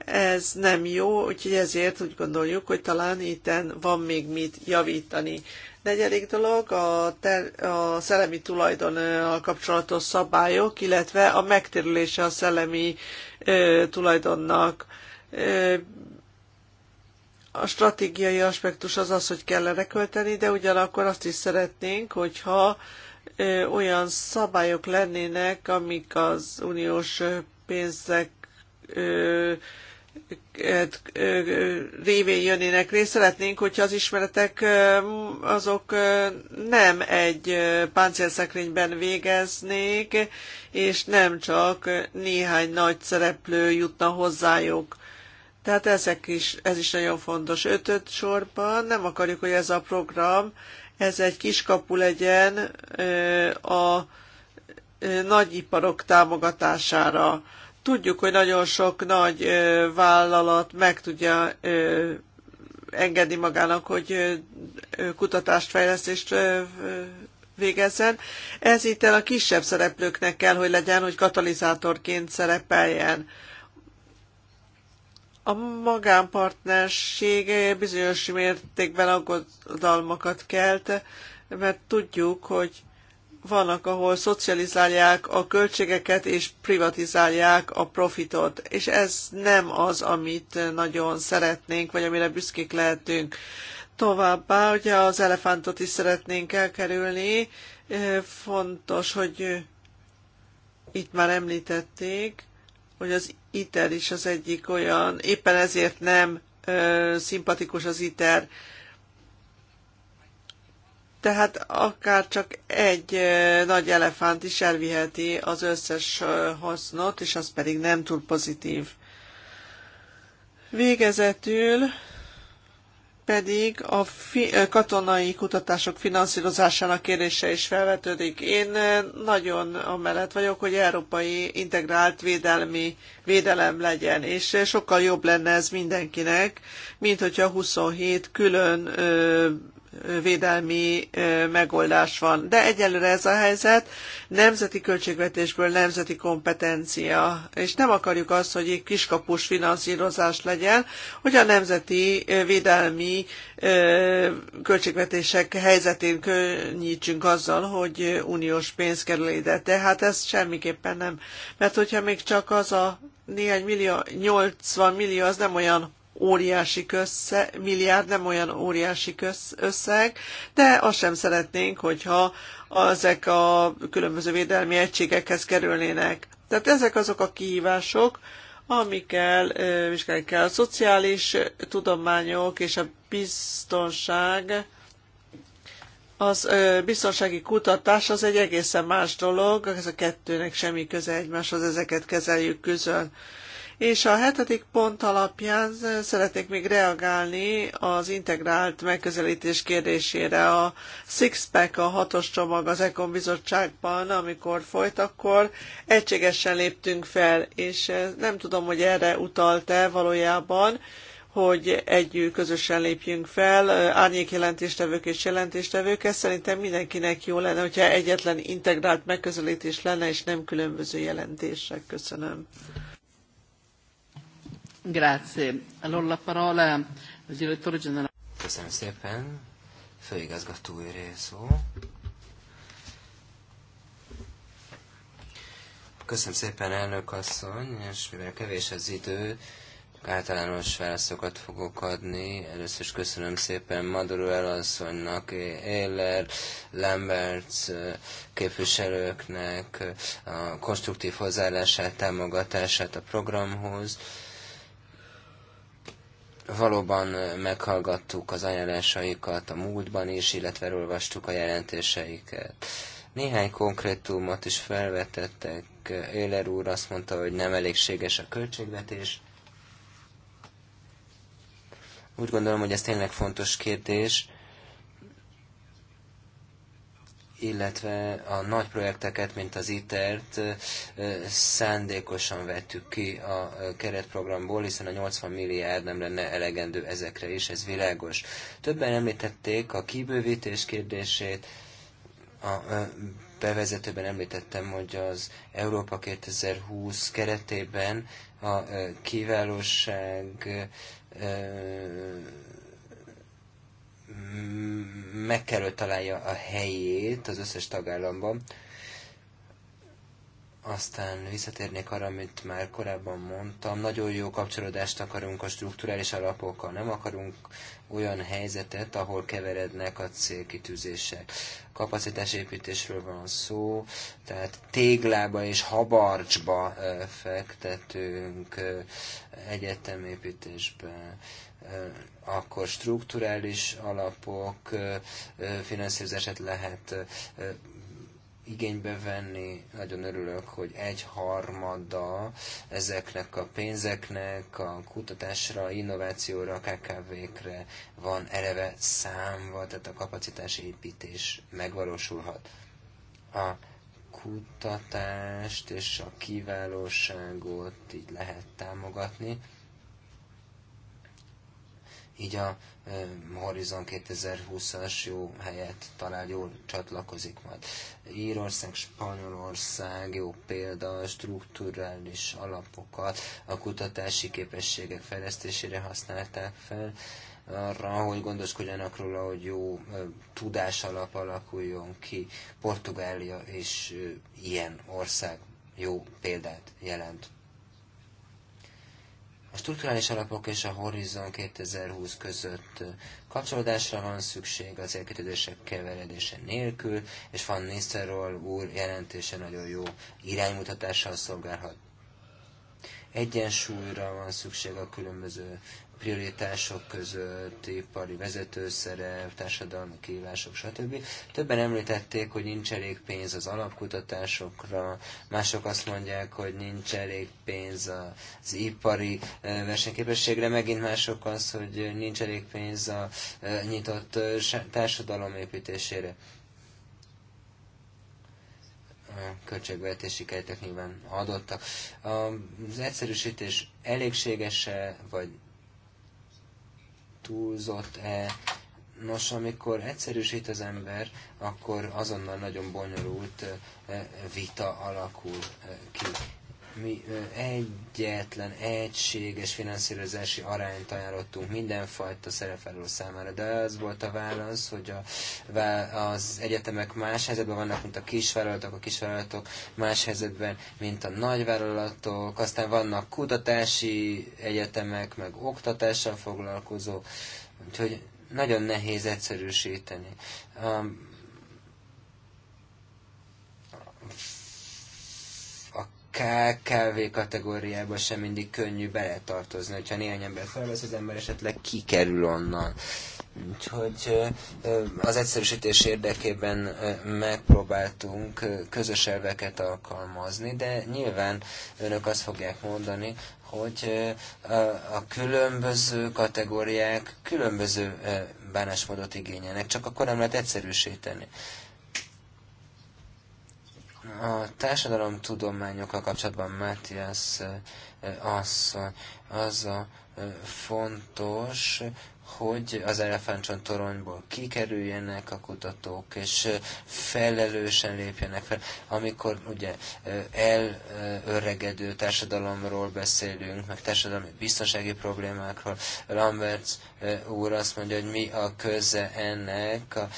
Ez nem jó, úgyhogy ezért úgy gondoljuk, hogy talán itten van még mit javítani. Negyedik dolog a, ter- a szellemi tulajdonnal kapcsolatos szabályok, illetve a megtérülése a szellemi ö, tulajdonnak. Ö, a stratégiai aspektus az az, hogy kell erre költeni, de ugyanakkor azt is szeretnénk, hogyha ö, olyan szabályok lennének, amik az uniós pénzek révén jönnének részt. Szeretnénk, hogyha az ismeretek azok nem egy páncélszekrényben végeznék, és nem csak néhány nagy szereplő jutna hozzájuk. Tehát ezek is, ez is nagyon fontos. Ötöd sorban nem akarjuk, hogy ez a program ez egy kiskapu legyen a nagyiparok támogatására. Tudjuk, hogy nagyon sok nagy vállalat meg tudja engedni magának, hogy kutatást, fejlesztést végezzen. Ez itt a kisebb szereplőknek kell, hogy legyen, hogy katalizátorként szerepeljen. A magánpartnerség bizonyos mértékben aggodalmakat kelt, mert tudjuk, hogy vannak, ahol szocializálják a költségeket és privatizálják a profitot, és ez nem az, amit nagyon szeretnénk, vagy amire büszkék lehetünk. Továbbá, ugye az elefántot is szeretnénk elkerülni, fontos, hogy itt már említették, hogy az ITER is az egyik olyan, éppen ezért nem ö, szimpatikus az ITER. Tehát akár csak egy ö, nagy elefánt is elviheti az összes ö, hasznot, és az pedig nem túl pozitív. Végezetül pedig a eh, katonai kutatások finanszírozásának kérdése is felvetődik. Én eh, nagyon amellett vagyok, hogy európai integrált védelmi védelem legyen, és eh, sokkal jobb lenne ez mindenkinek, mint hogyha 27 külön védelmi megoldás van. De egyelőre ez a helyzet nemzeti költségvetésből nemzeti kompetencia, és nem akarjuk azt, hogy egy kiskapus finanszírozás legyen, hogy a nemzeti védelmi költségvetések helyzetén könnyítsünk azzal, hogy uniós pénz kerül ide. Tehát ez semmiképpen nem. Mert hogyha még csak az a néhány millió, 80 millió, az nem olyan óriási össze, milliárd nem olyan óriási köz, összeg, de azt sem szeretnénk, hogyha ezek a különböző védelmi egységekhez kerülnének. Tehát ezek azok a kihívások, amikkel vizsgálni kell. A szociális tudományok és a biztonság, az biztonsági kutatás az egy egészen más dolog, ez a kettőnek semmi köze egymáshoz, ezeket kezeljük közön és a hetedik pont alapján szeretnék még reagálni az integrált megközelítés kérdésére. A Sixpack, a hatos csomag az Ekon bizottságban, amikor folyt, akkor egységesen léptünk fel, és nem tudom, hogy erre utalt-e valójában, hogy együtt közösen lépjünk fel, árnyék jelentéstevők és jelentéstevők. Ez szerintem mindenkinek jó lenne, hogyha egyetlen integrált megközelítés lenne, és nem különböző jelentések. Köszönöm. Grazie. Allora la parola al direttore generale. Köszönöm szépen. Főigazgató szó. Köszönöm szépen, elnök asszony, és mivel kevés az idő, általános válaszokat fogok adni. Először is köszönöm szépen Maduro elasszonynak, Éler, Lambert, eh, képviselőknek a konstruktív hozzáállását, támogatását a programhoz Valóban meghallgattuk az ajánlásaikat a múltban is, illetve olvastuk a jelentéseiket. Néhány konkrétumot is felvetettek. Éler úr azt mondta, hogy nem elégséges a költségvetés. Úgy gondolom, hogy ez tényleg fontos kérdés illetve a nagy projekteket, mint az ITER-t e szándékosan vettük ki a keretprogramból, hiszen a 80 milliárd nem lenne elegendő ezekre is, ez világos. Többen említették a kibővítés kérdését, a bevezetőben említettem, hogy az Európa 2020 keretében a kiválóság meg kell, hogy találja a helyét az összes tagállamban. Aztán visszatérnék arra, amit már korábban mondtam. Nagyon jó kapcsolódást akarunk a strukturális alapokkal. Nem akarunk olyan helyzetet, ahol keverednek a célkitűzések. Kapacitásépítésről van szó, tehát téglába és habarcsba fektetünk egyetemépítésbe akkor strukturális alapok finanszírozását lehet igénybe venni. Nagyon örülök, hogy egy harmada ezeknek a pénzeknek a kutatásra, innovációra, KKV-kre van eleve számva, tehát a kapacitásépítés megvalósulhat. A kutatást és a kiválóságot így lehet támogatni így a Horizon 2020-as jó helyet talán jól csatlakozik majd. Írország, Spanyolország jó példa strukturális alapokat a kutatási képességek fejlesztésére használták fel, arra, hogy gondoskodjanak róla, hogy jó tudás alap alakuljon ki. Portugália és ilyen ország jó példát jelent a strukturális alapok és a Horizon 2020 között kapcsolódásra van szükség az célkitűzések keveredése nélkül, és Van Nistelrooy úr jelentése nagyon jó iránymutatással szolgálhat. Egyensúlyra van szükség a különböző prioritások között, ipari vezetőszerep, társadalmi kívások, stb. Többen említették, hogy nincs elég pénz az alapkutatásokra, mások azt mondják, hogy nincs elég pénz az ipari eh, versenyképességre, megint mások az, hogy nincs elég pénz a eh, nyitott eh, társadalom építésére költségvetési keretek nyilván adottak. Az egyszerűsítés elégséges-e, vagy túlzott-e. Nos, amikor egyszerűsít az ember, akkor azonnal nagyon bonyolult vita alakul ki mi egyetlen egységes finanszírozási arányt ajánlottunk mindenfajta szerepelő számára, de az volt a válasz, hogy a, az egyetemek más helyzetben vannak, mint a kisvállalatok, a kisvállalatok más helyzetben, mint a nagyvállalatok, aztán vannak kutatási egyetemek, meg oktatással foglalkozó, úgyhogy nagyon nehéz egyszerűsíteni. Um, KKV kategóriába sem mindig könnyű beletartozni, hogyha néhány ember felvesz, az ember esetleg kikerül onnan. Úgyhogy az egyszerűsítés érdekében megpróbáltunk közös elveket alkalmazni, de nyilván önök azt fogják mondani, hogy a különböző kategóriák különböző bánásmódot igényelnek, csak akkor nem lehet egyszerűsíteni. A társadalomtudományokkal kapcsolatban Matthias asszony az a fontos, hogy az elefántson toronyból kikerüljenek a kutatók, és felelősen lépjenek fel. Amikor ugye elöregedő társadalomról beszélünk, meg társadalmi biztonsági problémákról, Lamberts úr azt mondja, hogy mi a köze ennek a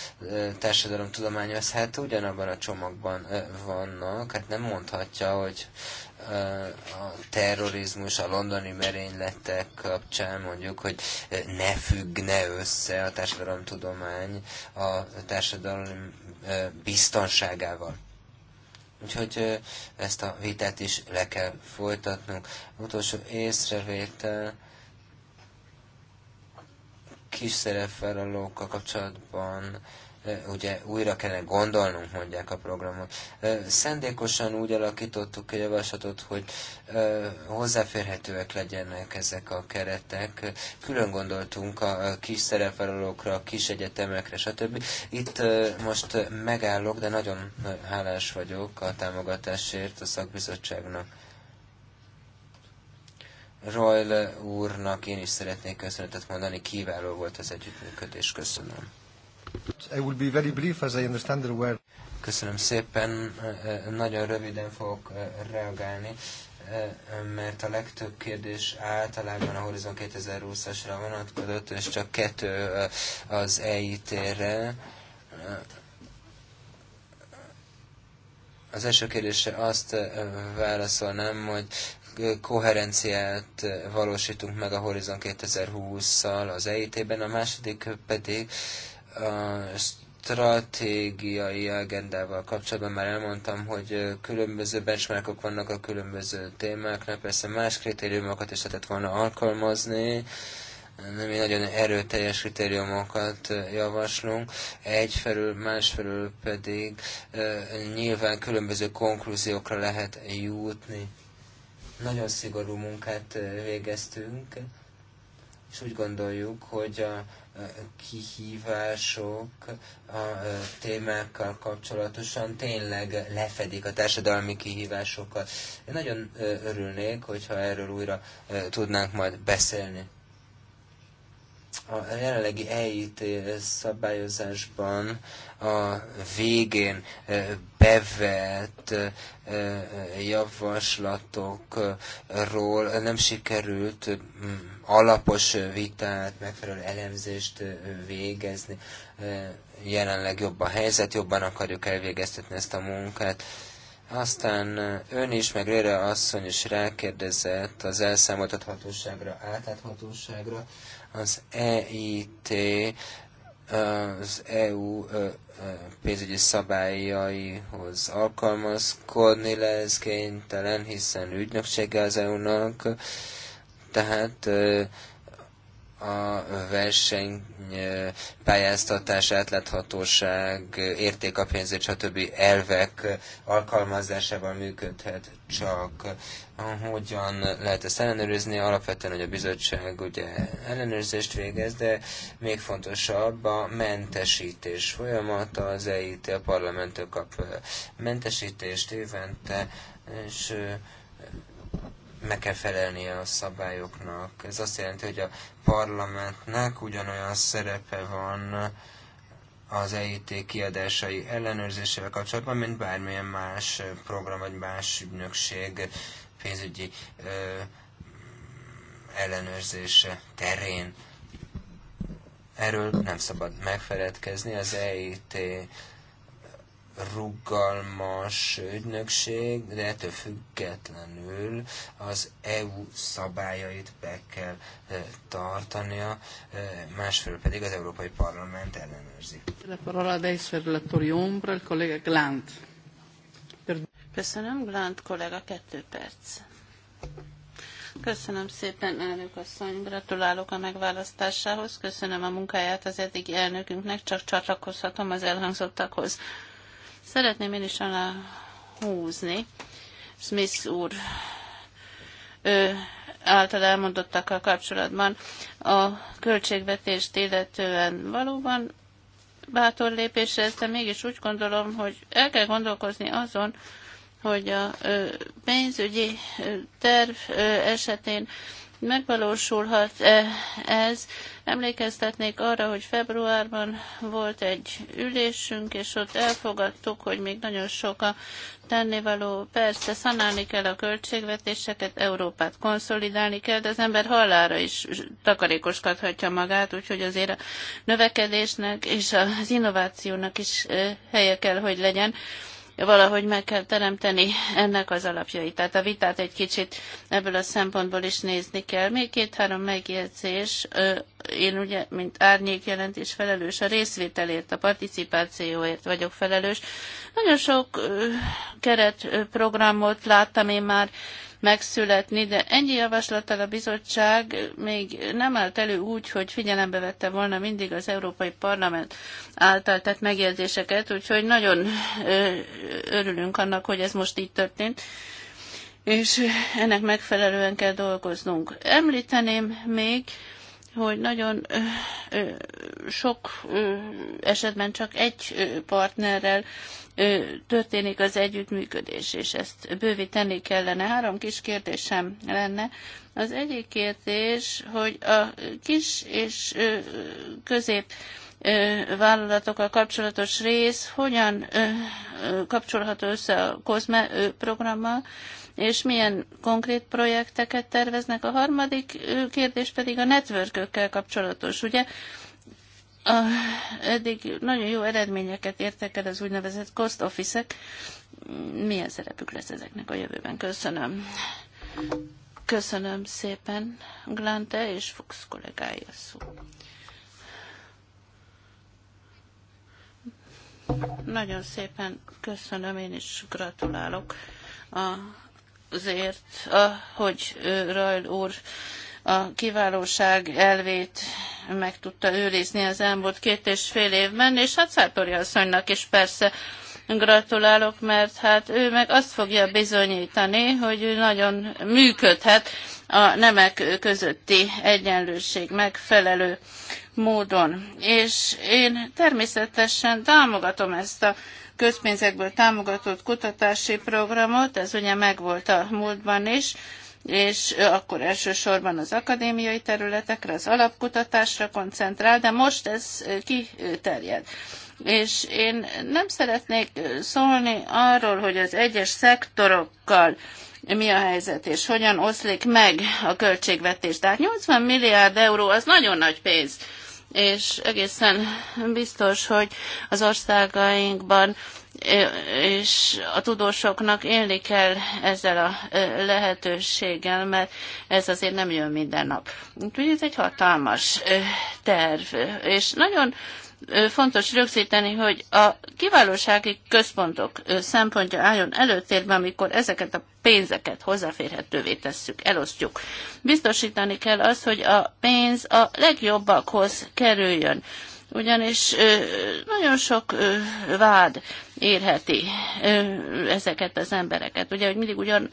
társadalomtudományhoz, hát ugyanabban a csomagban vannak, hát nem mondhatja, hogy a terrorizmus, a londoni merényletek kapcsán mondjuk, hogy ne függne össze a társadalomtudomány a társadalom biztonságával. Úgyhogy ezt a vitát is le kell folytatnunk. Utolsó észrevétel kis lókkal kapcsolatban ugye újra kellene gondolnunk, mondják a programot. Szendékosan úgy alakítottuk a javaslatot, hogy hozzáférhetőek legyenek ezek a keretek. Külön gondoltunk a kis szerepvállalókra, a kis egyetemekre, stb. Itt most megállok, de nagyon hálás vagyok a támogatásért a szakbizottságnak. Royal úrnak én is szeretnék köszönetet mondani, kiváló volt az együttműködés, köszönöm. I will be very brief as I understand Köszönöm szépen, nagyon röviden fogok reagálni mert a legtöbb kérdés általában a Horizon 2020-asra vonatkozott, és csak kettő az EIT-re. Az első kérdésre azt válaszolnám, hogy koherenciát valósítunk meg a Horizon 2020-szal az EIT-ben, a második pedig a stratégiai agendával kapcsolatban már elmondtam, hogy különböző benchmarkok vannak a különböző témáknak, persze más kritériumokat is lehetett volna alkalmazni, nem én nagyon erőteljes kritériumokat javaslunk, egyfelől, másfelől pedig nyilván különböző konklúziókra lehet jutni. Nagyon szigorú munkát végeztünk, és úgy gondoljuk, hogy a kihívások a e, témákkal kapcsolatosan tényleg lefedik a társadalmi kihívásokat. Én nagyon e, örülnék, hogyha erről újra e, tudnánk majd beszélni a jelenlegi EIT szabályozásban a végén bevett javaslatokról nem sikerült alapos vitát, megfelelő elemzést végezni. Jelenleg jobb a helyzet, jobban akarjuk elvégeztetni ezt a munkát. Aztán ön is, meg Rére asszony is rákérdezett az elszámoltathatóságra, átláthatóságra. Az EIT az EU pénzügyi szabályaihoz alkalmazkodni lesz kénytelen, hiszen ügynöksége az EU-nak, tehát a verseny e, pályáztatás, átláthatóság, érték a a többi elvek alkalmazásával működhet csak. Hogyan lehet ezt ellenőrizni? Alapvetően, hogy a bizottság ugye ellenőrzést végez, de még fontosabb a mentesítés folyamata. Az EIT a parlamenttől kap mentesítést évente, és meg kell felelnie a szabályoknak. Ez azt jelenti, hogy a parlamentnek ugyanolyan szerepe van az EIT kiadásai ellenőrzésével kapcsolatban, mint bármilyen más program vagy más ügynökség pénzügyi ö, ellenőrzése terén. Erről nem szabad megfeledkezni, az EIT rugalmas ügynökség, de ettől függetlenül az EU szabályait be kell tartania, másfelől pedig az Európai Parlament ellenőrzi. Glant. Köszönöm, Glant kollega, kettő perc. Köszönöm szépen, elnök asszony, gratulálok a megválasztásához, köszönöm a munkáját az eddigi elnökünknek, csak csatlakozhatom az elhangzottakhoz. Szeretném én is alá húzni Smith úr ő által elmondottakkal kapcsolatban a költségvetést illetően valóban bátor lépés ez, de mégis úgy gondolom, hogy el kell gondolkozni azon, hogy a pénzügyi terv esetén megvalósulhat eh, ez. Emlékeztetnék arra, hogy februárban volt egy ülésünk, és ott elfogadtuk, hogy még nagyon sok a tennivaló. Persze szanálni kell a költségvetéseket, Európát konszolidálni kell, de az ember hallára is takarékoskodhatja magát, úgyhogy azért a növekedésnek és az innovációnak is eh, helye kell, hogy legyen valahogy meg kell teremteni ennek az alapjait. Tehát a vitát egy kicsit ebből a szempontból is nézni kell. Még két-három megjegyzés. Én ugye, mint árnyék jelentés felelős, a részvételért, a participációért vagyok felelős. Nagyon sok keretprogramot láttam én már megszületni, de ennyi javaslattal a bizottság még nem állt elő úgy, hogy figyelembe vette volna mindig az Európai Parlament által tett megjegyzéseket, úgyhogy nagyon örülünk annak, hogy ez most így történt és ennek megfelelően kell dolgoznunk. Említeném még, hogy nagyon sok esetben csak egy partnerrel történik az együttműködés, és ezt bővíteni kellene. Három kis kérdésem lenne. Az egyik kérdés, hogy a kis és közép vállalatokkal kapcsolatos rész hogyan kapcsolható össze a COSME programmal, és milyen konkrét projekteket terveznek. A harmadik kérdés pedig a networkökkel kapcsolatos. Ugye a, eddig nagyon jó eredményeket értek el az úgynevezett cost office-ek. Milyen szerepük lesz ezeknek a jövőben? Köszönöm. Köszönöm szépen, Glante és Fuchs kollégája szó. Nagyon szépen köszönöm, én is gratulálok a azért, hogy Rajl úr a kiválóság elvét meg tudta őrizni az elmúlt két és fél évben, és hát Szátori asszonynak is persze gratulálok, mert hát ő meg azt fogja bizonyítani, hogy ő nagyon működhet a nemek közötti egyenlőség megfelelő módon. És én természetesen támogatom ezt a közpénzekből támogatott kutatási programot, ez ugye megvolt a múltban is, és akkor elsősorban az akadémiai területekre, az alapkutatásra koncentrál, de most ez kiterjed. És én nem szeretnék szólni arról, hogy az egyes szektorokkal mi a helyzet, és hogyan oszlik meg a költségvetés. Tehát 80 milliárd euró az nagyon nagy pénz és egészen biztos, hogy az országainkban és a tudósoknak élni kell ezzel a lehetőséggel, mert ez azért nem jön minden nap. Úgyhogy ez egy hatalmas terv, és nagyon fontos rögzíteni, hogy a kiválósági központok szempontja álljon előtérbe, amikor ezeket a pénzeket hozzáférhetővé tesszük, elosztjuk. Biztosítani kell azt, hogy a pénz a legjobbakhoz kerüljön ugyanis nagyon sok vád érheti ezeket az embereket. Ugye, hogy mindig ugyan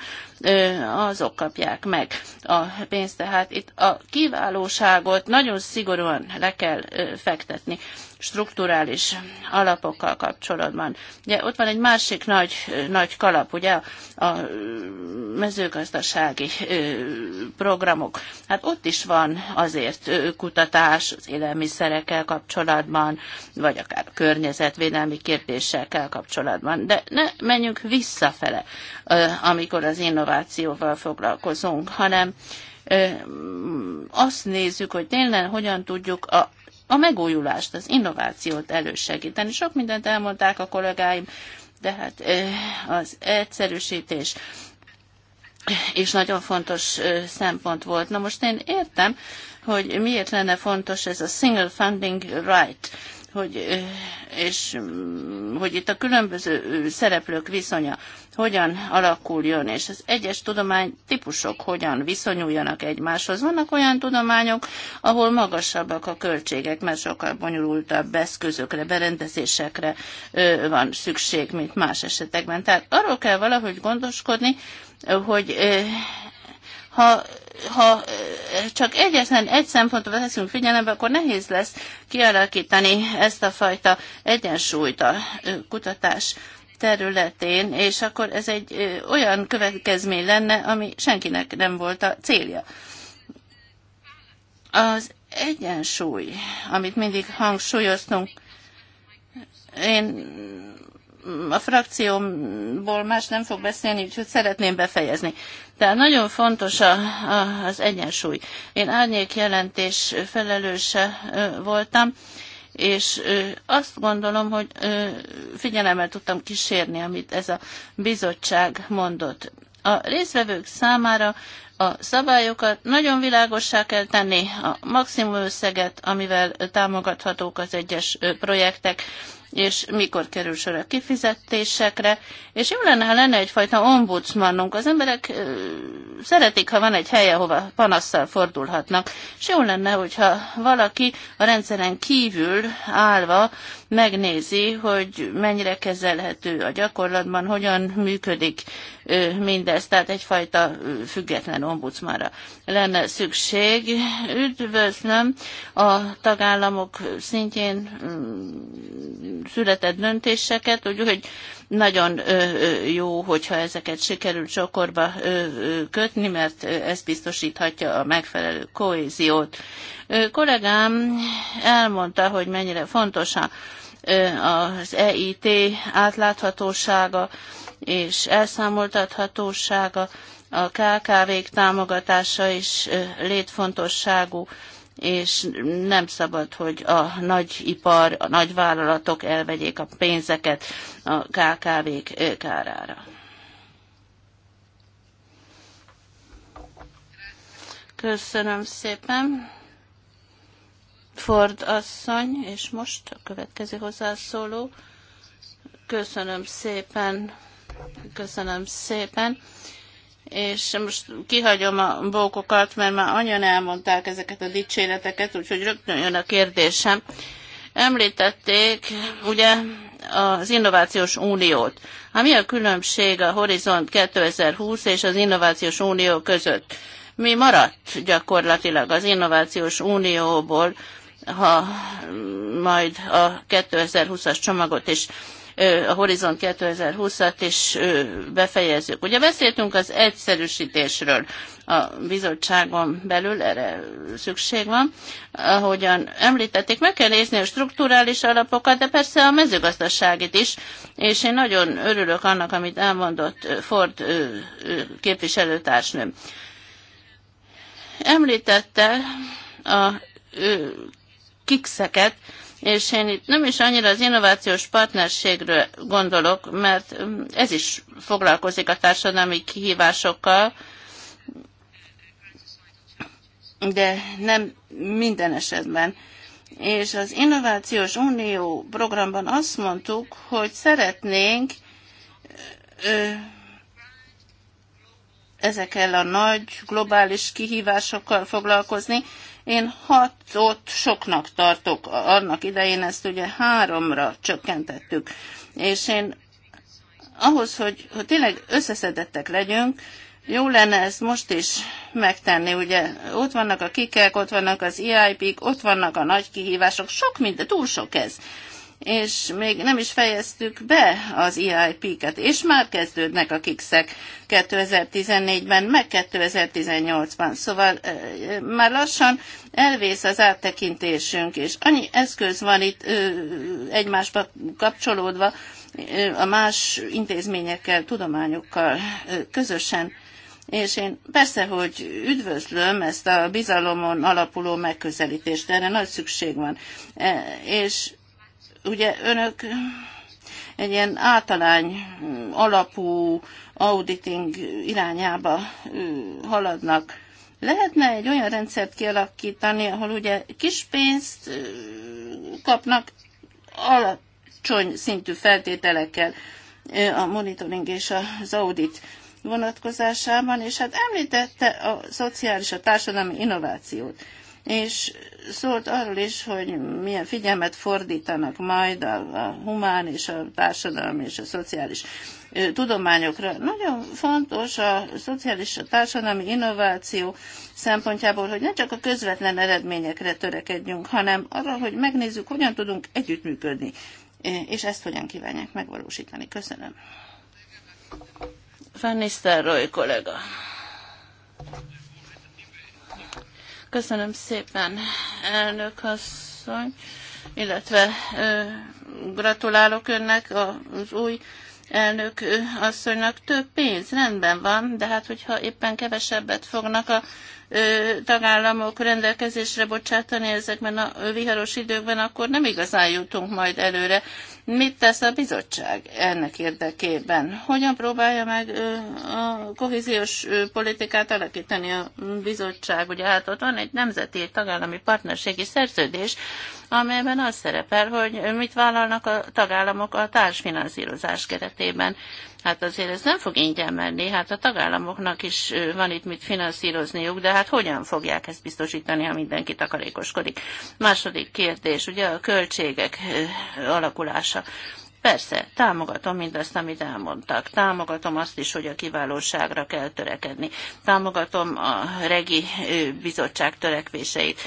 azok kapják meg a pénzt, tehát itt a kiválóságot nagyon szigorúan le kell fektetni strukturális alapokkal kapcsolatban. Ugye ott van egy másik nagy, nagy kalap, ugye a mezőgazdasági programok. Hát ott is van azért kutatás az élelmiszerekkel kapcsolatban, vagy akár a környezetvédelmi kérdésekkel kapcsolatban. De ne menjünk visszafele, amikor az innovációval foglalkozunk, hanem azt nézzük, hogy tényleg hogyan tudjuk a a megújulást, az innovációt elősegíteni. Sok mindent elmondták a kollégáim, de hát az egyszerűsítés és nagyon fontos szempont volt. Na most én értem, hogy miért lenne fontos ez a single funding right hogy, és mm, hogy itt a különböző szereplők viszonya hogyan alakuljon, és az egyes tudomány típusok hogyan viszonyuljanak egymáshoz. Vannak olyan tudományok, ahol magasabbak a költségek, mert sokkal bonyolultabb eszközökre, berendezésekre van szükség, mint más esetekben. Tehát arról kell valahogy gondoskodni, hogy ha ha csak egyetlen egy szempontot veszünk figyelembe, akkor nehéz lesz kialakítani ezt a fajta egyensúlyt a kutatás területén, és akkor ez egy olyan következmény lenne, ami senkinek nem volt a célja. Az egyensúly, amit mindig hangsúlyoztunk, én a frakciómból más nem fog beszélni, úgyhogy szeretném befejezni. Tehát nagyon fontos a, a, az egyensúly. Én árnyék jelentés felelőse voltam, és azt gondolom, hogy figyelemmel tudtam kísérni, amit ez a bizottság mondott. A részvevők számára a szabályokat nagyon világossá kell tenni, a maximum összeget, amivel támogathatók az egyes projektek, és mikor kerül sor a kifizetésekre, és jó lenne, ha lenne egyfajta ombudsmanunk. Az emberek szeretik, ha van egy helye, hova panasszal fordulhatnak, és jó lenne, hogyha valaki a rendszeren kívül állva megnézi, hogy mennyire kezelhető a gyakorlatban, hogyan működik mindez, tehát egyfajta független ombudsmanra lenne szükség. Üdvözlöm a tagállamok szintjén mm, született döntéseket, úgy hogy nagyon jó, hogyha ezeket sikerül csokorba kötni, mert ez biztosíthatja a megfelelő kohéziót. Kollégám elmondta, hogy mennyire fontos az EIT átláthatósága és elszámoltathatósága, a KKV-k támogatása is létfontosságú és nem szabad, hogy a nagy ipar, a nagy vállalatok elvegyék a pénzeket a KKV-k kárára. Köszönöm szépen. Ford asszony, és most a következő hozzászóló. Köszönöm szépen. Köszönöm szépen és most kihagyom a bókokat, mert már annyian elmondták ezeket a dicséreteket, úgyhogy rögtön jön a kérdésem. Említették, ugye, az Innovációs Uniót. Hát mi a különbség a Horizont 2020 és az Innovációs Unió között? Mi maradt gyakorlatilag az Innovációs Unióból, ha majd a 2020-as csomagot is a Horizon 2020-at is befejezzük. Ugye beszéltünk az egyszerűsítésről a bizottságon belül, erre szükség van. Ahogyan említették, meg kell nézni a strukturális alapokat, de persze a mezőgazdaságit is, és én nagyon örülök annak, amit elmondott Ford képviselőtársnőm. Említette a kikszeket, és én itt nem is annyira az innovációs partnerségről gondolok, mert mm, ez is foglalkozik a társadalmi kihívásokkal, de nem minden esetben. És az Innovációs Unió programban azt mondtuk, hogy szeretnénk ö, ezekkel a nagy globális kihívásokkal foglalkozni, én hatot soknak tartok, annak idején ezt ugye háromra csökkentettük. És én ahhoz, hogy, hogy tényleg összeszedettek legyünk, jó lenne ezt most is megtenni, ugye ott vannak a kikek, ott vannak az EIP-k, ott vannak a nagy kihívások, sok minden, túl sok ez és még nem is fejeztük be az EIP-ket, és már kezdődnek a kikszek 2014-ben, meg 2018-ban. Szóval e, már lassan elvész az áttekintésünk, és annyi eszköz van itt e, egymásba kapcsolódva e, a más intézményekkel, tudományokkal e, közösen. És én persze, hogy üdvözlöm ezt a bizalomon alapuló megközelítést, erre nagy szükség van. E, és ugye önök egy ilyen általány alapú auditing irányába haladnak. Lehetne egy olyan rendszert kialakítani, ahol ugye kis pénzt kapnak alacsony szintű feltételekkel a monitoring és az audit vonatkozásában, és hát említette a szociális, a társadalmi innovációt és szólt arról is, hogy milyen figyelmet fordítanak majd a, a humán és a társadalmi és a szociális tudományokra. Nagyon fontos a szociális a társadalmi innováció szempontjából, hogy ne csak a közvetlen eredményekre törekedjünk, hanem arra, hogy megnézzük, hogyan tudunk együttműködni, és ezt hogyan kívánják megvalósítani. Köszönöm. Van Nisztelrooy kollega. Köszönöm szépen, elnök asszony, illetve gratulálok önnek az új elnök asszonynak több pénz, rendben van, de hát hogyha éppen kevesebbet fognak a tagállamok rendelkezésre bocsátani ezekben a viharos időkben, akkor nem igazán jutunk majd előre. Mit tesz a bizottság ennek érdekében? Hogyan próbálja meg a kohéziós politikát alakítani a bizottság? Ugye hát ott van egy nemzeti tagállami partnerségi szerződés, amelyben az szerepel, hogy mit vállalnak a tagállamok a társfinanszírozás keretében. Hát azért ez nem fog ingyen menni, hát a tagállamoknak is van itt mit finanszírozniuk, de hát hogyan fogják ezt biztosítani, ha mindenki takarékoskodik? Második kérdés, ugye a költségek alakulása. Persze, támogatom mindazt, amit elmondtak. Támogatom azt is, hogy a kiválóságra kell törekedni. Támogatom a regi bizottság törekvéseit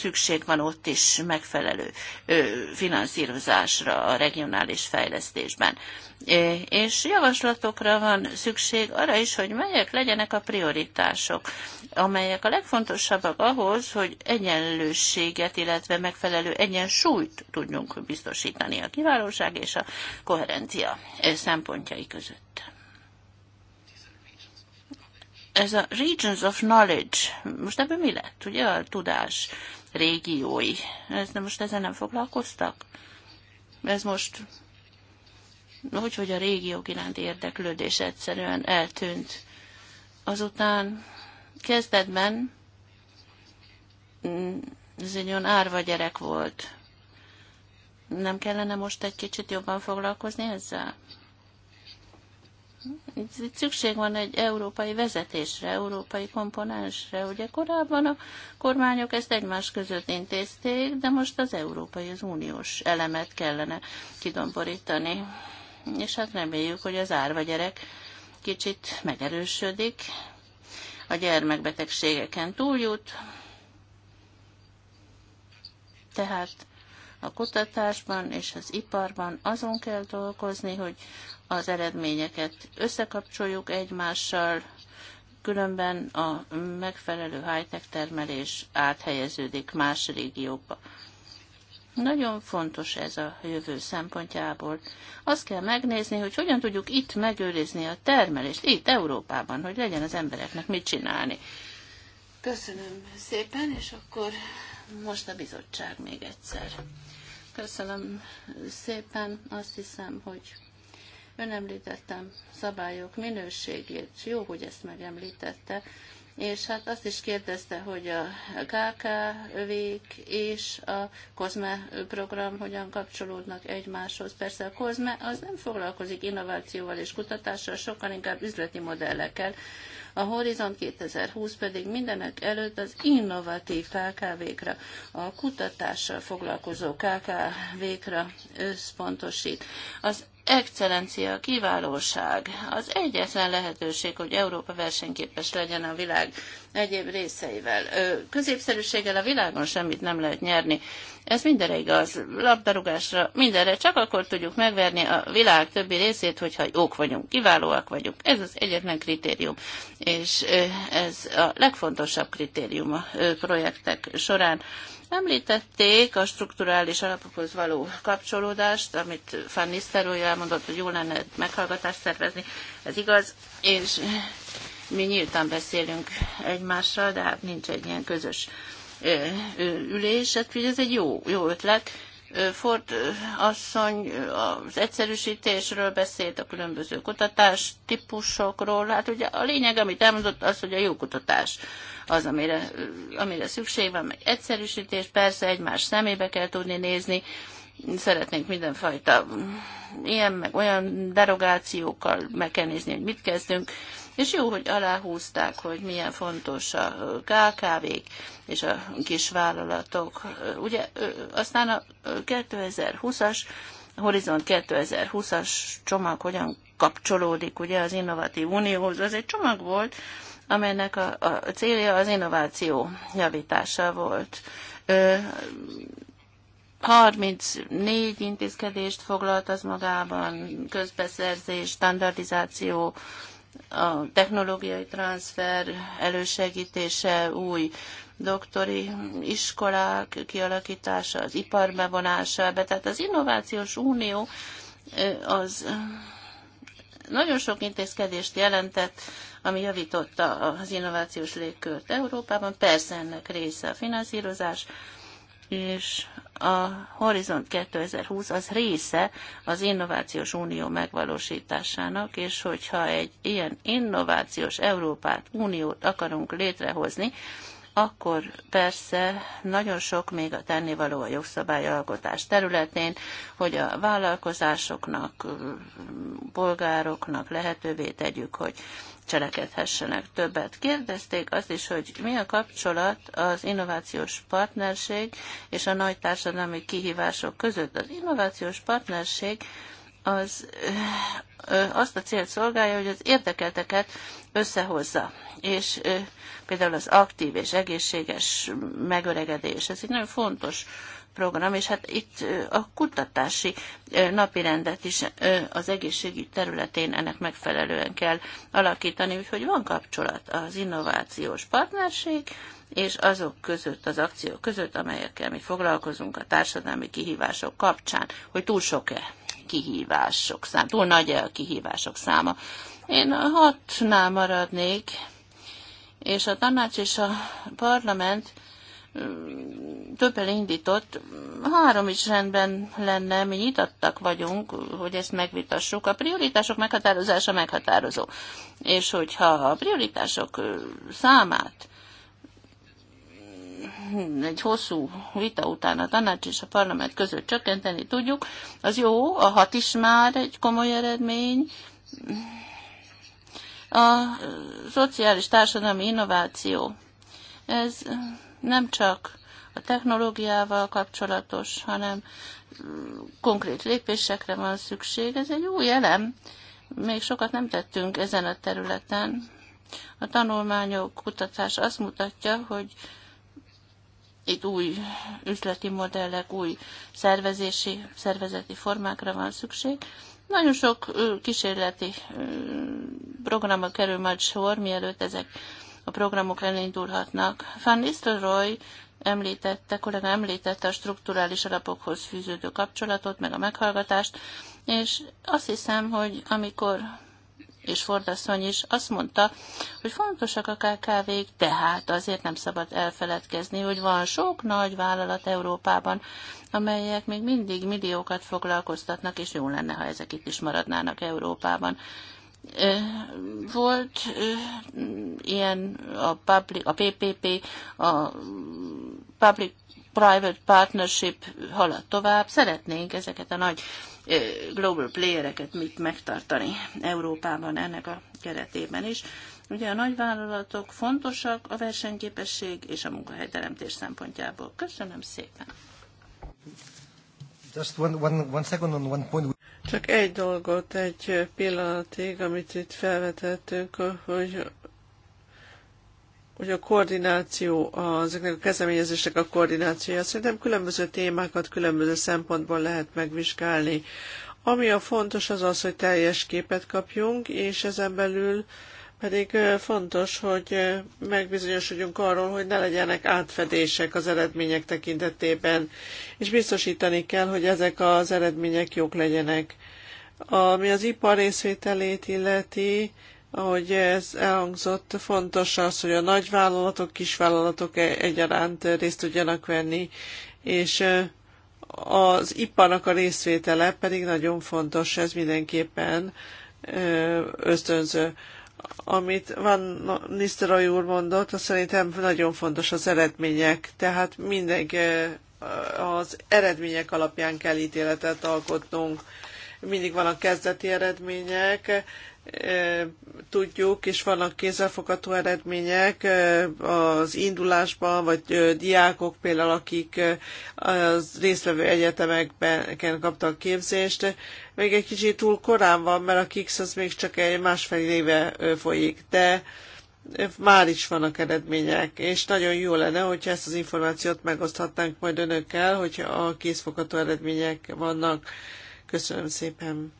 szükség van ott is megfelelő finanszírozásra a regionális fejlesztésben. És javaslatokra van szükség arra is, hogy melyek legyenek a prioritások, amelyek a legfontosabbak ahhoz, hogy egyenlőséget illetve megfelelő egyensúlyt tudjunk biztosítani a kiválóság és a koherencia szempontjai között ez a regions of knowledge, most ebből mi lett, ugye a tudás régiói, ez, de most ezen nem foglalkoztak? Ez most úgy, hogy a régiók iránt érdeklődés egyszerűen eltűnt. Azután kezdetben mm, ez egy olyan árva gyerek volt. Nem kellene most egy kicsit jobban foglalkozni ezzel? Itt szükség van egy európai vezetésre, európai komponensre. Ugye korábban a kormányok ezt egymás között intézték, de most az európai, az uniós elemet kellene kidomborítani. És hát reméljük, hogy az árva gyerek kicsit megerősödik, a gyermekbetegségeken túljut, tehát a kutatásban és az iparban azon kell dolgozni, hogy az eredményeket összekapcsoljuk egymással, különben a megfelelő high-tech termelés áthelyeződik más régiókba. Nagyon fontos ez a jövő szempontjából. Azt kell megnézni, hogy hogyan tudjuk itt megőrizni a termelést, itt Európában, hogy legyen az embereknek mit csinálni. Köszönöm szépen, és akkor most a bizottság még egyszer. Köszönöm szépen, azt hiszem, hogy Ön említettem szabályok minőségét, jó, hogy ezt megemlítette, és hát azt is kérdezte, hogy a KKV-k és a COSME program hogyan kapcsolódnak egymáshoz. Persze a COSME az nem foglalkozik innovációval és kutatással, sokkal inkább üzleti modellekkel. A Horizont 2020 pedig mindenek előtt az innovatív KKV-kra, a kutatással foglalkozó KKV-kra összpontosít. Az excellencia, kiválóság az egyetlen lehetőség, hogy Európa versenyképes legyen a világ egyéb részeivel. Középszerűséggel a világon semmit nem lehet nyerni. Ez mindenre igaz, labdarúgásra, mindenre. Csak akkor tudjuk megverni a világ többi részét, hogyha jók vagyunk, kiválóak vagyunk. Ez az egyetlen kritérium, és ez a legfontosabb kritérium a projektek során Említették a strukturális alapokhoz való kapcsolódást, amit Van Nisztelrooy elmondott, hogy jó lenne meghallgatást szervezni. Ez igaz, és mi nyíltan beszélünk egymással, de hát nincs egy ilyen közös ülés, hát ez egy jó, jó ötlet, Ford asszony az egyszerűsítésről beszélt, a különböző kutatás típusokról. Hát ugye a lényeg, amit elmondott, az, hogy a jó kutatás az, amire, amire szükség van, meg egyszerűsítés, persze egymás szemébe kell tudni nézni, szeretnénk mindenfajta mm, ilyen, meg olyan derogációkkal meg kell nézni, hogy mit kezdünk. És jó, hogy aláhúzták, hogy milyen fontos a KKV-k és a kisvállalatok. Ugye aztán a 2020-as Horizont 2020-as csomag hogyan kapcsolódik ugye az Innovatív Unióhoz. Az egy csomag volt, amelynek a, a célja az innováció javítása volt. Ö, 34 intézkedést foglalt az magában, közbeszerzés, standardizáció, a technológiai transfer elősegítése, új doktori iskolák kialakítása, az ipar bevonása be. Tehát az Innovációs Unió az nagyon sok intézkedést jelentett, ami javította az innovációs légkört Európában. Persze ennek része a finanszírozás, és a Horizont 2020 az része az Innovációs Unió megvalósításának, és hogyha egy ilyen innovációs Európát, Uniót akarunk létrehozni, akkor persze nagyon sok még a tennivaló a jogszabályalkotás területén, hogy a vállalkozásoknak, polgároknak lehetővé tegyük, hogy cselekedhessenek többet. Kérdezték azt is, hogy mi a kapcsolat az innovációs partnerség és a nagy társadalmi kihívások között. Az innovációs partnerség az azt a célt szolgálja, hogy az érdekelteket összehozza. És például az aktív és egészséges megöregedés, ez egy nagyon fontos program, és hát itt a kutatási napirendet is az egészségügy területén ennek megfelelően kell alakítani, úgyhogy van kapcsolat az innovációs partnerség, és azok között, az akciók között, amelyekkel mi foglalkozunk a társadalmi kihívások kapcsán, hogy túl sok-e kihívások száma, túl nagy-e a kihívások száma. Én a hatnál maradnék, és a tanács és a parlament több indított, három is rendben lenne, mi nyitattak vagyunk, hogy ezt megvitassuk. A prioritások meghatározása meghatározó. És hogyha a prioritások számát hmm, egy hosszú vita után a tanács és a parlament között csökkenteni tudjuk, az jó, a hat is már egy komoly eredmény. A szociális társadalmi innováció, ez nem csak a technológiával kapcsolatos, hanem mm, konkrét lépésekre van szükség. Ez egy új elem. Még sokat nem tettünk ezen a területen. A tanulmányok, kutatás azt mutatja, hogy itt új üzleti modellek, új szervezési, szervezeti formákra van szükség. Nagyon sok kísérleti programra kerül majd sor, mielőtt ezek a programok elindulhatnak. Van Nistelrooy említette, kollega említette a strukturális alapokhoz fűződő kapcsolatot, meg a meghallgatást, és azt hiszem, hogy amikor és Fordasszony is azt mondta, hogy fontosak a KKV-k, tehát azért nem szabad elfeledkezni, hogy van sok nagy vállalat Európában, amelyek még mindig milliókat foglalkoztatnak, és jó lenne, ha ezek itt is maradnának Európában volt ilyen a, public, a PPP, a Public Private Partnership halad tovább. Szeretnénk ezeket a nagy global playereket mit megtartani Európában ennek a keretében is. Ugye a nagyvállalatok fontosak a versenyképesség és a munkahelyteremtés szempontjából. Köszönöm szépen! Just one, one, one second on one point. Csak egy dolgot egy pillanatig, amit itt felvetettünk, hogy hogy a koordináció, azoknak a kezdeményezések a koordinációja, szerintem különböző témákat különböző szempontból lehet megvizsgálni. Ami a fontos az az, hogy teljes képet kapjunk, és ezen belül pedig fontos, hogy megbizonyosodjunk arról, hogy ne legyenek átfedések az eredmények tekintetében, és biztosítani kell, hogy ezek az eredmények jók legyenek. Ami az ipar részvételét illeti, ahogy ez elhangzott, fontos az, hogy a nagyvállalatok, kisvállalatok e- egyaránt részt tudjanak venni, és az iparnak a részvétele pedig nagyon fontos, ez mindenképpen ösztönző amit Van Nisztelrooy úr mondott, az szerintem nagyon fontos az eredmények. Tehát mindig eh, az eredmények alapján kell ítéletet alkotnunk. Mindig vannak kezdeti eredmények, tudjuk, és vannak kézzelfogható eredmények az indulásban, vagy diákok például, akik az résztvevő egyetemekben kaptak képzést. Még egy kicsit túl korán van, mert a KIX az még csak egy másfél éve folyik, de már is vannak eredmények, és nagyon jó lenne, hogyha ezt az információt megoszthatnánk majd önökkel, hogyha a kézfogható eredmények vannak. Köszönöm szépen!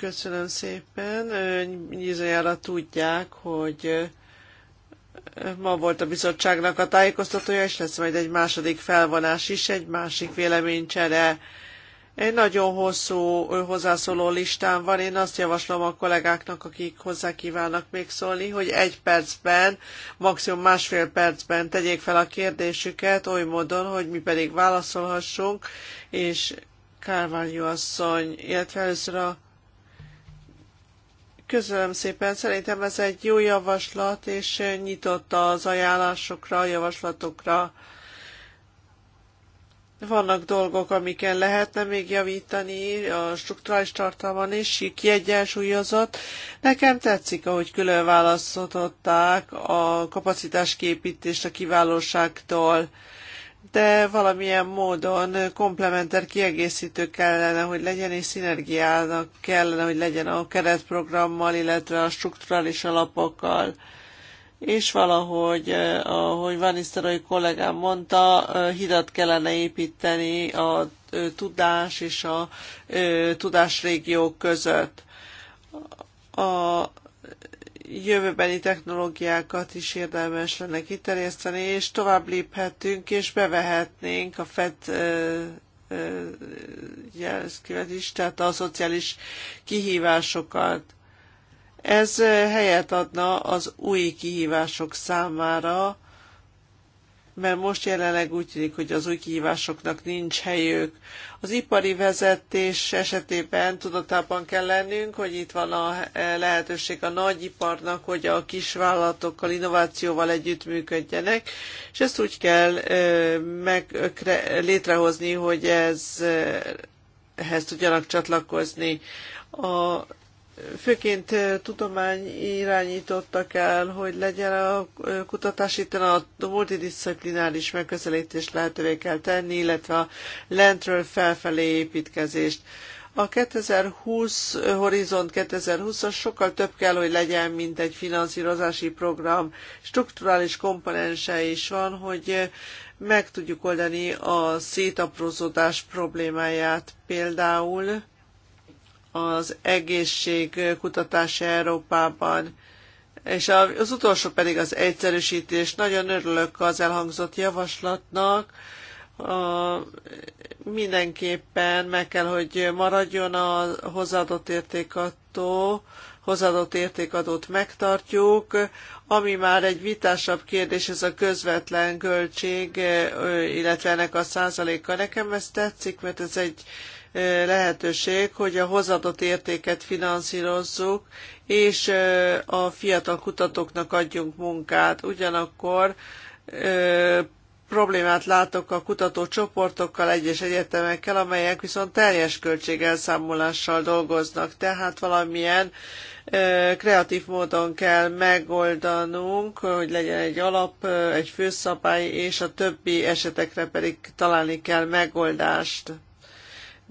Köszönöm szépen. Nyizajára tudják, hogy ma volt a bizottságnak a tájékoztatója, és lesz majd egy második felvonás is, egy másik véleménycsere. Egy nagyon hosszú hozzászóló listán van. Én azt javaslom a kollégáknak, akik hozzá kívánnak még szólni, hogy egy percben, maximum másfél percben tegyék fel a kérdésüket oly módon, hogy mi pedig válaszolhassunk, és Kárványú asszony, illetve először a Köszönöm szépen, szerintem ez egy jó javaslat, és nyitott az ajánlásokra, javaslatokra. Vannak dolgok, amiken lehetne még javítani, a struktúrális tartalman is, kiegyensúlyozott. Nekem tetszik, ahogy külön választották a kapacitásképítést a kiválóságtól de valamilyen módon komplementer kiegészítő kellene, hogy legyen, és szinergiának kellene, hogy legyen a keretprogrammal, illetve a strukturális alapokkal. És valahogy, eh, ahogy Van Isztarai kollégám mondta, eh, hidat kellene építeni a eh, tudás és a tudásrégiók között. A jövőbeni technológiákat is érdemes lenne kiterjeszteni, és tovább léphetünk, és bevehetnénk a FED jelzkület is, tehát a szociális kihívásokat. Ez helyet adna az új kihívások számára, mert most jelenleg úgy tűnik, hogy az új kihívásoknak nincs helyük. Az ipari vezetés esetében tudatában kell lennünk, hogy itt van a lehetőség a nagyiparnak, hogy a kisvállalatokkal, innovációval együttműködjenek, és ezt úgy kell meg, létrehozni, hogy ez ehhez tudjanak csatlakozni. A főként tudomány irányítottak el, hogy legyen a kutatás itt a multidisziplináris megközelítést lehetővé kell tenni, illetve a lentről felfelé építkezést. A 2020 Horizont 2020-as sokkal több kell, hogy legyen, mint egy finanszírozási program. Strukturális komponense is van, hogy meg tudjuk oldani a szétaprózódás problémáját például az egészségkutatás Európában. És az utolsó pedig az egyszerűsítés. Nagyon örülök az elhangzott javaslatnak. Mindenképpen meg kell, hogy maradjon a hozzáadott értékadó, hozzáadott értékadót megtartjuk, ami már egy vitásabb kérdés, ez a közvetlen költség, illetve ennek a százaléka. Nekem ez tetszik, mert ez egy lehetőség, hogy a hozadott értéket finanszírozzuk, és a fiatal kutatóknak adjunk munkát. Ugyanakkor problémát látok a kutatócsoportokkal, egyes egyetemekkel, amelyek viszont teljes költségelszámolással dolgoznak, tehát valamilyen kreatív módon kell megoldanunk, hogy legyen egy alap, egy főszabály, és a többi esetekre pedig találni kell megoldást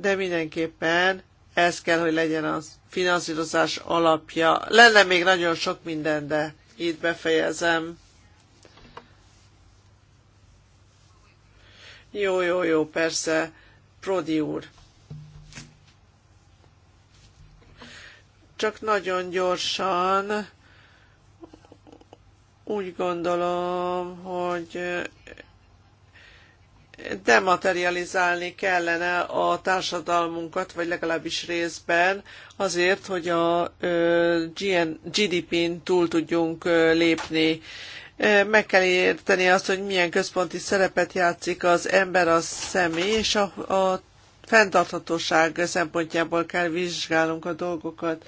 de mindenképpen ez kell, hogy legyen a finanszírozás alapja. Lenne még nagyon sok minden, de itt befejezem. Jó, jó, jó, persze. Prodi úr. Csak nagyon gyorsan úgy gondolom, hogy dematerializálni kellene a társadalmunkat, vagy legalábbis részben, azért, hogy a GDP-n túl tudjunk lépni. Meg kell érteni azt, hogy milyen központi szerepet játszik az ember, a személy, és a, a fenntarthatóság szempontjából kell vizsgálnunk a dolgokat.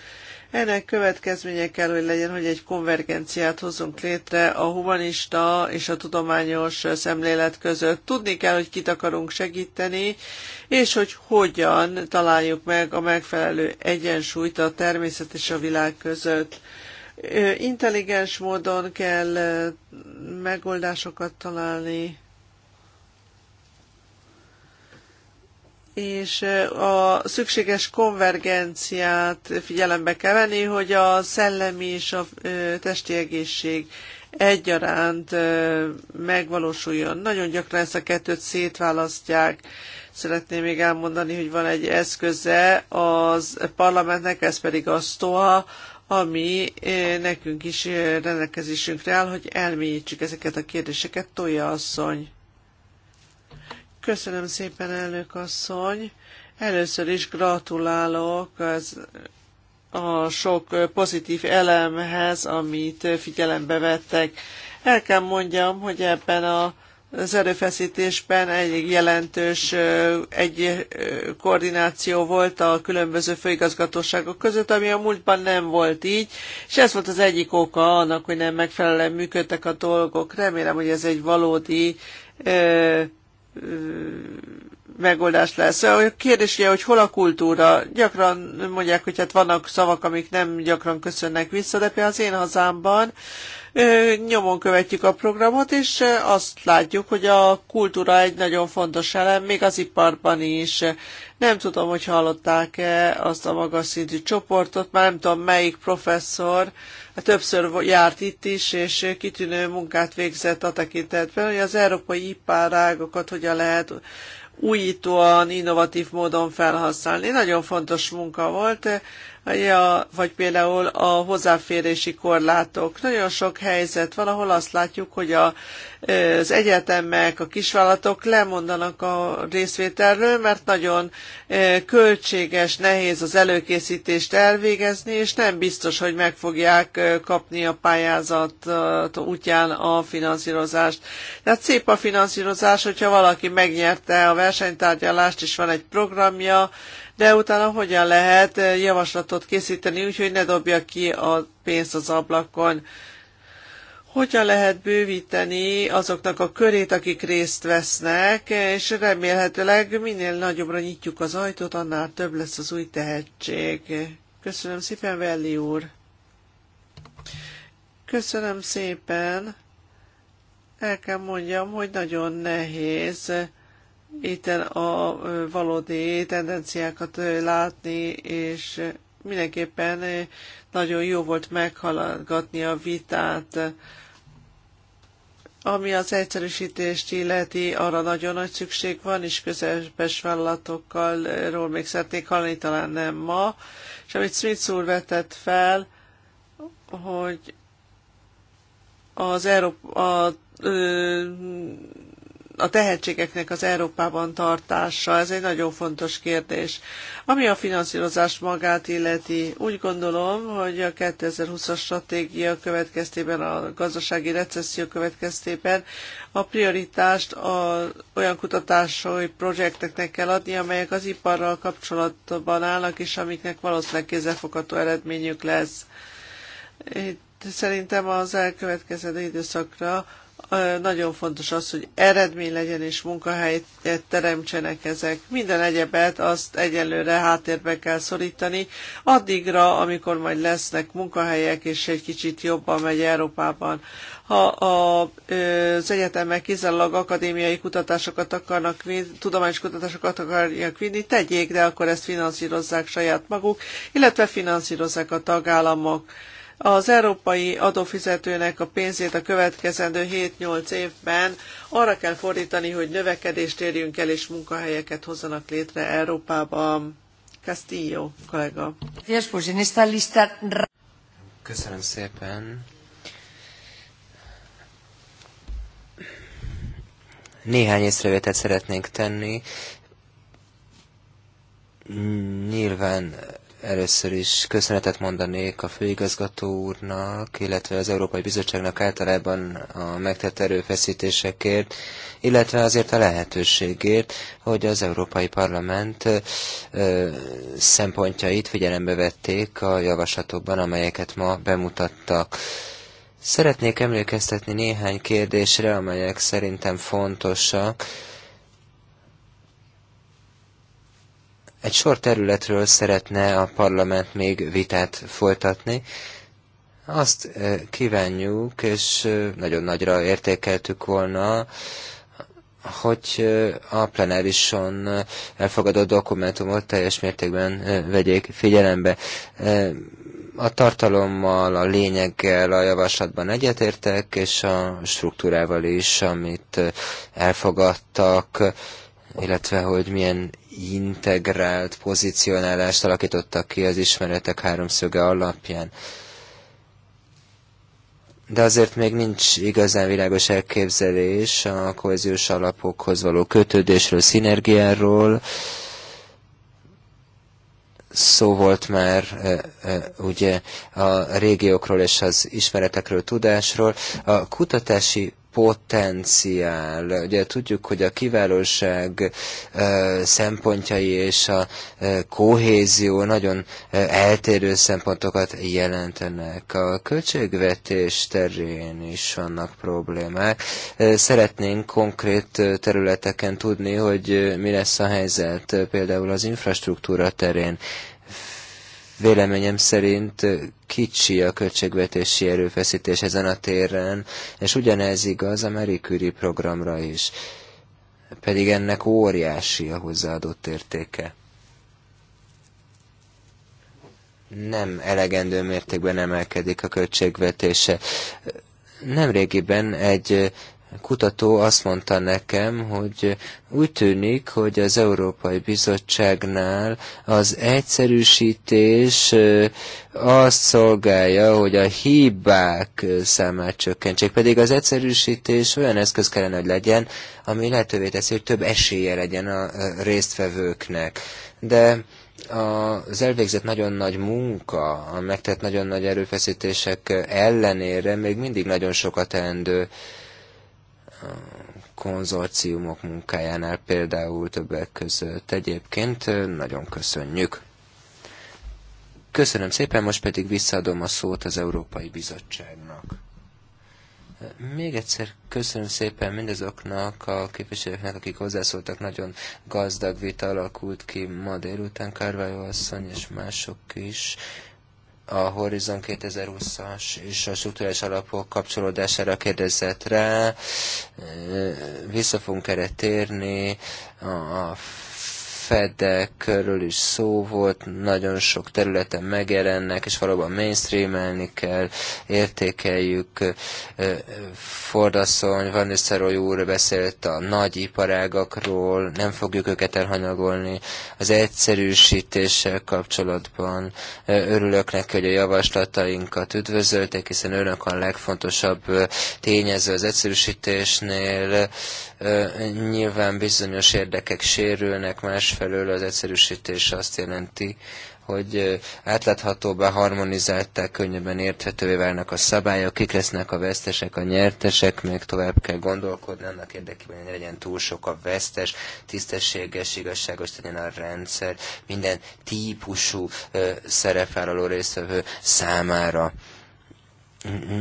Ennek következménye kell, hogy legyen, hogy egy konvergenciát hozzunk létre a humanista és a tudományos szemlélet között. Tudni kell, hogy kit akarunk segíteni, és hogy hogyan találjuk meg a megfelelő egyensúlyt a természet és a világ között intelligens módon kell megoldásokat találni. és a szükséges konvergenciát figyelembe kell venni, hogy a szellemi és a testi egészség egyaránt megvalósuljon. Nagyon gyakran ezt a kettőt szétválasztják. Szeretném még elmondani, hogy van egy eszköze az parlamentnek, ez pedig a STOA, ami nekünk is rendelkezésünkre áll, hogy elmélyítsük ezeket a kérdéseket. Tója asszony! Köszönöm szépen, elnök asszony. Először is gratulálok az a sok pozitív elemhez, amit figyelembe vettek. El kell mondjam, hogy ebben a az erőfeszítésben egy jelentős egy koordináció volt a különböző főigazgatóságok között, ami a múltban nem volt így, és ez volt az egyik oka annak, hogy nem megfelelően működtek a dolgok. Remélem, hogy ez egy valódi megoldás lesz. A kérdés hogy hol a kultúra. Gyakran mondják, hogy hát vannak szavak, amik nem gyakran köszönnek vissza, de például az én hazámban nyomon követjük a programot, és azt látjuk, hogy a kultúra egy nagyon fontos elem, még az iparban is. Nem tudom, hogy hallották-e azt a magas szintű csoportot, már nem tudom melyik professzor, többször járt itt is, és kitűnő munkát végzett a tekintetben, hogy az európai iparágokat hogyan lehet újítóan, innovatív módon felhasználni. Nagyon fontos munka volt, ja, vagy például a hozzáférési korlátok. Nagyon sok helyzet van, ahol azt látjuk, hogy a, az egyetemek, a kisvállalatok lemondanak a részvételről, mert nagyon e, költséges, nehéz az előkészítést elvégezni, és nem biztos, hogy meg fogják e, kapni a pályázat e, útján a finanszírozást. Tehát szép a finanszírozás, hogyha valaki megnyerte a versenytárgyalást, és van egy programja, de utána hogyan lehet eh, javaslatot készíteni, úgyhogy ne dobja ki a pénzt az ablakon. Hogyan lehet bővíteni azoknak a körét, akik részt vesznek, és remélhetőleg minél nagyobbra nyitjuk az ajtót, annál több lesz az új tehetség. Köszönöm szépen, Velli úr! Köszönöm szépen! El kell mondjam, hogy nagyon nehéz itt a valódi tendenciákat látni, és mindenképpen nagyon jó volt meghallgatni a vitát. Ami az egyszerűsítést illeti, arra nagyon nagy szükség van, és közepes vállalatokkal ról még szeretnék hallani, talán nem ma. És amit Smith úr vetett fel, hogy az Európa, a, a tehetségeknek az Európában tartása, ez egy nagyon fontos kérdés. Ami a finanszírozás magát illeti, úgy gondolom, hogy a 2020-as stratégia következtében, a gazdasági recesszió következtében a prioritást a, olyan kutatási projekteknek kell adni, amelyek az iparral kapcsolatban állnak, és amiknek valószínűleg kézzelfogható eredményük lesz. Itt szerintem az elkövetkező időszakra nagyon fontos az, hogy eredmény legyen és munkahelyet teremtsenek ezek. Minden egyebet azt egyelőre háttérbe kell szorítani, addigra, amikor majd lesznek munkahelyek és egy kicsit jobban megy Európában. Ha az egyetemek kizárólag akadémiai kutatásokat akarnak, tudományos kutatásokat akarják vinni, tegyék, de akkor ezt finanszírozzák saját maguk, illetve finanszírozzák a tagállamok az európai adófizetőnek a pénzét a következendő 7-8 évben arra kell fordítani, hogy növekedést érjünk el és munkahelyeket hozzanak létre Európában. Castillo kollega. Köszönöm szépen. Néhány észrevételt szeretnénk tenni. Nyilván Először is köszönetet mondanék a főigazgató úrnak, illetve az Európai Bizottságnak általában a megtett erőfeszítésekért, illetve azért a lehetőségért, hogy az Európai Parlament szempontjait figyelembe vették a javaslatokban, amelyeket ma bemutattak. Szeretnék emlékeztetni néhány kérdésre, amelyek szerintem fontosak Egy sor területről szeretne a parlament még vitát folytatni. Azt eh, kívánjuk, és eh, nagyon nagyra értékeltük volna, hogy eh, a plenárison elfogadott dokumentumot teljes mértékben vegyék figyelembe. A tartalommal, a lényeggel a javaslatban egyetértek, és a struktúrával is, amit elfogadtak, illetve hogy milyen integrált pozicionálást alakítottak ki az ismeretek háromszöge alapján. De azért még nincs igazán világos elképzelés a kohéziós alapokhoz való kötődésről, szinergiáról. Szó volt már ugye a régiókról és az ismeretekről, tudásról. A kutatási potenciál. Ugye tudjuk, hogy a kiválóság szempontjai és a kohézió nagyon eltérő szempontokat jelentenek. A költségvetés terén is vannak problémák. Szeretnénk konkrét területeken tudni, hogy mi lesz a helyzet például az infrastruktúra terén. Véleményem szerint kicsi a költségvetési erőfeszítés ezen a téren, és ugyanez igaz a Marie Curie programra is. Pedig ennek óriási a hozzáadott értéke. Nem elegendő mértékben emelkedik a költségvetése. Nemrégiben egy kutató azt mondta nekem, hogy úgy tűnik, hogy az Európai Bizottságnál az egyszerűsítés azt szolgálja, hogy a hibák számát csökkentsék. Pedig az egyszerűsítés olyan eszköz kellene, hogy legyen, ami lehetővé teszi, hogy több esélye legyen a résztvevőknek. De az elvégzett nagyon nagy munka, a megtett nagyon nagy erőfeszítések ellenére még mindig nagyon sokat teendő konzorciumok munkájánál például többek között egyébként. Nagyon köszönjük! Köszönöm szépen, most pedig visszaadom a szót az Európai Bizottságnak. Még egyszer köszönöm szépen mindazoknak a képviselőknek, akik hozzászóltak. Nagyon gazdag vita alakult ki ma délután, Kárvályó asszony és mások is a Horizon 2020-as és a struktúrás alapok kapcsolódására kérdezett rá. Vissza fogunk erre térni. A fedekről is szó volt, nagyon sok területen megjelennek, és valóban mainstreamelni kell, értékeljük. Fordasszony, Van Nistelrooy úr beszélt a nagy iparágakról, nem fogjuk őket elhanyagolni. Az egyszerűsítéssel kapcsolatban örülök neki, hogy a javaslatainkat üdvözölték, hiszen önök a legfontosabb tényező az egyszerűsítésnél. Nyilván bizonyos érdekek sérülnek, más Egyfelől az egyszerűsítés azt jelenti, hogy átláthatóbbá, harmonizálták, könnyebben érthetővé válnak a szabályok, kik lesznek a vesztesek, a nyertesek, még tovább kell gondolkodni annak érdekében, hogy legyen túl sok a vesztes, tisztességes, igazságos legyen a rendszer, minden típusú ö, szerepvállaló részvevő számára.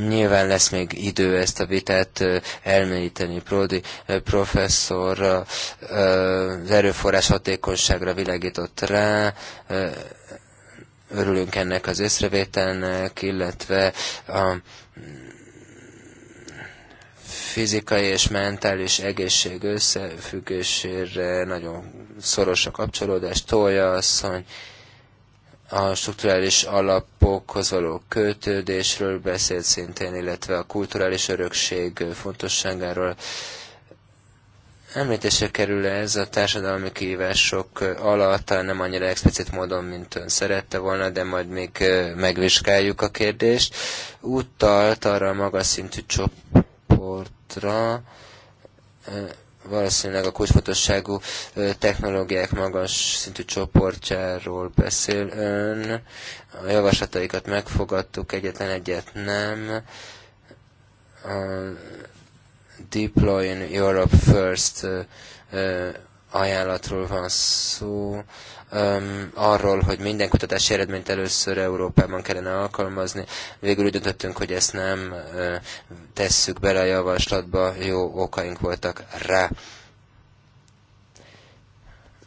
Nyilván lesz még idő ezt a vitát elmélyíteni. Prodi professzor az erőforrás hatékonyságra világított rá, örülünk ennek az észrevételnek, illetve a fizikai és mentális egészség összefüggésére nagyon szoros a kapcsolódás. Tolja asszony, hogy a strukturális alapokhoz való kötődésről beszélt szintén, illetve a kulturális örökség fontosságáról. Említése kerül ez a társadalmi kihívások alatt, nem annyira explicit módon, mint ön szerette volna, de majd még megvizsgáljuk a kérdést. Úttalt arra a magas szintű csoportra, valószínűleg a kulcsfontosságú technológiák magas szintű csoportjáról beszél ön. A javaslataikat megfogadtuk, egyetlen egyet nem. A Deploy in Europe First ajánlatról van szó, arról, hogy minden kutatási eredményt először Európában kellene alkalmazni. Végül úgy döntöttünk, hogy ezt nem tesszük bele a javaslatba, jó okaink voltak rá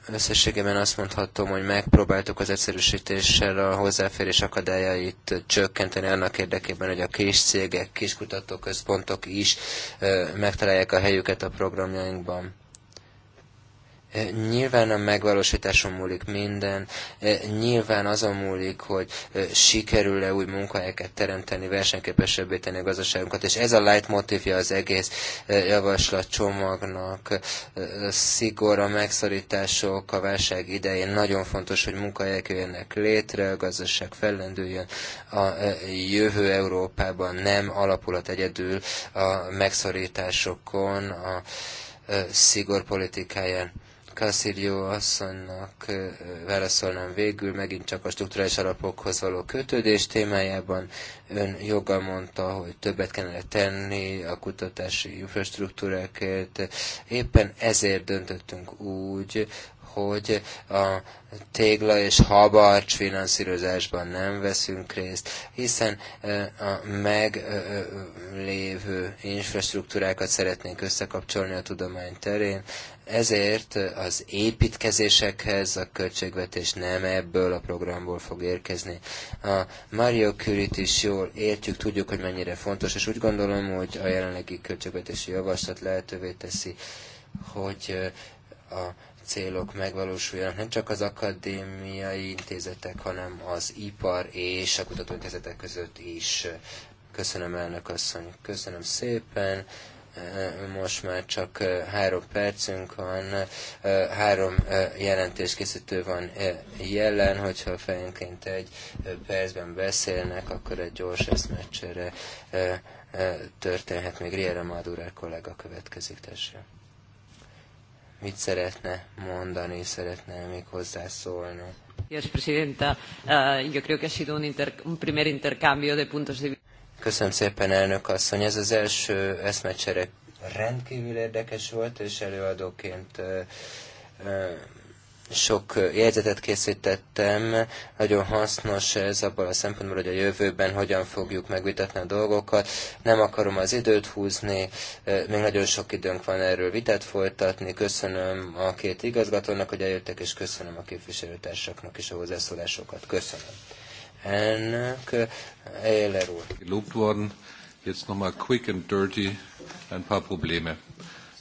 összességében azt mondhatom, hogy megpróbáltuk az egyszerűsítéssel a hozzáférés akadályait csökkenteni annak érdekében, hogy a kis cégek, kis kutatóközpontok is megtalálják a helyüket a programjainkban. E, nyilván a megvalósításon múlik minden, e, nyilván azon múlik, hogy e, sikerül-e új munkahelyeket teremteni, versenyképesebbé tenni a gazdaságunkat, és ez a leitmotívja az egész javaslatcsomagnak. Szigor a megszorítások a válság idején nagyon fontos, hogy munkahelyek jöjjenek létre, a gazdaság fellendüljön. A jövő Európában nem alapulat egyedül a megszorításokon, a szigor politikáján. Kászírió asszonynak válaszolnám végül, megint csak a strukturális alapokhoz való kötődés témájában. Ön joga mondta, hogy többet kellene tenni a kutatási infrastruktúrákért. Éppen ezért döntöttünk úgy, hogy a tégla és habarcs finanszírozásban nem veszünk részt, hiszen a meglévő infrastruktúrákat szeretnénk összekapcsolni a tudomány terén, ezért az építkezésekhez a költségvetés nem ebből a programból fog érkezni. A Mario Curie-t is jól értjük, tudjuk, hogy mennyire fontos, és úgy gondolom, hogy a jelenlegi költségvetési javaslat lehetővé teszi, hogy a célok megvalósuljanak nem csak az akadémiai intézetek, hanem az ipar és a kutatóintézetek között is. Köszönöm elnök asszony, köszönöm szépen. Most már csak eh, három percünk van, eh, három eh, jelentéskészítő van jelen, hogyha fejenként egy percben beszélnek, akkor egy gyors eszmecsere történhet. Még Riera Madurák kollega következik, tessék mit szeretne mondani, szeretne még hozzászólni. Uh, Köszönöm szépen, elnök asszony. Ez az első eszmecsere rendkívül érdekes volt, és előadóként uh, uh, sok jegyzetet készítettem, nagyon hasznos ez abban a szempontból, hogy a jövőben hogyan fogjuk megvitatni a dolgokat. Nem akarom az időt húzni, még nagyon sok időnk van erről vitát folytatni. Köszönöm a két igazgatónak, hogy eljöttek, és köszönöm a képviselőtársaknak is a hozzászólásokat. Köszönöm. ennek Eller úr. Gelobt worden, jetzt nochmal quick and dirty, ein paar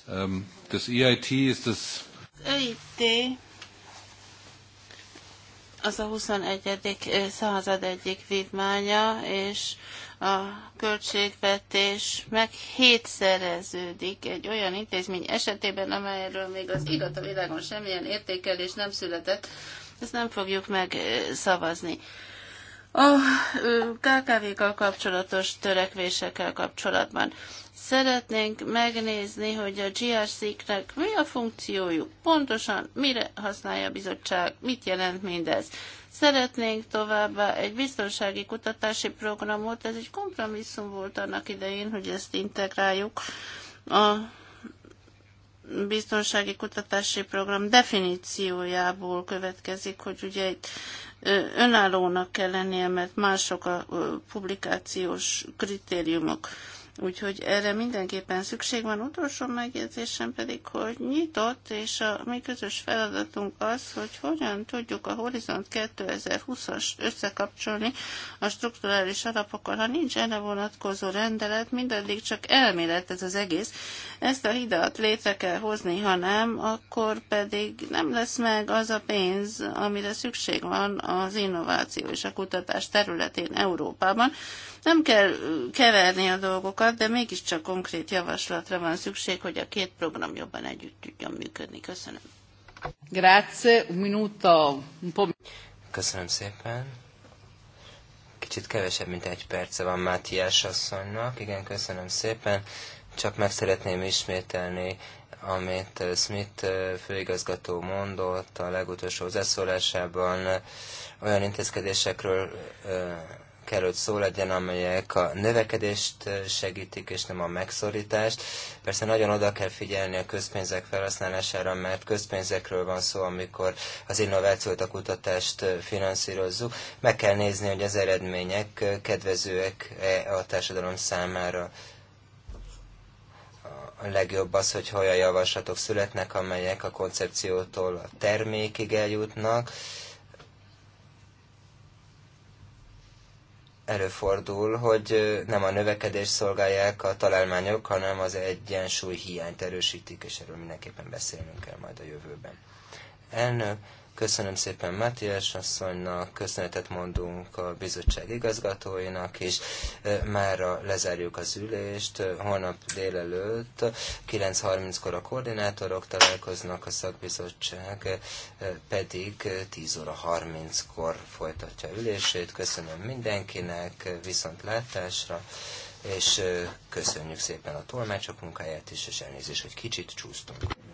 Um, Das EIT ist das... EIT az a 21. Eh, század egyik vívmánya, és a költségvetés meg hétszereződik egy olyan intézmény esetében, amelyről még az igaz a világon semmilyen értékelés nem született, ezt nem fogjuk megszavazni. Eh, a eh, KKV-kkal kapcsolatos törekvésekkel kapcsolatban Szeretnénk megnézni, hogy a GRC-knek mi a funkciójuk, pontosan mire használja a bizottság, mit jelent mindez. Szeretnénk továbbá egy biztonsági kutatási programot, ez egy kompromisszum volt annak idején, hogy ezt integráljuk a biztonsági kutatási program definíciójából következik, hogy ugye itt önállónak kell lennie, mert mások a publikációs kritériumok. Úgyhogy erre mindenképpen szükség van. Utolsó megjegyzésem pedig, hogy nyitott, és a mi közös feladatunk az, hogy hogyan tudjuk a Horizont 2020-as összekapcsolni a strukturális alapokkal. Ha nincs erre vonatkozó rendelet, mindaddig csak elmélet ez az egész. Ezt a hidat létre kell hozni, ha nem, akkor pedig nem lesz meg az a pénz, amire szükség van az innováció és a kutatás területén Európában nem kell keverni a dolgokat, de mégiscsak konkrét javaslatra van szükség, hogy a két program jobban együtt tudjon működni. Köszönöm. Grazie, un minuto. Köszönöm szépen. Kicsit kevesebb, mint egy perce van Mátiás asszonynak. Igen, köszönöm szépen. Csak meg szeretném ismételni amit Smith eh, főigazgató mondott a legutolsó zeszólásában. olyan intézkedésekről eh, kell, hogy szó legyen, amelyek a növekedést segítik, és nem a megszorítást. Persze nagyon oda kell figyelni a közpénzek felhasználására, mert közpénzekről van szó, amikor az innovációt, a kutatást finanszírozzuk. Meg kell nézni, hogy az eredmények kedvezőek -e a társadalom számára. A legjobb az, hogy olyan javaslatok születnek, amelyek a koncepciótól a termékig eljutnak, előfordul, hogy nem a növekedés szolgálják a találmányok, hanem az egyensúly hiányt erősítik, és erről mindenképpen beszélnünk kell majd a jövőben. Elnök, Köszönöm szépen Matthias asszonynak, köszönetet mondunk a bizottság igazgatóinak is. Mára lezárjuk az ülést, holnap délelőtt 9.30-kor a koordinátorok találkoznak, a szakbizottság pedig 10 óra 30-kor folytatja ülését. Köszönöm mindenkinek, viszont látásra, és köszönjük szépen a tolmácsok munkáját is, és elnézést, hogy kicsit csúsztunk.